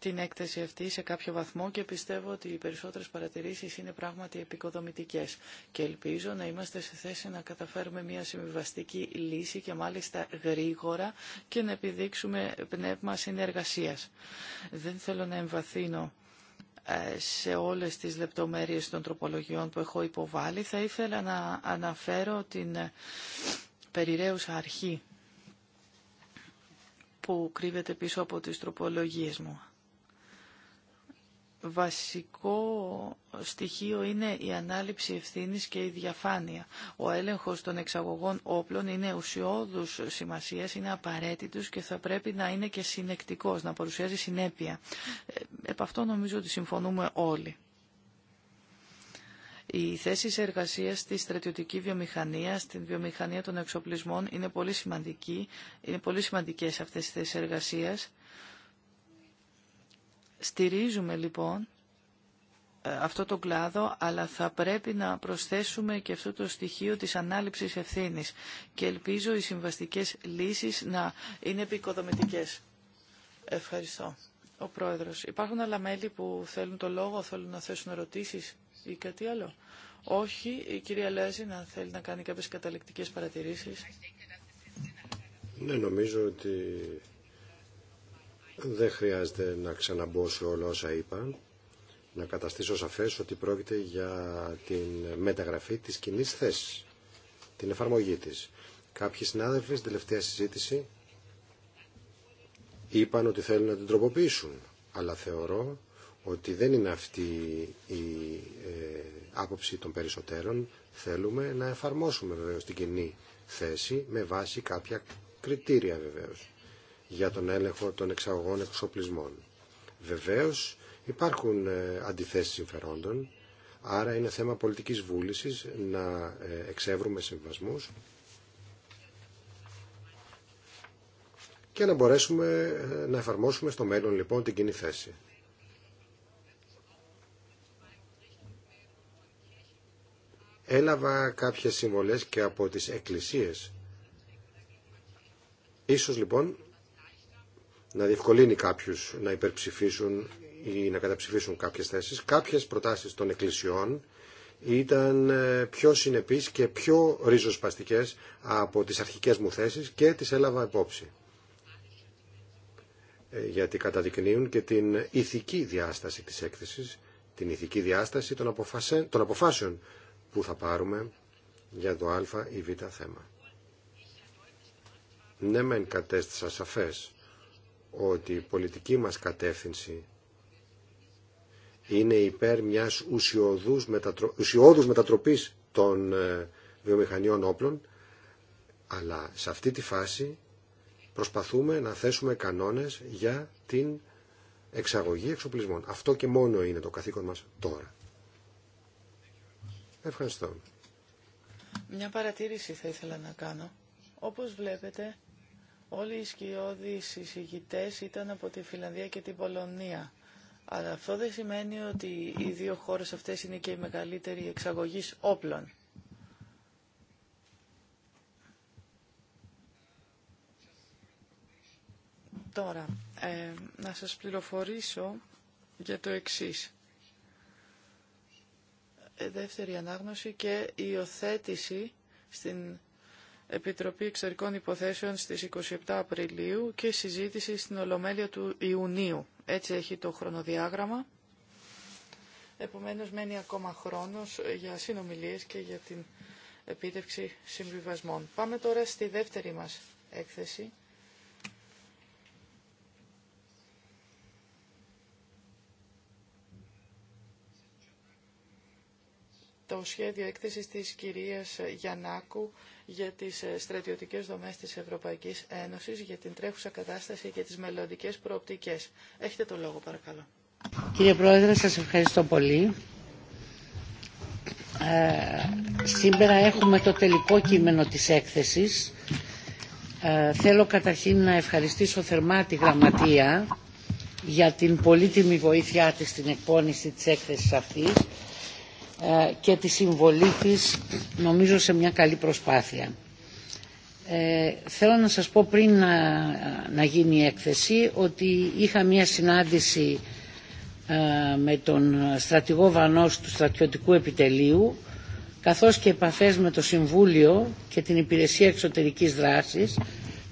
S3: την έκθεση αυτή σε κάποιο βαθμό και πιστεύω ότι οι περισσότερες παρατηρήσεις είναι πράγματι επικοδομητικές και ελπίζω να είμαστε σε θέση να καταφέρουμε μια συμβιβαστική λύση και μάλιστα γρήγορα και να επιδείξουμε πνεύμα συνεργασίας. Δεν θέλω να εμβαθύνω ε, σε όλες τις λεπτομέρειες των τροπολογιών που έχω υποβάλει. Θα ήθελα να αναφέρω την ε, περιραίουσα αρχή που κρύβεται πίσω από τις τροπολογίες μου. Βασικό στοιχείο είναι η ανάληψη ευθύνης και η διαφάνεια. Ο έλεγχος των εξαγωγών όπλων είναι ουσιώδους σημασίας, είναι απαραίτητος και θα πρέπει να είναι και συνεκτικός, να παρουσιάζει συνέπεια. Ε, επ' αυτό νομίζω ότι συμφωνούμε όλοι. Οι θέσει εργασία στη στρατιωτική βιομηχανία, στην βιομηχανία των εξοπλισμών είναι πολύ σημαντική. Είναι πολύ σημαντικέ αυτέ οι θέσει εργασία. Στηρίζουμε λοιπόν ε, αυτό το κλάδο, αλλά θα πρέπει να προσθέσουμε και αυτό το στοιχείο της ανάληψης ευθύνης και ελπίζω οι συμβαστικές λύσεις να είναι επικοδομητικές. Ευχαριστώ ο Πρόεδρος. Υπάρχουν άλλα μέλη που θέλουν το λόγο, θέλουν να θέσουν ερωτήσεις ή κάτι άλλο. Όχι, η κυρία Λέζη να θέλει να κάνει κάποιες καταληκτικές παρατηρήσεις.
S1: Ναι, νομίζω ότι δεν χρειάζεται να ξαναμπώ σε όλα όσα είπα. Να καταστήσω σαφές ότι πρόκειται για την μεταγραφή της κοινή θέσης, την εφαρμογή της. Κάποιοι συνάδελφοι στην τελευταία συζήτηση είπαν ότι θέλουν να την τροποποιήσουν. Αλλά θεωρώ ότι δεν είναι αυτή η ε, άποψη των περισσότερων. Θέλουμε να εφαρμόσουμε βεβαίως την κοινή θέση με βάση κάποια κριτήρια βεβαίως για τον έλεγχο των εξαγωγών εξοπλισμών. Βεβαίως υπάρχουν ε, αντιθέσεις συμφερόντων, άρα είναι θέμα πολιτικής βούλησης να ε, εξεύρουμε συμβασμούς και να μπορέσουμε ε, να εφαρμόσουμε στο μέλλον λοιπόν την κοινή θέση. Έλαβα κάποιες συμβολές και από τις εκκλησίες. Ίσως λοιπόν να διευκολύνει κάποιους να υπερψηφίσουν ή να καταψηφίσουν κάποιες θέσεις. Κάποιες προτάσεις των εκκλησιών ήταν ε, πιο συνεπείς και πιο ριζοσπαστικές από τις αρχικές μου θέσεις και τις έλαβα υπόψη γιατί καταδεικνύουν και την ηθική διάσταση της έκθεσης, την ηθική διάσταση των, αποφάσε των αποφάσεων που θα πάρουμε για το α ή β θέμα. Ναι μεν κατέστησα σαφές ότι η πολιτική μας κατεύθυνση είναι υπέρ μιας μετατρο... μετατροπής των ε, βιομηχανιών όπλων, αλλά σε αυτή τη φάση προσπαθούμε να θέσουμε κανόνες για την εξαγωγή εξοπλισμών. Αυτό και μόνο είναι το καθήκον μας τώρα. Ευχαριστώ.
S3: Μια παρατήρηση θα ήθελα να κάνω. Όπως βλέπετε, όλοι οι σκιώδεις εισηγητές ήταν από τη Φιλανδία και την Πολωνία. Αλλά αυτό δεν σημαίνει ότι οι δύο χώρες αυτές είναι και οι μεγαλύτεροι εξαγωγείς όπλων. Τώρα, ε, να σας πληροφορήσω για το εξής. Ε, δεύτερη ανάγνωση και υιοθέτηση στην Επιτροπή Εξωτερικών Υποθέσεων στις 27 Απριλίου και συζήτηση στην Ολομέλεια του Ιουνίου. Έτσι έχει το χρονοδιάγραμμα. Επομένως μένει ακόμα χρόνος για συνομιλίες και για την επίτευξη συμβιβασμών. Πάμε τώρα στη δεύτερη μας έκθεση το σχέδιο έκθεσης της κυρίας Γιαννάκου για τις ε, στρατιωτικές δομές της Ευρωπαϊκής Ένωσης, για την τρέχουσα κατάσταση και τις μελλοντικές προοπτικές. Έχετε το λόγο παρακαλώ.
S4: Κύριε Πρόεδρε, σας ευχαριστώ πολύ. Ε, σήμερα έχουμε το τελικό κείμενο της έκθεσης. Ε, θέλω καταρχήν να ευχαριστήσω θερμά τη Γραμματεία για την πολύτιμη βοήθειά της στην εκπόνηση της έκθεσης αυτής ε, και τη συμβολή της νομίζω σε μια καλή προσπάθεια. Ε, θέλω να σας πω πριν να, γίνει η έκθεση ότι είχα μια συνάντηση ε, με τον στρατηγό Βανός του στρατιωτικού επιτελείου καθώς και επαφές με το Συμβούλιο και την Υπηρεσία Εξωτερικής Δράσης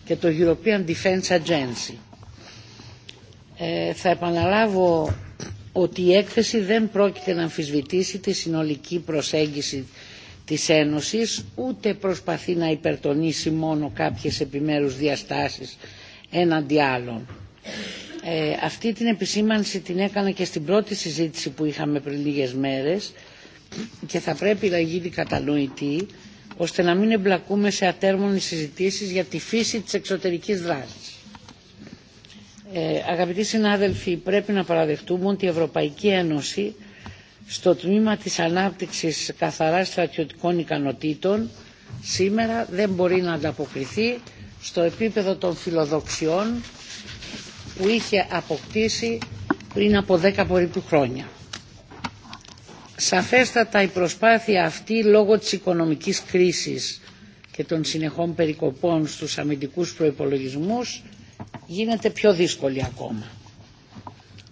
S4: και το European Defense Agency. Ε, θα επαναλάβω ότι η έκθεση δεν πρόκειται να αμφισβητήσει τη συνολική προσέγγιση της Ένωσης ούτε προσπαθεί να υπερτονίσει μόνο κάποιες επιμέρους διαστάσεις έναντι άλλων. Ε, αυτή την επισήμανση την έκανα και στην πρώτη συζήτηση που είχαμε πριν λίγες μέρες και θα πρέπει να γίνει κατανοητή ώστε να μην εμπλακούμε σε ατέρμονες συζητήσεις για τη φύση της εξωτερικής δράσης ε, αγαπητοί συνάδελφοι πρέπει να παραδεχτούμε ότι η ευρωπαϊκή ένωση στο τμήμα της ανάπτυξης καθαρά στρατιωτικών ικανοτήτων σήμερα δεν μπορεί να ανταποκριθεί στο επίπεδο των φιλοδοξιών που είχε αποκτήσει πριν από δέκα περίπου χρόνια. Σαφέστατα η προσπάθεια αυτή λόγω της οικονομικής κρίσης και των συνεχών περικοπών στους αμυντικούς προϋπολογισμούς γίνεται πιο δύσκολη ακόμα.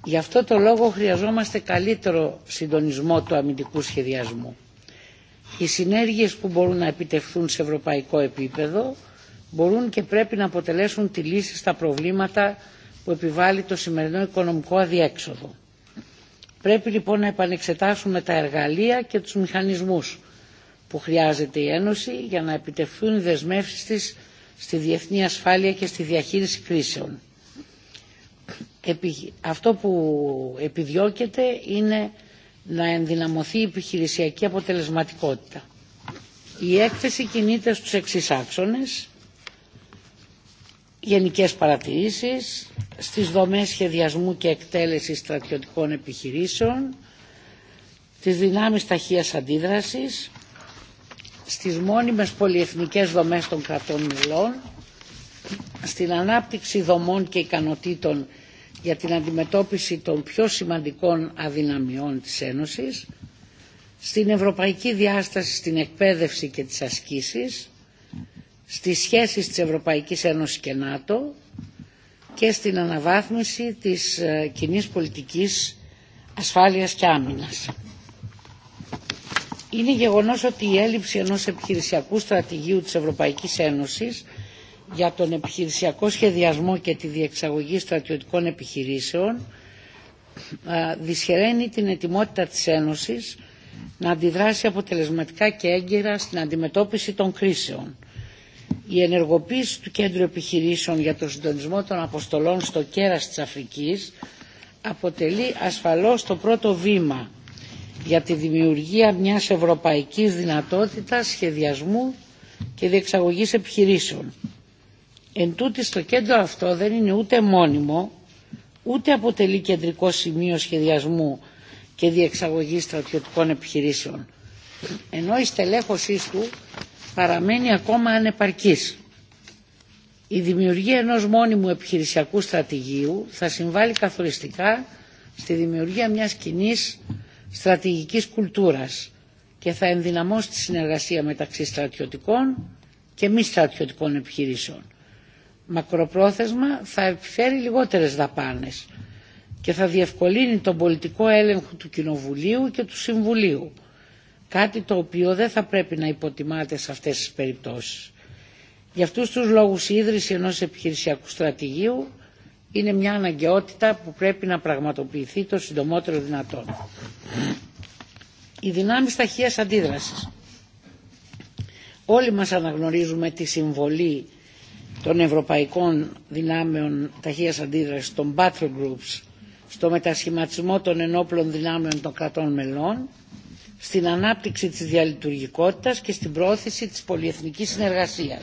S4: Γι' αυτό το λόγο χρειαζόμαστε καλύτερο συντονισμό του αμυντικού σχεδιασμού. Οι συνέργειες που μπορούν να επιτευχθούν σε ευρωπαϊκό επίπεδο μπορούν και πρέπει να αποτελέσουν τη λύση στα προβλήματα που επιβάλλει το σημερινό οικονομικό αδιέξοδο. Πρέπει λοιπόν να επανεξετάσουμε τα εργαλεία και τους μηχανισμούς που χρειάζεται η Ένωση για να επιτευχθούν οι δεσμεύσεις της στη διεθνή ασφάλεια και στη διαχείριση κρίσεων. Αυτό που επιδιώκεται είναι να ενδυναμωθεί η επιχειρησιακή αποτελεσματικότητα. Η έκθεση κινείται στους εξής άξονες, γενικές παρατηρήσεις, στις δομές σχεδιασμού και εκτέλεσης στρατιωτικών επιχειρήσεων, τις δυνάμεις ταχείας αντίδρασης, στις μόνιμες πολυεθνικές δομές των κρατών μελών, στην ανάπτυξη δομών και ικανοτήτων για την αντιμετώπιση των πιο σημαντικών αδυναμιών της Ένωσης, στην ευρωπαϊκή διάσταση στην εκπαίδευση και τις ασκήσεις, στις σχέσεις της Ευρωπαϊκής Ένωσης και ΝΑΤΟ και στην αναβάθμιση της ε, κοινής πολιτικής ασφάλειας και άμυνας είναι γεγονός ότι η έλλειψη ενός επιχειρησιακού στρατηγίου της Ευρωπαϊκής Ένωσης για τον επιχειρησιακό σχεδιασμό και τη διεξαγωγή στρατιωτικών επιχειρήσεων δυσχεραίνει την ετοιμότητα της Ένωσης να αντιδράσει αποτελεσματικά και έγκαιρα στην αντιμετώπιση των κρίσεων. Η ενεργοποίηση του Κέντρου Επιχειρήσεων για τον συντονισμό των αποστολών στο κέρας της Αφρικής αποτελεί ασφαλώς το πρώτο βήμα για τη δημιουργία μιας ευρωπαϊκής δυνατότητας σχεδιασμού και διεξαγωγής επιχειρήσεων. Εν τούτης το κέντρο αυτό δεν είναι ούτε μόνιμο, ούτε αποτελεί κεντρικό σημείο σχεδιασμού και διεξαγωγής στρατιωτικών επιχειρήσεων, ενώ η στελέχωσή του παραμένει ακόμα ανεπαρκής. Η δημιουργία ενός μόνιμου επιχειρησιακού στρατηγίου θα συμβάλλει καθοριστικά στη δημιουργία μιας κοινής στρατηγικής κουλτούρας και θα ενδυναμώσει τη συνεργασία μεταξύ στρατιωτικών και μη στρατιωτικών επιχειρήσεων. Μακροπρόθεσμα θα επιφέρει λιγότερες δαπάνες και θα διευκολύνει τον πολιτικό έλεγχο του Κοινοβουλίου και του Συμβουλίου, κάτι το οποίο δεν θα πρέπει να υποτιμάται σε αυτές τις περιπτώσεις. Για αυτούς τους λόγους η ίδρυση ενός επιχειρησιακού στρατηγίου είναι μια αναγκαιότητα που πρέπει να πραγματοποιηθεί το συντομότερο δυνατόν. Οι δυνάμεις ταχείας αντίδρασης. Όλοι μας αναγνωρίζουμε τη συμβολή των ευρωπαϊκών δυνάμεων ταχείας αντίδρασης, των battle groups, στο μετασχηματισμό των ενόπλων δυνάμεων των κρατών μελών, στην ανάπτυξη της διαλειτουργικότητας και στην πρόθεση της πολυεθνικής συνεργασίας.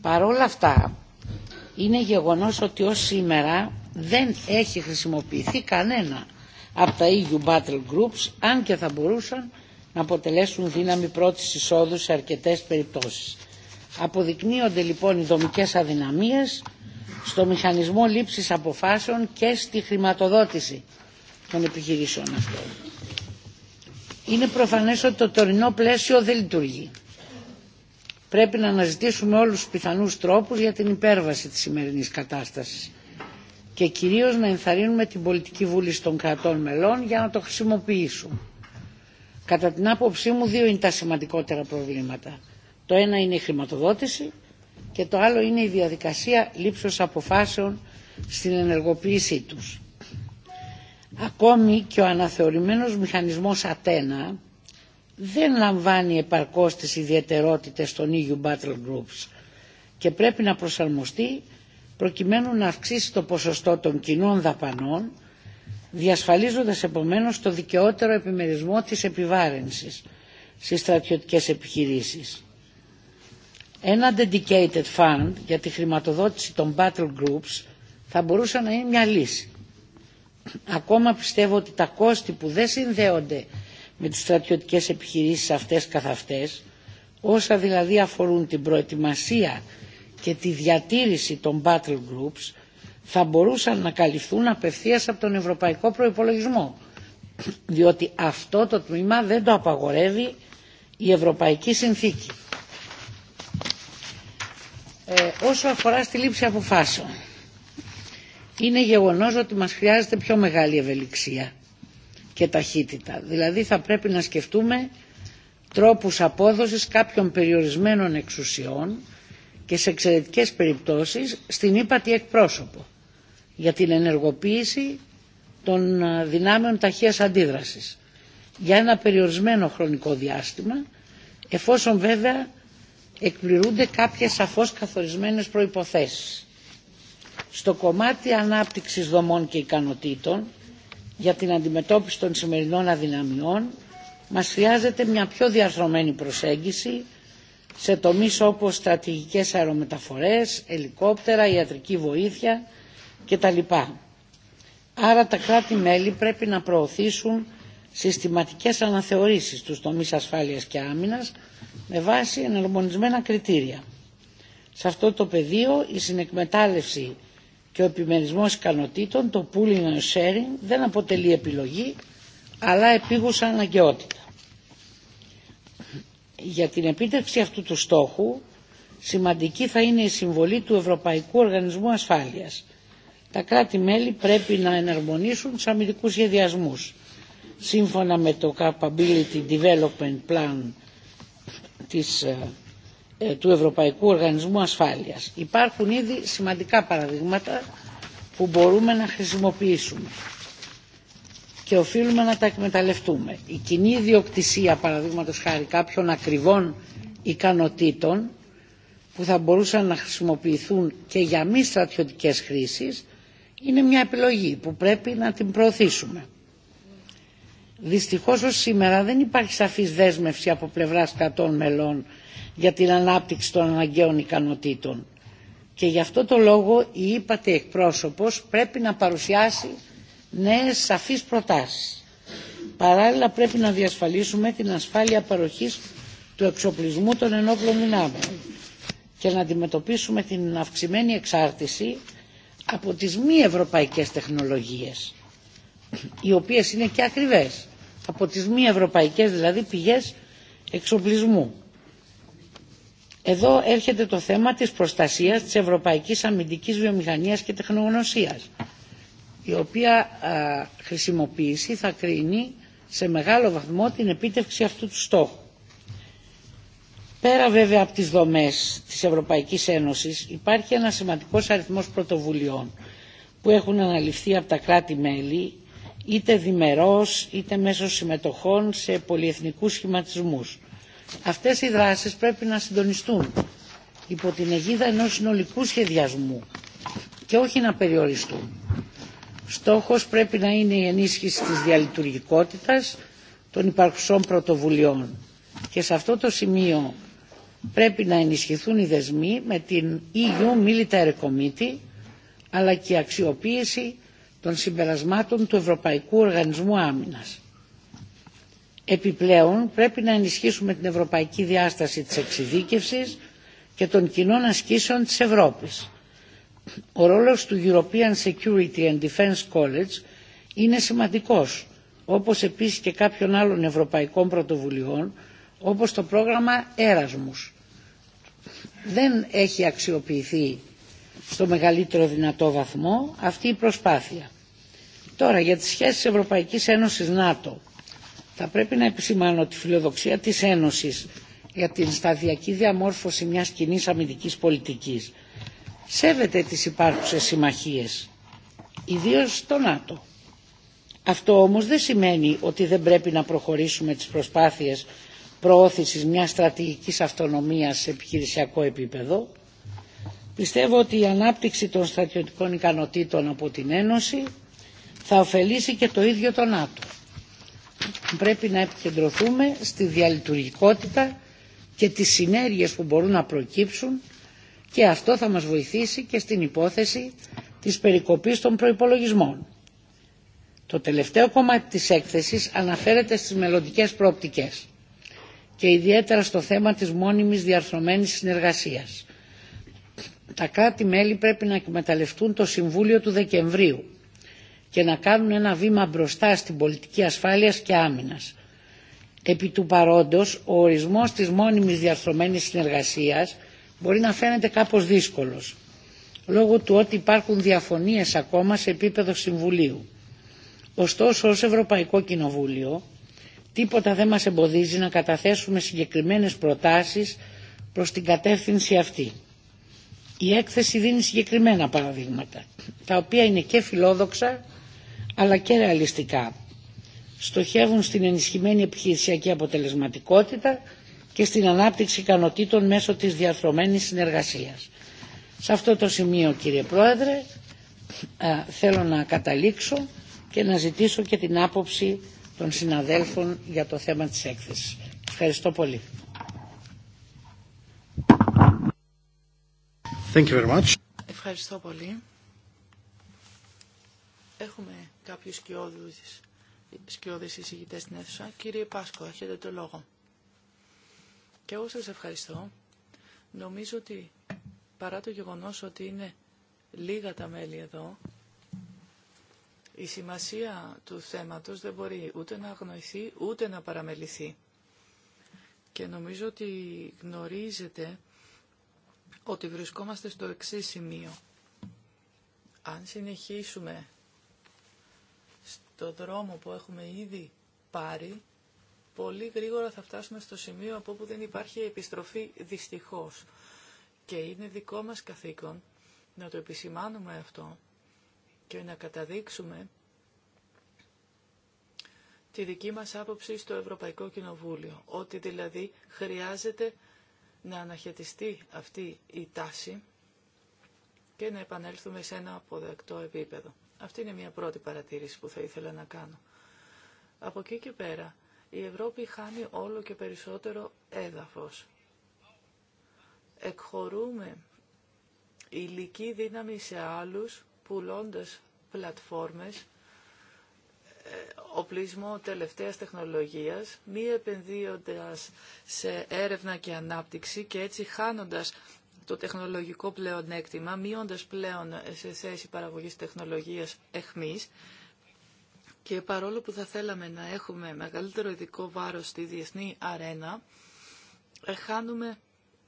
S4: Παρόλα αυτά, είναι γεγονός ότι ως σήμερα δεν έχει χρησιμοποιηθεί κανένα από τα EU Battle Groups, αν και θα μπορούσαν να αποτελέσουν δύναμη πρώτης εισόδου σε αρκετές περιπτώσεις. Αποδεικνύονται λοιπόν οι δομικές αδυναμίες στο μηχανισμό λήψης αποφάσεων και στη χρηματοδότηση των επιχειρήσεων αυτών. Είναι προφανές ότι το τωρινό πλαίσιο δεν λειτουργεί Πρέπει να αναζητήσουμε όλους τους πιθανούς τρόπους για την υπέρβαση της σημερινής κατάστασης και κυρίως να ενθαρρύνουμε την πολιτική βούληση των κρατών μελών για να το χρησιμοποιήσουν. Κατά την άποψή μου δύο είναι τα σημαντικότερα προβλήματα. Το ένα είναι η χρηματοδότηση και το άλλο είναι η διαδικασία λήψεως αποφάσεων στην ενεργοποίησή τους. Ακόμη και ο αναθεωρημένος μηχανισμός Ατένα δεν λαμβάνει επαρκώς τις ιδιαιτερότητες των EU Battle Groups και πρέπει να προσαρμοστεί προκειμένου να αυξήσει το ποσοστό των κοινών δαπανών διασφαλίζοντας επομένως το δικαιότερο επιμερισμό της επιβάρυνσης στις στρατιωτικές επιχειρήσεις. Ένα dedicated fund για τη χρηματοδότηση των battle groups θα μπορούσε να είναι μια λύση. Ακόμα πιστεύω ότι τα κόστη που δεν συνδέονται με τις στρατιωτικές επιχειρήσεις αυτές καθ' αυτές, όσα δηλαδή αφορούν την προετοιμασία και τη διατήρηση των battle groups θα μπορούσαν να καλυφθούν απευθείας από τον ευρωπαϊκό προϋπολογισμό διότι αυτό το τμήμα δεν το απαγορεύει η Ευρωπαϊκή Συνθήκη. Ε, όσο αφορά στη λήψη αποφάσεων, είναι γεγονός ότι μας χρειάζεται πιο μεγάλη ευελιξία και ταχύτητα. Δηλαδή θα πρέπει να σκεφτούμε τρόπους απόδοσης κάποιων περιορισμένων εξουσιών και σε εξαιρετικές περιπτώσεις στην ύπατη εκπρόσωπο για την ενεργοποίηση των δυνάμεων ταχείας αντίδρασης για ένα περιορισμένο χρονικό διάστημα εφόσον βέβαια εκπληρούνται κάποιες σαφώς καθορισμένες προϋποθέσεις. Στο κομμάτι ανάπτυξης δομών και ικανοτήτων για την αντιμετώπιση των σημερινών αδυναμιών μας χρειάζεται μια πιο διαρθρωμένη προσέγγιση σε τομείς όπως στρατηγικές αερομεταφορές, ελικόπτερα, ιατρική βοήθεια κτλ. Άρα τα κράτη-μέλη πρέπει να προωθήσουν συστηματικές αναθεωρήσεις στους τομείς ασφάλειας και άμυνας με βάση εναρμονισμένα κριτήρια. Σε αυτό το πεδίο η συνεκμετάλλευση και ο επιμερισμός ικανοτήτων, το pooling and sharing, δεν αποτελεί επιλογή, αλλά επίγουσα αναγκαιότητα. Για την επίτευξη αυτού του στόχου, σημαντική θα είναι η συμβολή του Ευρωπαϊκού Οργανισμού Ασφάλειας. Τα κράτη-μέλη πρέπει να εναρμονίσουν τους αμυντικούς σχεδιασμούς, σύμφωνα με το Capability Development Plan της ε, ε, του Ευρωπαϊκού Οργανισμού Ασφάλειας. Υπάρχουν ήδη σημαντικά παραδείγματα που μπορούμε να χρησιμοποιήσουμε και οφείλουμε να τα εκμεταλλευτούμε. Η κοινή ιδιοκτησία, παραδείγματο χάρη κάποιων ακριβών ικανοτήτων που θα μπορούσαν να χρησιμοποιηθούν και για μη στρατιωτικέ χρήσει, είναι μια επιλογή που πρέπει να την προωθήσουμε. Δυστυχώς ως σήμερα δεν υπάρχει σαφής δέσμευση από πλευρά κρατών μελών για την ανάπτυξη των αναγκαίων ικανοτήτων. Και γι' αυτό το λόγο η ύπατη εκπρόσωπος πρέπει να παρουσιάσει νέες σαφείς προτάσεις. Παράλληλα πρέπει να διασφαλίσουμε την ασφάλεια παροχής του εξοπλισμού των ενόπλων δυνάμεων και να αντιμετωπίσουμε την αυξημένη εξάρτηση από τις μη ευρωπαϊκές τεχνολογίες οι οποίες είναι και ακριβές από τις μη ευρωπαϊκές δηλαδή πηγές εξοπλισμού εδώ έρχεται το θέμα της προστασίας της ευρωπαϊκής αμυντικής βιομηχανίας και τεχνογνωσίας, η οποία α, χρησιμοποίηση θα κρίνει σε μεγάλο βαθμό την επίτευξη αυτού του στόχου. Πέρα βέβαια από τις δομές της Ευρωπαϊκής Ένωσης υπάρχει ένα σημαντικός αριθμός πρωτοβουλειών που έχουν αναλυφθεί από τα κράτη-μέλη είτε διμερώς είτε μέσω συμμετοχών σε πολυεθνικούς σχηματισμούς Αυτές οι δράσεις πρέπει να συντονιστούν υπό την αιγίδα ενός συνολικού σχεδιασμού και όχι να περιοριστούν. Στόχος πρέπει να είναι η ενίσχυση της διαλειτουργικότητας των υπαρχουσών πρωτοβουλειών και σε αυτό το σημείο πρέπει να ενισχυθούν οι δεσμοί με την EU Military Committee αλλά και η αξιοποίηση των συμπερασμάτων του Ευρωπαϊκού Οργανισμού Άμυνας. Επιπλέον πρέπει να ενισχύσουμε την ευρωπαϊκή διάσταση της εξειδίκευσης και των κοινών ασκήσεων της Ευρώπης. Ο ρόλος του European Security and Defence College είναι σημαντικός, όπως επίσης και κάποιων άλλων ευρωπαϊκών πρωτοβουλειών, όπως το πρόγραμμα Έρασμους. Δεν έχει αξιοποιηθεί στο μεγαλύτερο δυνατό βαθμό αυτή η προσπάθεια. Τώρα για τις σχέσεις Ευρωπαϊκής Ένωσης ΝΑΤΟ θα πρέπει να επισημάνω τη φιλοδοξία της Ένωσης για την σταδιακή διαμόρφωση μιας κοινή αμυντικής πολιτικής. Σέβεται τις υπάρχουσες συμμαχίες, ιδίως στο ΝΑΤΟ. Αυτό όμως δεν σημαίνει ότι δεν πρέπει να προχωρήσουμε τις προσπάθειες προώθησης μιας στρατηγικής αυτονομίας σε επιχειρησιακό επίπεδο. Πιστεύω ότι η ανάπτυξη των στρατιωτικών ικανοτήτων από την Ένωση θα ωφελήσει και το ίδιο το ΝΑΤΟ πρέπει να επικεντρωθούμε στη διαλειτουργικότητα και τις συνέργειες που μπορούν να προκύψουν και αυτό θα μας βοηθήσει και στην υπόθεση της περικοπής των προϋπολογισμών. Το τελευταίο κομμάτι της έκθεσης αναφέρεται στις μελλοντικέ προοπτικές και ιδιαίτερα στο θέμα της μόνιμης διαρθρωμένης συνεργασίας. Τα κράτη-μέλη πρέπει να εκμεταλλευτούν το Συμβούλιο του Δεκεμβρίου και να κάνουν ένα βήμα μπροστά στην πολιτική ασφάλειας και άμυνας. Επί του παρόντος, ο ορισμός της μόνιμης διαρθρωμένης συνεργασίας μπορεί να φαίνεται κάπως δύσκολος, λόγω του ότι υπάρχουν διαφωνίες ακόμα σε επίπεδο Συμβουλίου. Ωστόσο, ως Ευρωπαϊκό Κοινοβούλιο, τίποτα δεν μας εμποδίζει να καταθέσουμε συγκεκριμένες προτάσεις προς την κατεύθυνση αυτή. Η έκθεση δίνει συγκεκριμένα παραδείγματα, τα οποία είναι και φιλόδοξα αλλά και ρεαλιστικά. Στοχεύουν στην ενισχυμένη επιχειρησιακή αποτελεσματικότητα και στην ανάπτυξη ικανοτήτων μέσω της διαρθρωμένης συνεργασίας. Σε αυτό το σημείο, κύριε Πρόεδρε, θέλω να καταλήξω και να ζητήσω και την άποψη των συναδέλφων για το θέμα της έκθεσης. Ευχαριστώ πολύ.
S3: Ευχαριστώ πολύ. Έχουμε κάποιους σκιώδε εισηγητέ εισηγητές στην αίθουσα. Κύριε Πάσκο, έχετε το λόγο. Και εγώ σας ευχαριστώ. Νομίζω ότι παρά το γεγονός ότι είναι λίγα τα μέλη εδώ, η σημασία του θέματος δεν μπορεί ούτε να αγνοηθεί ούτε να παραμεληθεί. Και νομίζω ότι γνωρίζετε ότι βρισκόμαστε στο εξή σημείο. Αν συνεχίσουμε στο δρόμο που έχουμε ήδη πάρει, πολύ γρήγορα θα φτάσουμε στο σημείο από όπου δεν υπάρχει επιστροφή δυστυχώς. Και είναι δικό μας καθήκον να το επισημάνουμε αυτό και να καταδείξουμε τη δική μας άποψη στο Ευρωπαϊκό Κοινοβούλιο. Ότι δηλαδή χρειάζεται να αναχαιτιστεί αυτή η τάση και να επανέλθουμε σε ένα αποδεκτό επίπεδο. Αυτή είναι μια πρώτη παρατήρηση που θα ήθελα να κάνω. Από εκεί και πέρα, η Ευρώπη χάνει όλο και περισσότερο έδαφος. Εκχωρούμε υλική δύναμη σε άλλους, πουλώντας πλατφόρμες, ε, οπλισμό τελευταίας τεχνολογίας, μη επενδύοντας σε έρευνα και ανάπτυξη και έτσι χάνοντας το τεχνολογικό πλεονέκτημα, μειώντας πλέον σε θέση παραγωγής τεχνολογίας εχμής, και παρόλο που θα θέλαμε να έχουμε μεγαλύτερο ειδικό βάρος στη διεθνή αρένα, ε, χάνουμε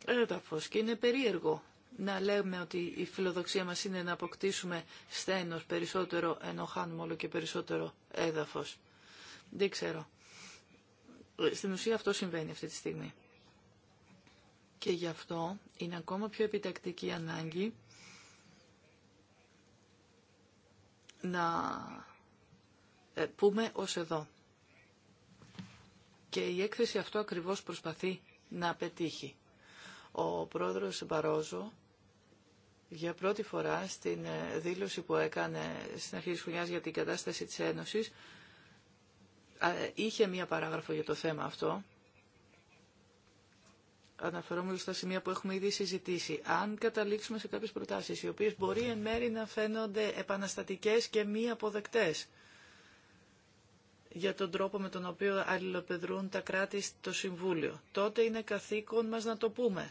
S3: έδαφος και είναι περίεργο να λέμε ότι η φιλοδοξία μας είναι να αποκτήσουμε στένος περισσότερο, ενώ χάνουμε όλο και περισσότερο έδαφος. Δεν ξέρω. Ε, στην ουσία αυτό συμβαίνει αυτή τη στιγμή και γι' αυτό είναι ακόμα πιο επιτακτική ανάγκη να ε, πούμε ως εδώ. Και η έκθεση αυτό ακριβώς προσπαθεί να πετύχει. Ο πρόεδρος Μπαρόζο για πρώτη φορά στην ε, δήλωση που έκανε στην αρχή της χρονιάς για την κατάσταση της Ένωσης ε, είχε μία παράγραφο για το θέμα αυτό αναφερόμενο στα σημεία που έχουμε ήδη συζητήσει, αν καταλήξουμε σε κάποιες προτάσεις, οι οποίες μπορεί εν μέρη να φαίνονται επαναστατικές και μη αποδεκτές για τον τρόπο με τον οποίο αλληλοπεδρούν τα κράτη στο Συμβούλιο, τότε είναι καθήκον μας να το πούμε.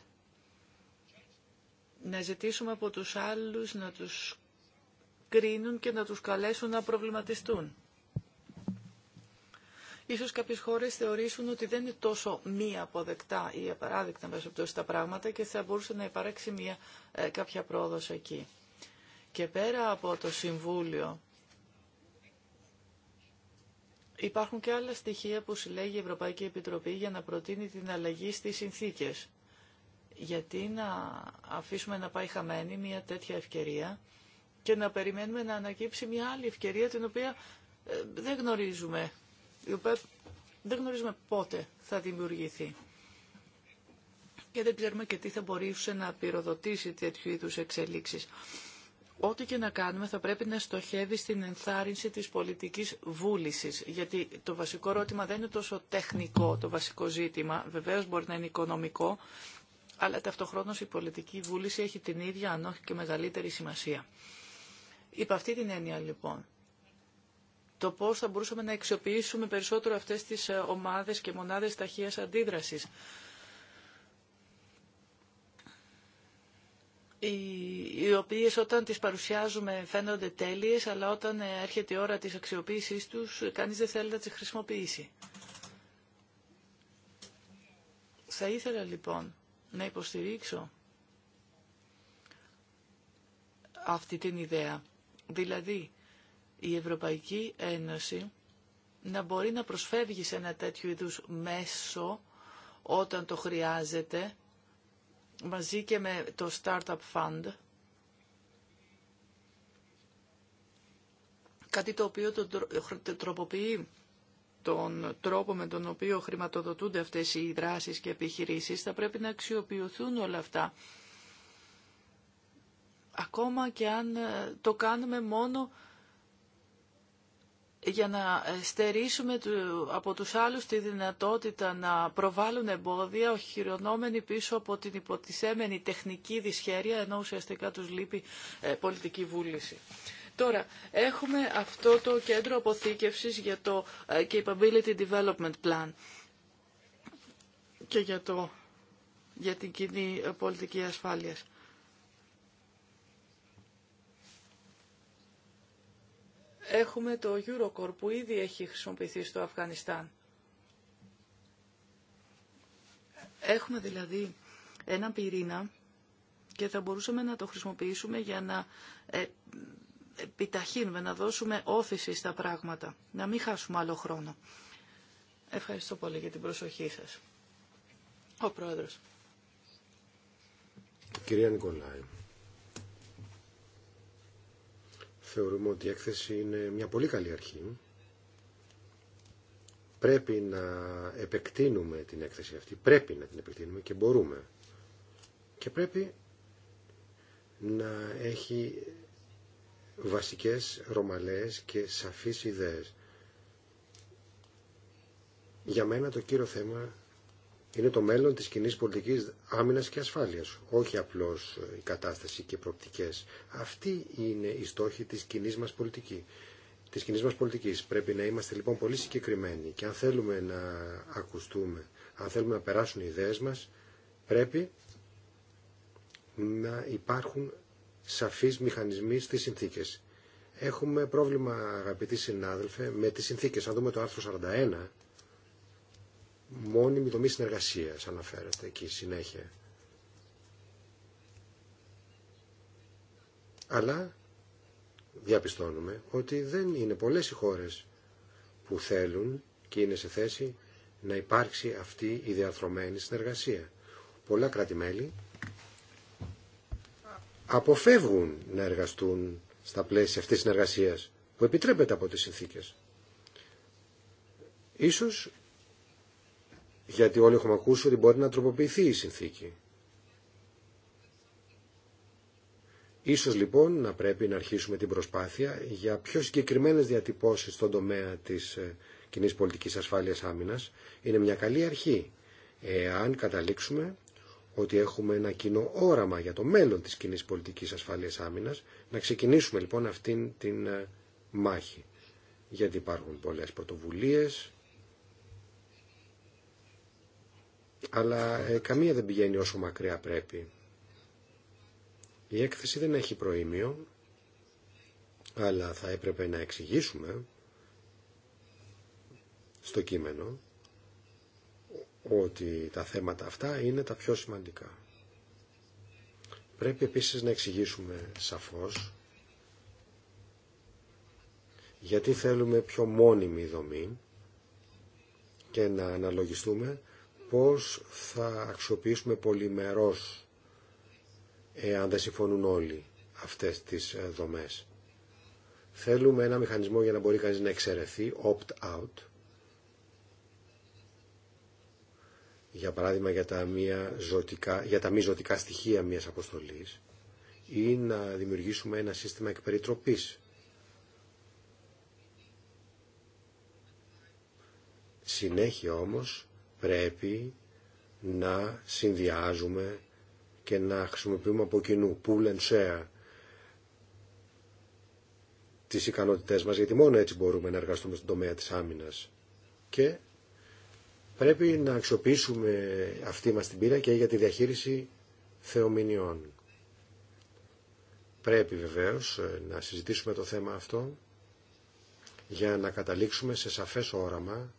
S3: Να ζητήσουμε από τους άλλους να τους κρίνουν και να τους καλέσουν να προβληματιστούν. Ίσως κάποιες χώρες θεωρήσουν ότι δεν είναι τόσο μη αποδεκτά ή απαράδεκτα μέσα από τα πράγματα και θα μπορούσε να υπάρξει μια, ε, κάποια πρόοδος εκεί. Και πέρα από το Συμβούλιο υπάρχουν και άλλα στοιχεία που συλλέγει η Ευρωπαϊκή Επιτροπή για να προτείνει την αλλαγή στις συνθήκες. Γιατί να αφήσουμε να πάει χαμένη μια τέτοια ευκαιρία και να περιμένουμε να ανακύψει μια άλλη ευκαιρία την οποία ε, δεν γνωρίζουμε η οποία δεν γνωρίζουμε πότε θα δημιουργηθεί και δεν ξέρουμε και τι θα μπορούσε να πυροδοτήσει τέτοιου είδους εξελίξεις. Ό,τι και να κάνουμε θα πρέπει να στοχεύει στην ενθάρρυνση της πολιτικής βούλησης, γιατί το βασικό ερώτημα δεν είναι τόσο τεχνικό το βασικό ζήτημα, βεβαίως μπορεί να είναι οικονομικό, αλλά ταυτοχρόνως η πολιτική βούληση έχει την ίδια, αν όχι και μεγαλύτερη σημασία. Υπ' αυτή την έννοια λοιπόν, το πώς θα μπορούσαμε να αξιοποιήσουμε περισσότερο αυτές τις ε, ομάδες και μονάδες ταχείας αντίδρασης. οι οποίες όταν τις παρουσιάζουμε φαίνονται τέλειες, αλλά όταν ε, έρχεται η ώρα της αξιοποίησής τους, κανείς δεν θέλει να τις χρησιμοποιήσει. Θα ήθελα λοιπόν να υποστηρίξω αυτή την ιδέα. Δηλαδή, η Ευρωπαϊκή Ένωση να μπορεί να προσφεύγει σε ένα τέτοιο είδους μέσο όταν το χρειάζεται, μαζί και με το Startup Fund, κάτι το οποίο το τροποποιεί τον τρόπο με τον οποίο χρηματοδοτούνται αυτές οι δράσεις και επιχειρήσεις, θα πρέπει να αξιοποιηθούν όλα αυτά. Ακόμα και αν ε, το κάνουμε μόνο για να στερήσουμε από τους άλλους τη δυνατότητα να προβάλλουν εμπόδια οχυρωνόμενοι πίσω από την υποτισέμενη τεχνική δυσχέρεια ενώ ουσιαστικά τους λείπει ε, πολιτική βούληση. Τώρα, έχουμε αυτό το κέντρο αποθήκευσης για το ε, Capability Development Plan και για, το, για την κοινή ε, πολιτική ασφάλειας. Έχουμε το EuroCorp που ήδη έχει χρησιμοποιηθεί στο Αφγανιστάν. Έχουμε δηλαδή ένα πυρήνα και θα μπορούσαμε να το χρησιμοποιήσουμε για να ε, επιταχύνουμε, να δώσουμε όθηση στα πράγματα, να μην χάσουμε άλλο χρόνο. Ευχαριστώ πολύ για την προσοχή σας. Ο Πρόεδρος.
S1: Κυρία Νικολάη. θεωρούμε ότι η έκθεση είναι μια πολύ καλή αρχή. Πρέπει να επεκτείνουμε την έκθεση αυτή. Πρέπει να την επεκτείνουμε και μπορούμε. Και πρέπει να έχει βασικές ρωμαλές και σαφείς ιδέες. Για μένα το κύριο θέμα είναι το μέλλον της κοινή πολιτικής άμυνας και ασφάλειας, όχι απλώς ε, η κατάσταση και οι προοπτικές. Αυτή είναι η στόχη της κοινή μα πολιτικής. Της κοινής μας πολιτικής. Πρέπει να είμαστε λοιπόν πολύ συγκεκριμένοι και αν θέλουμε να ακουστούμε, αν θέλουμε να περάσουν οι ιδέες μας, πρέπει να υπάρχουν σαφείς μηχανισμοί στις συνθήκες. Έχουμε πρόβλημα, αγαπητοί συνάδελφε, με τις συνθήκες. Αν δούμε το άρθρο 41 μόνιμη δομή συνεργασία αναφέρεται εκεί συνέχεια. Αλλά διαπιστώνουμε ότι δεν είναι πολλές οι χώρες που θέλουν και είναι σε θέση να υπάρξει αυτή η διαρθρωμένη συνεργασία. Πολλά κράτη-μέλη αποφεύγουν να εργαστούν στα πλαίσια αυτής της συνεργασίας που επιτρέπεται από τις συνθήκες. Ίσως γιατί όλοι έχουμε ακούσει ότι μπορεί να τροποποιηθεί η συνθήκη. Ίσως λοιπόν να πρέπει να αρχίσουμε την προσπάθεια για πιο συγκεκριμένες διατυπώσεις στον τομέα της ε, κοινή πολιτικής ασφάλειας άμυνας. Είναι μια καλή αρχή, εάν καταλήξουμε ότι έχουμε ένα κοινό όραμα για το μέλλον της κοινή πολιτικής ασφάλειας άμυνας, να ξεκινήσουμε λοιπόν αυτήν την ε, μάχη. Γιατί υπάρχουν πολλές πρωτοβουλίες, αλλά ε, καμία δεν πηγαίνει όσο μακριά πρέπει. Η έκθεση δεν έχει προήμιο, αλλά θα έπρεπε να εξηγήσουμε στο κείμενο ότι τα θέματα αυτά είναι τα πιο σημαντικά. Πρέπει επίσης να εξηγήσουμε σαφώς γιατί θέλουμε πιο μόνιμη δομή και να αναλογιστούμε πώς θα αξιοποιήσουμε πολυμερός εάν δεν συμφωνούν όλοι αυτές τις ε, δομές. Θέλουμε ένα μηχανισμό για να μπορεί κανείς να εξαιρεθεί, opt-out, για παράδειγμα για τα, μία ζωτικά, για τα μη ζωτικά στοιχεία μιας αποστολής ή να δημιουργήσουμε ένα σύστημα εκπεριτροπής. Συνέχεια όμως πρέπει να συνδυάζουμε και να χρησιμοποιούμε από κοινού pool and share τις ικανότητές μας, γιατί μόνο έτσι μπορούμε να εργαστούμε στον τομέα της άμυνας. Και πρέπει να αξιοποιήσουμε αυτή μας την πείρα και για τη διαχείριση θεομηνιών. Πρέπει βεβαίως ε, να συζητήσουμε το θέμα αυτό για να καταλήξουμε σε σαφές όραμα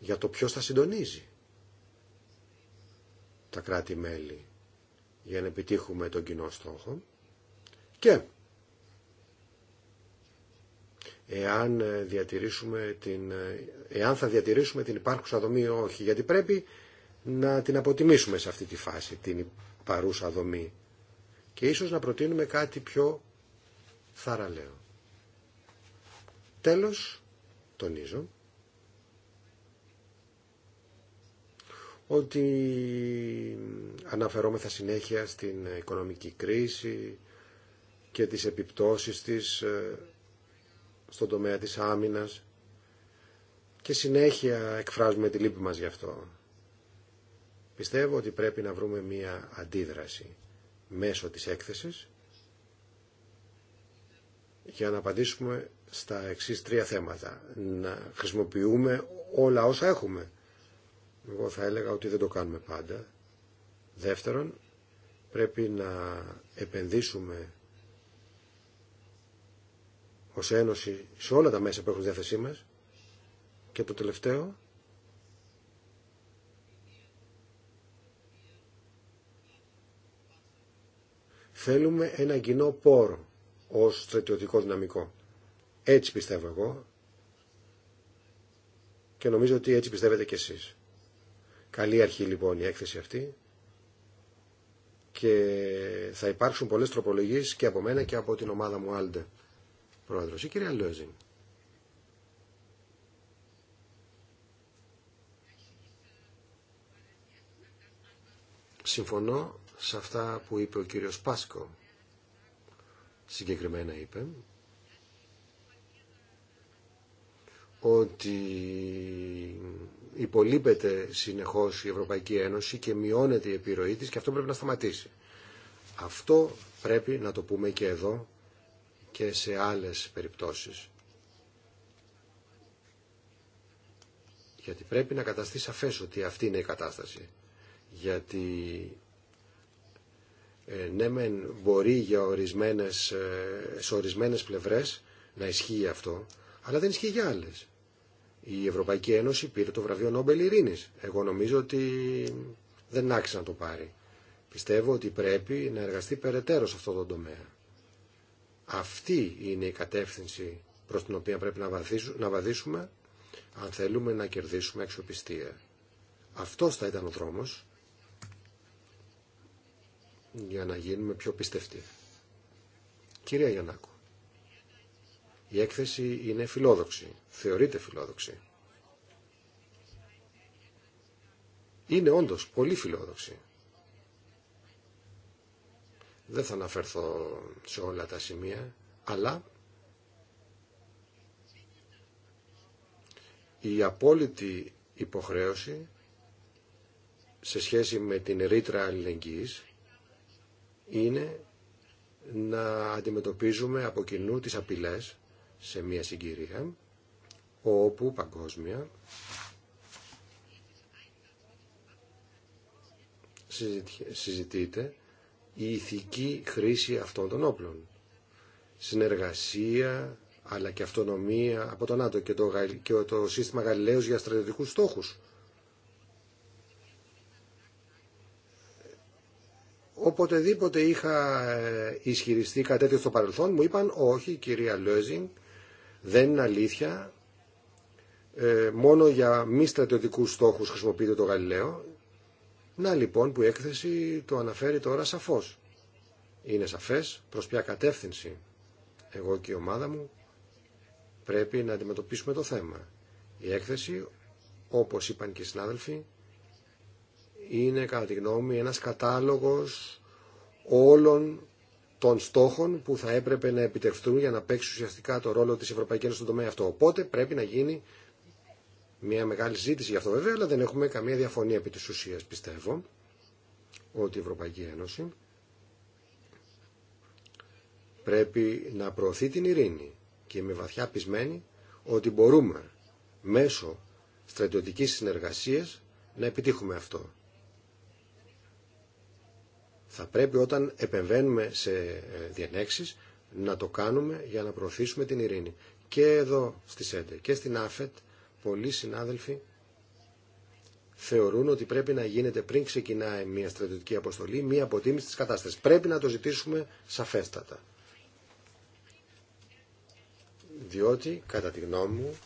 S1: για το ποιος θα συντονίζει τα κράτη-μέλη για να επιτύχουμε τον κοινό στόχο και εάν, ε, διατηρήσουμε την, ε, εάν θα διατηρήσουμε την υπάρχουσα δομή ή όχι, γιατί πρέπει να την αποτιμήσουμε σε αυτή τη φάση, την παρούσα δομή και ίσως να προτείνουμε κάτι πιο θαραλέο. Τέλος, τονίζω, ότι αναφερόμεθα συνέχεια στην οικονομική κρίση και τις επιπτώσεις της ε, στον τομέα της άμυνας και συνέχεια εκφράζουμε τη λύπη μας γι' αυτό. Πιστεύω ότι πρέπει να βρούμε μία αντίδραση μέσω της έκθεσης για να απαντήσουμε στα εξής τρία θέματα. Να χρησιμοποιούμε όλα όσα έχουμε εγώ θα έλεγα ότι δεν το κάνουμε πάντα. Δεύτερον, πρέπει να επενδύσουμε ως Ένωση σε όλα τα μέσα που έχουν διάθεσή μας. Και το τελευταίο, θέλουμε ένα κοινό πόρο ως στρατιωτικό δυναμικό. Έτσι πιστεύω εγώ και νομίζω ότι έτσι πιστεύετε κι εσείς. Καλή αρχή λοιπόν η έκθεση αυτή και θα υπάρξουν πολλές τροπολογίες και από μένα και από την ομάδα μου Άλντε. Πρόεδρος, η κυρία Λόζιν. Συμφωνώ σε αυτά που είπε ο κύριος Πάσκο. Συγκεκριμένα είπε ότι υπολείπεται συνεχώς η Ευρωπαϊκή Ένωση και μειώνεται η επιρροή της και αυτό πρέπει να σταματήσει. Αυτό πρέπει να το πούμε και εδώ και σε άλλες περιπτώσεις. Γιατί πρέπει να καταστεί σαφές ότι αυτή είναι η κατάσταση. Γιατί ε, ναι μπορεί για ορισμένες, ε, σε ορισμένες πλευρές να ισχύει αυτό, αλλά δεν ισχύει για άλλε. Η Ευρωπαϊκή Ένωση πήρε το βραβείο Νόμπελ Ειρήνης. Εγώ νομίζω ότι δεν άξιζε να το πάρει. Πιστεύω ότι πρέπει να εργαστεί περαιτέρω σε αυτό το τομέα. Αυτή είναι η κατεύθυνση προς την οποία πρέπει να βαδίσουμε αν θέλουμε να κερδίσουμε αξιοπιστία. Αυτός θα ήταν ο δρόμος για να γίνουμε πιο πιστευτοί. Κυρία Γιαννάκου. Η έκθεση είναι φιλόδοξη, θεωρείται φιλόδοξη. Είναι όντως πολύ φιλόδοξη. Δεν θα αναφερθώ σε όλα τα σημεία, αλλά η απόλυτη υποχρέωση σε σχέση με την ρήτρα αλληλεγγύης είναι να αντιμετωπίζουμε από κοινού τις απειλές σε μια συγκυρία όπου παγκόσμια συζητείται η ηθική χρήση αυτών των όπλων. Συνεργασία αλλά και αυτονομία από τον ΝΑΤΟ και το, το σύστημα Γαλιλαίος για στρατιωτικούς στόχους. Οποτεδήποτε είχα ε, ισχυριστεί κάτι στο παρελθόν μου είπαν όχι κυρία Λόζινγκ δεν είναι αλήθεια. Ε, μόνο για μη στρατιωτικού στόχους χρησιμοποιείται το Γαλιλαίο. Να λοιπόν που η έκθεση το αναφέρει τώρα σαφώς. Είναι σαφές προς ποια κατεύθυνση εγώ και η ομάδα μου πρέπει να αντιμετωπίσουμε το θέμα. Η έκθεση, όπως είπαν και οι συνάδελφοι, είναι κατά τη γνώμη ένας κατάλογος όλων των στόχων που θα έπρεπε να επιτευχθούν για να παίξει ουσιαστικά το ρόλο της Ευρωπαϊκής Ένωση στον τομέα αυτό. Οπότε πρέπει να γίνει μια μεγάλη ζήτηση για αυτό βέβαια, αλλά δεν έχουμε καμία διαφωνία επί τη ουσία, πιστεύω ότι η Ευρωπαϊκή Ένωση πρέπει να προωθεί την ειρήνη και είμαι βαθιά πεισμένη ότι μπορούμε μέσω στρατιωτικής συνεργασίας να επιτύχουμε αυτό. Θα πρέπει όταν επεμβαίνουμε σε ε, διενέξεις να το κάνουμε για να προωθήσουμε την ειρήνη. Και εδώ στη ΣΕΝΤΕ και στην ΑΦΕΤ πολλοί συνάδελφοι θεωρούν ότι πρέπει να γίνεται πριν ξεκινάει μια στρατιωτική αποστολή μια αποτίμηση της κατάστασης. Πρέπει να το ζητήσουμε σαφέστατα. Διότι, κατά τη γνώμη μου,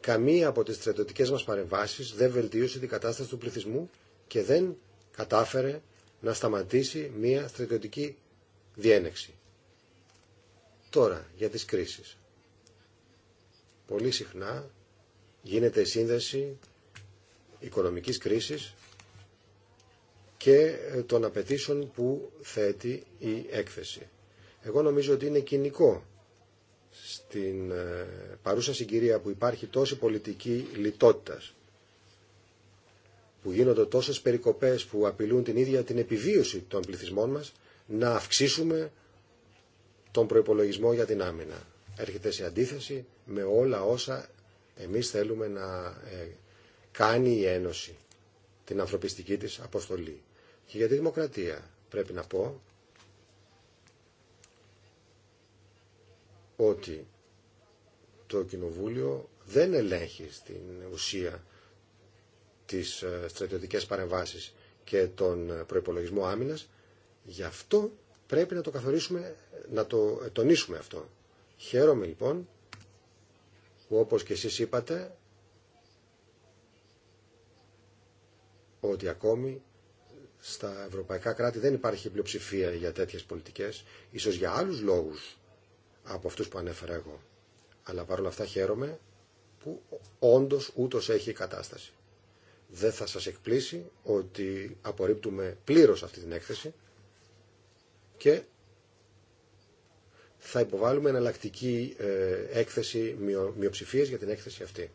S1: καμία από τις στρατιωτικές μας παρεμβάσεις δεν βελτίωσε την κατάσταση του πληθυσμού και δεν κατάφερε να σταματήσει μια στρατιωτική διένεξη. Τώρα, για τις κρίσεις. Πολύ συχνά γίνεται η σύνδεση οικονομικής κρίσης και ε, των απαιτήσεων που θέτει η έκθεση. Εγώ νομίζω ότι είναι κοινικό στην ε, παρούσα συγκυρία που υπάρχει τόση πολιτική λιτότητας που γίνονται τόσες περικοπές που απειλούν την ίδια την επιβίωση των πληθυσμών μας, να αυξήσουμε τον προϋπολογισμό για την άμυνα. Έρχεται σε αντίθεση με όλα όσα εμείς θέλουμε να ε, κάνει η Ένωση, την ανθρωπιστική της αποστολή. Και για τη δημοκρατία πρέπει να πω ότι το Κοινοβούλιο δεν ελέγχει στην ουσία τις ε, στρατιωτικές παρεμβάσεις και τον ε, προϋπολογισμό άμυνας. Γι' αυτό πρέπει να το καθορίσουμε, να το ε, τονίσουμε αυτό. Χαίρομαι λοιπόν που όπως και εσείς είπατε ότι ακόμη στα ευρωπαϊκά κράτη δεν υπάρχει πλειοψηφία για τέτοιες πολιτικές, ίσως για άλλους λόγους από αυτούς που ανέφερα εγώ. Αλλά παρόλα αυτά χαίρομαι που όντως ούτως έχει η κατάσταση. Δεν θα σας εκπλήσει ότι απορρίπτουμε πλήρως αυτή την έκθεση και θα υποβάλουμε εναλλακτική ε, έκθεση μειοψηφίες για την έκθεση αυτή.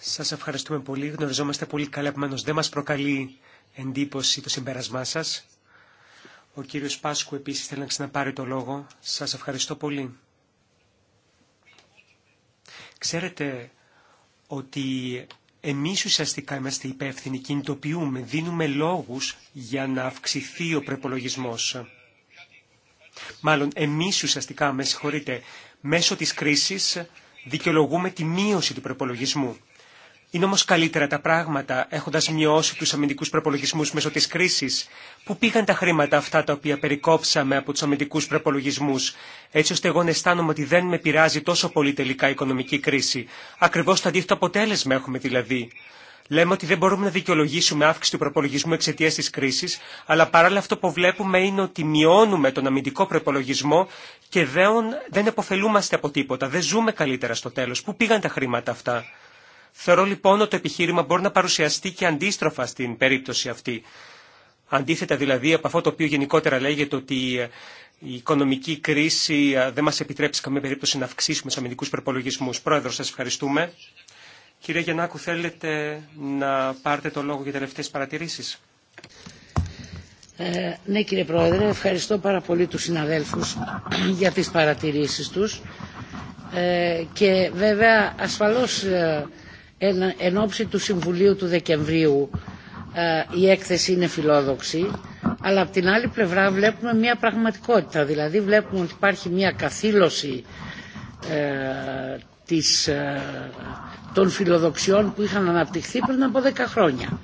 S2: Σας ευχαριστούμε πολύ. Γνωριζόμαστε πολύ καλά, δεν μας προκαλεί εντύπωση το συμπέρασμά σας. Ο κύριος Πάσκου επίσης θέλει να ξαναπάρει το λόγο. Σας ευχαριστώ πολύ. Ξέρετε ότι εμείς ουσιαστικά είμαστε υπεύθυνοι, κινητοποιούμε, δίνουμε λόγους για να αυξηθεί ο προπολογισμό. Μάλλον εμείς ουσιαστικά, με συγχωρείτε, μέσω της κρίσης δικαιολογούμε τη μείωση του προπολογισμού. Είναι όμω καλύτερα τα πράγματα έχοντα μειώσει του αμυντικού προπολογισμού μέσω τη κρίση. Πού πήγαν τα χρήματα αυτά τα οποία περικόψαμε από του αμυντικού προπολογισμού, έτσι ώστε εγώ να αισθάνομαι ότι δεν με πειράζει τόσο πολύ τελικά η οικονομική κρίση. Ακριβώ το αντίθετο αποτέλεσμα έχουμε δηλαδή. Λέμε ότι δεν μπορούμε να δικαιολογήσουμε αύξηση του προπολογισμού εξαιτία τη κρίση, αλλά παράλληλα αυτό που βλέπουμε είναι ότι μειώνουμε τον αμυντικό προπολογισμό και δεν, δεν αποφελούμαστε από τίποτα. Δεν ζούμε καλύτερα στο τέλο. Πού πήγαν τα χρήματα αυτά. Θεωρώ λοιπόν ότι το επιχείρημα μπορεί να παρουσιαστεί και αντίστροφα στην περίπτωση αυτή. Αντίθετα δηλαδή από αυτό το οποίο γενικότερα λέγεται ότι ε, η οικονομική κρίση ε, δεν μας επιτρέψει καμία περίπτωση να αυξήσουμε τους αμυντικούς προπολογισμούς. Πρόεδρο, σας ευχαριστούμε. Κύριε Γεννάκου, θέλετε να πάρετε το λόγο για τελευταίες παρατηρήσεις.
S4: Ε, ναι κύριε Πρόεδρε, ευχαριστώ πάρα πολύ τους συναδέλφους για τις παρατηρήσεις τους ε, και βέβαια ασφαλώς ε, εν ώψη του Συμβουλίου του Δεκεμβρίου ε, η έκθεση είναι φιλόδοξη αλλά από την άλλη πλευρά βλέπουμε μια πραγματικότητα δηλαδή βλέπουμε ότι υπάρχει μια καθήλωση ε, ε, των φιλοδοξιών που είχαν αναπτυχθεί πριν από 10 χρόνια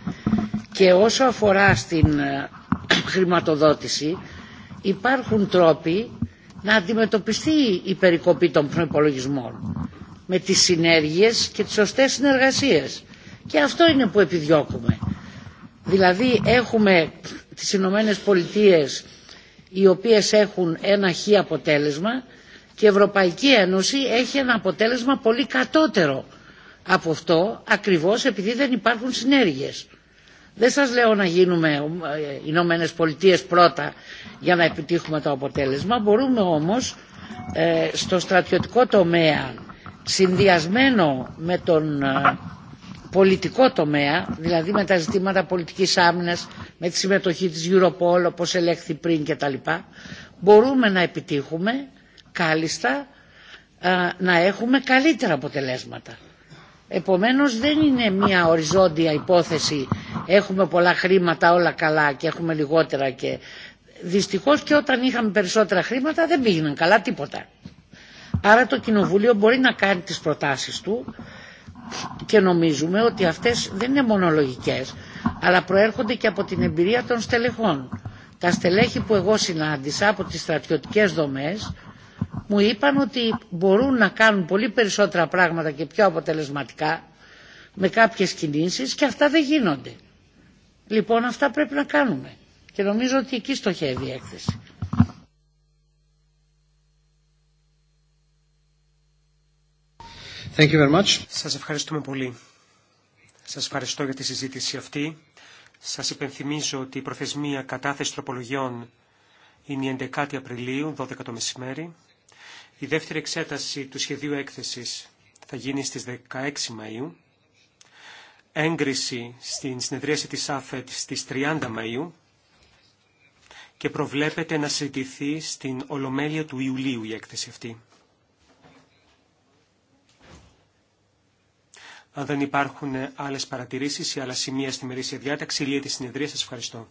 S4: και όσο αφορά στην χρηματοδότηση υπάρχουν τρόποι να αντιμετωπιστεί η περικοπή των προπολογισμών με τις συνέργειες και τις σωστές συνεργασίες. Και αυτό είναι που επιδιώκουμε. Δηλαδή έχουμε τις Ηνωμένε Πολιτείε οι οποίες έχουν ένα χι αποτέλεσμα και η Ευρωπαϊκή Ένωση έχει ένα αποτέλεσμα πολύ κατώτερο από αυτό ακριβώς επειδή δεν υπάρχουν συνέργειες. Δεν σας λέω να γίνουμε ε, Ηνωμένε Πολιτείες πρώτα για να επιτύχουμε το αποτέλεσμα. Μπορούμε όμως ε, στο στρατιωτικό τομέα συνδυασμένο με τον ε, πολιτικό τομέα, δηλαδή με τα ζητήματα πολιτικής άμυνας, με τη συμμετοχή της Europol όπως ελέγχθη πριν κτλ. μπορούμε να επιτύχουμε κάλλιστα ε, να έχουμε καλύτερα αποτελέσματα. Επομένως δεν είναι μια οριζόντια υπόθεση έχουμε πολλά χρήματα όλα καλά και έχουμε λιγότερα και δυστυχώς και όταν είχαμε περισσότερα χρήματα δεν πήγαιναν καλά τίποτα. Άρα το Κοινοβούλιο μπορεί να κάνει τις προτάσεις του και νομίζουμε ότι αυτές δεν είναι μονολογικές αλλά προέρχονται και από την εμπειρία των στελεχών. Τα στελέχη που εγώ συνάντησα από τις στρατιωτικές δομές μου είπαν ότι μπορούν να κάνουν πολύ περισσότερα πράγματα και πιο αποτελεσματικά με κάποιες κινήσεις και αυτά δεν γίνονται. Λοιπόν αυτά πρέπει να κάνουμε και νομίζω ότι εκεί στοχεύει η έκθεση.
S2: Thank Σας ευχαριστούμε πολύ. Σας ευχαριστώ για τη συζήτηση αυτή. Σας υπενθυμίζω ότι η προθεσμία κατάθεση τροπολογιών είναι η 11η Απριλίου, 12 το μεσημέρι. Η δεύτερη εξέταση του σχεδίου έκθεσης θα γίνει στις 16 Μαΐου. Έγκριση στην συνεδρίαση της ΑΦΕΤ στις 30 Μαΐου και προβλέπεται να συζητηθεί στην Ολομέλεια του Ιουλίου η έκθεση αυτή. Αν δεν υπάρχουν άλλες παρατηρήσεις ή άλλα σημεία στη μερίσια διάταξη, λύεται η συνεδρία. Σας ευχαριστώ.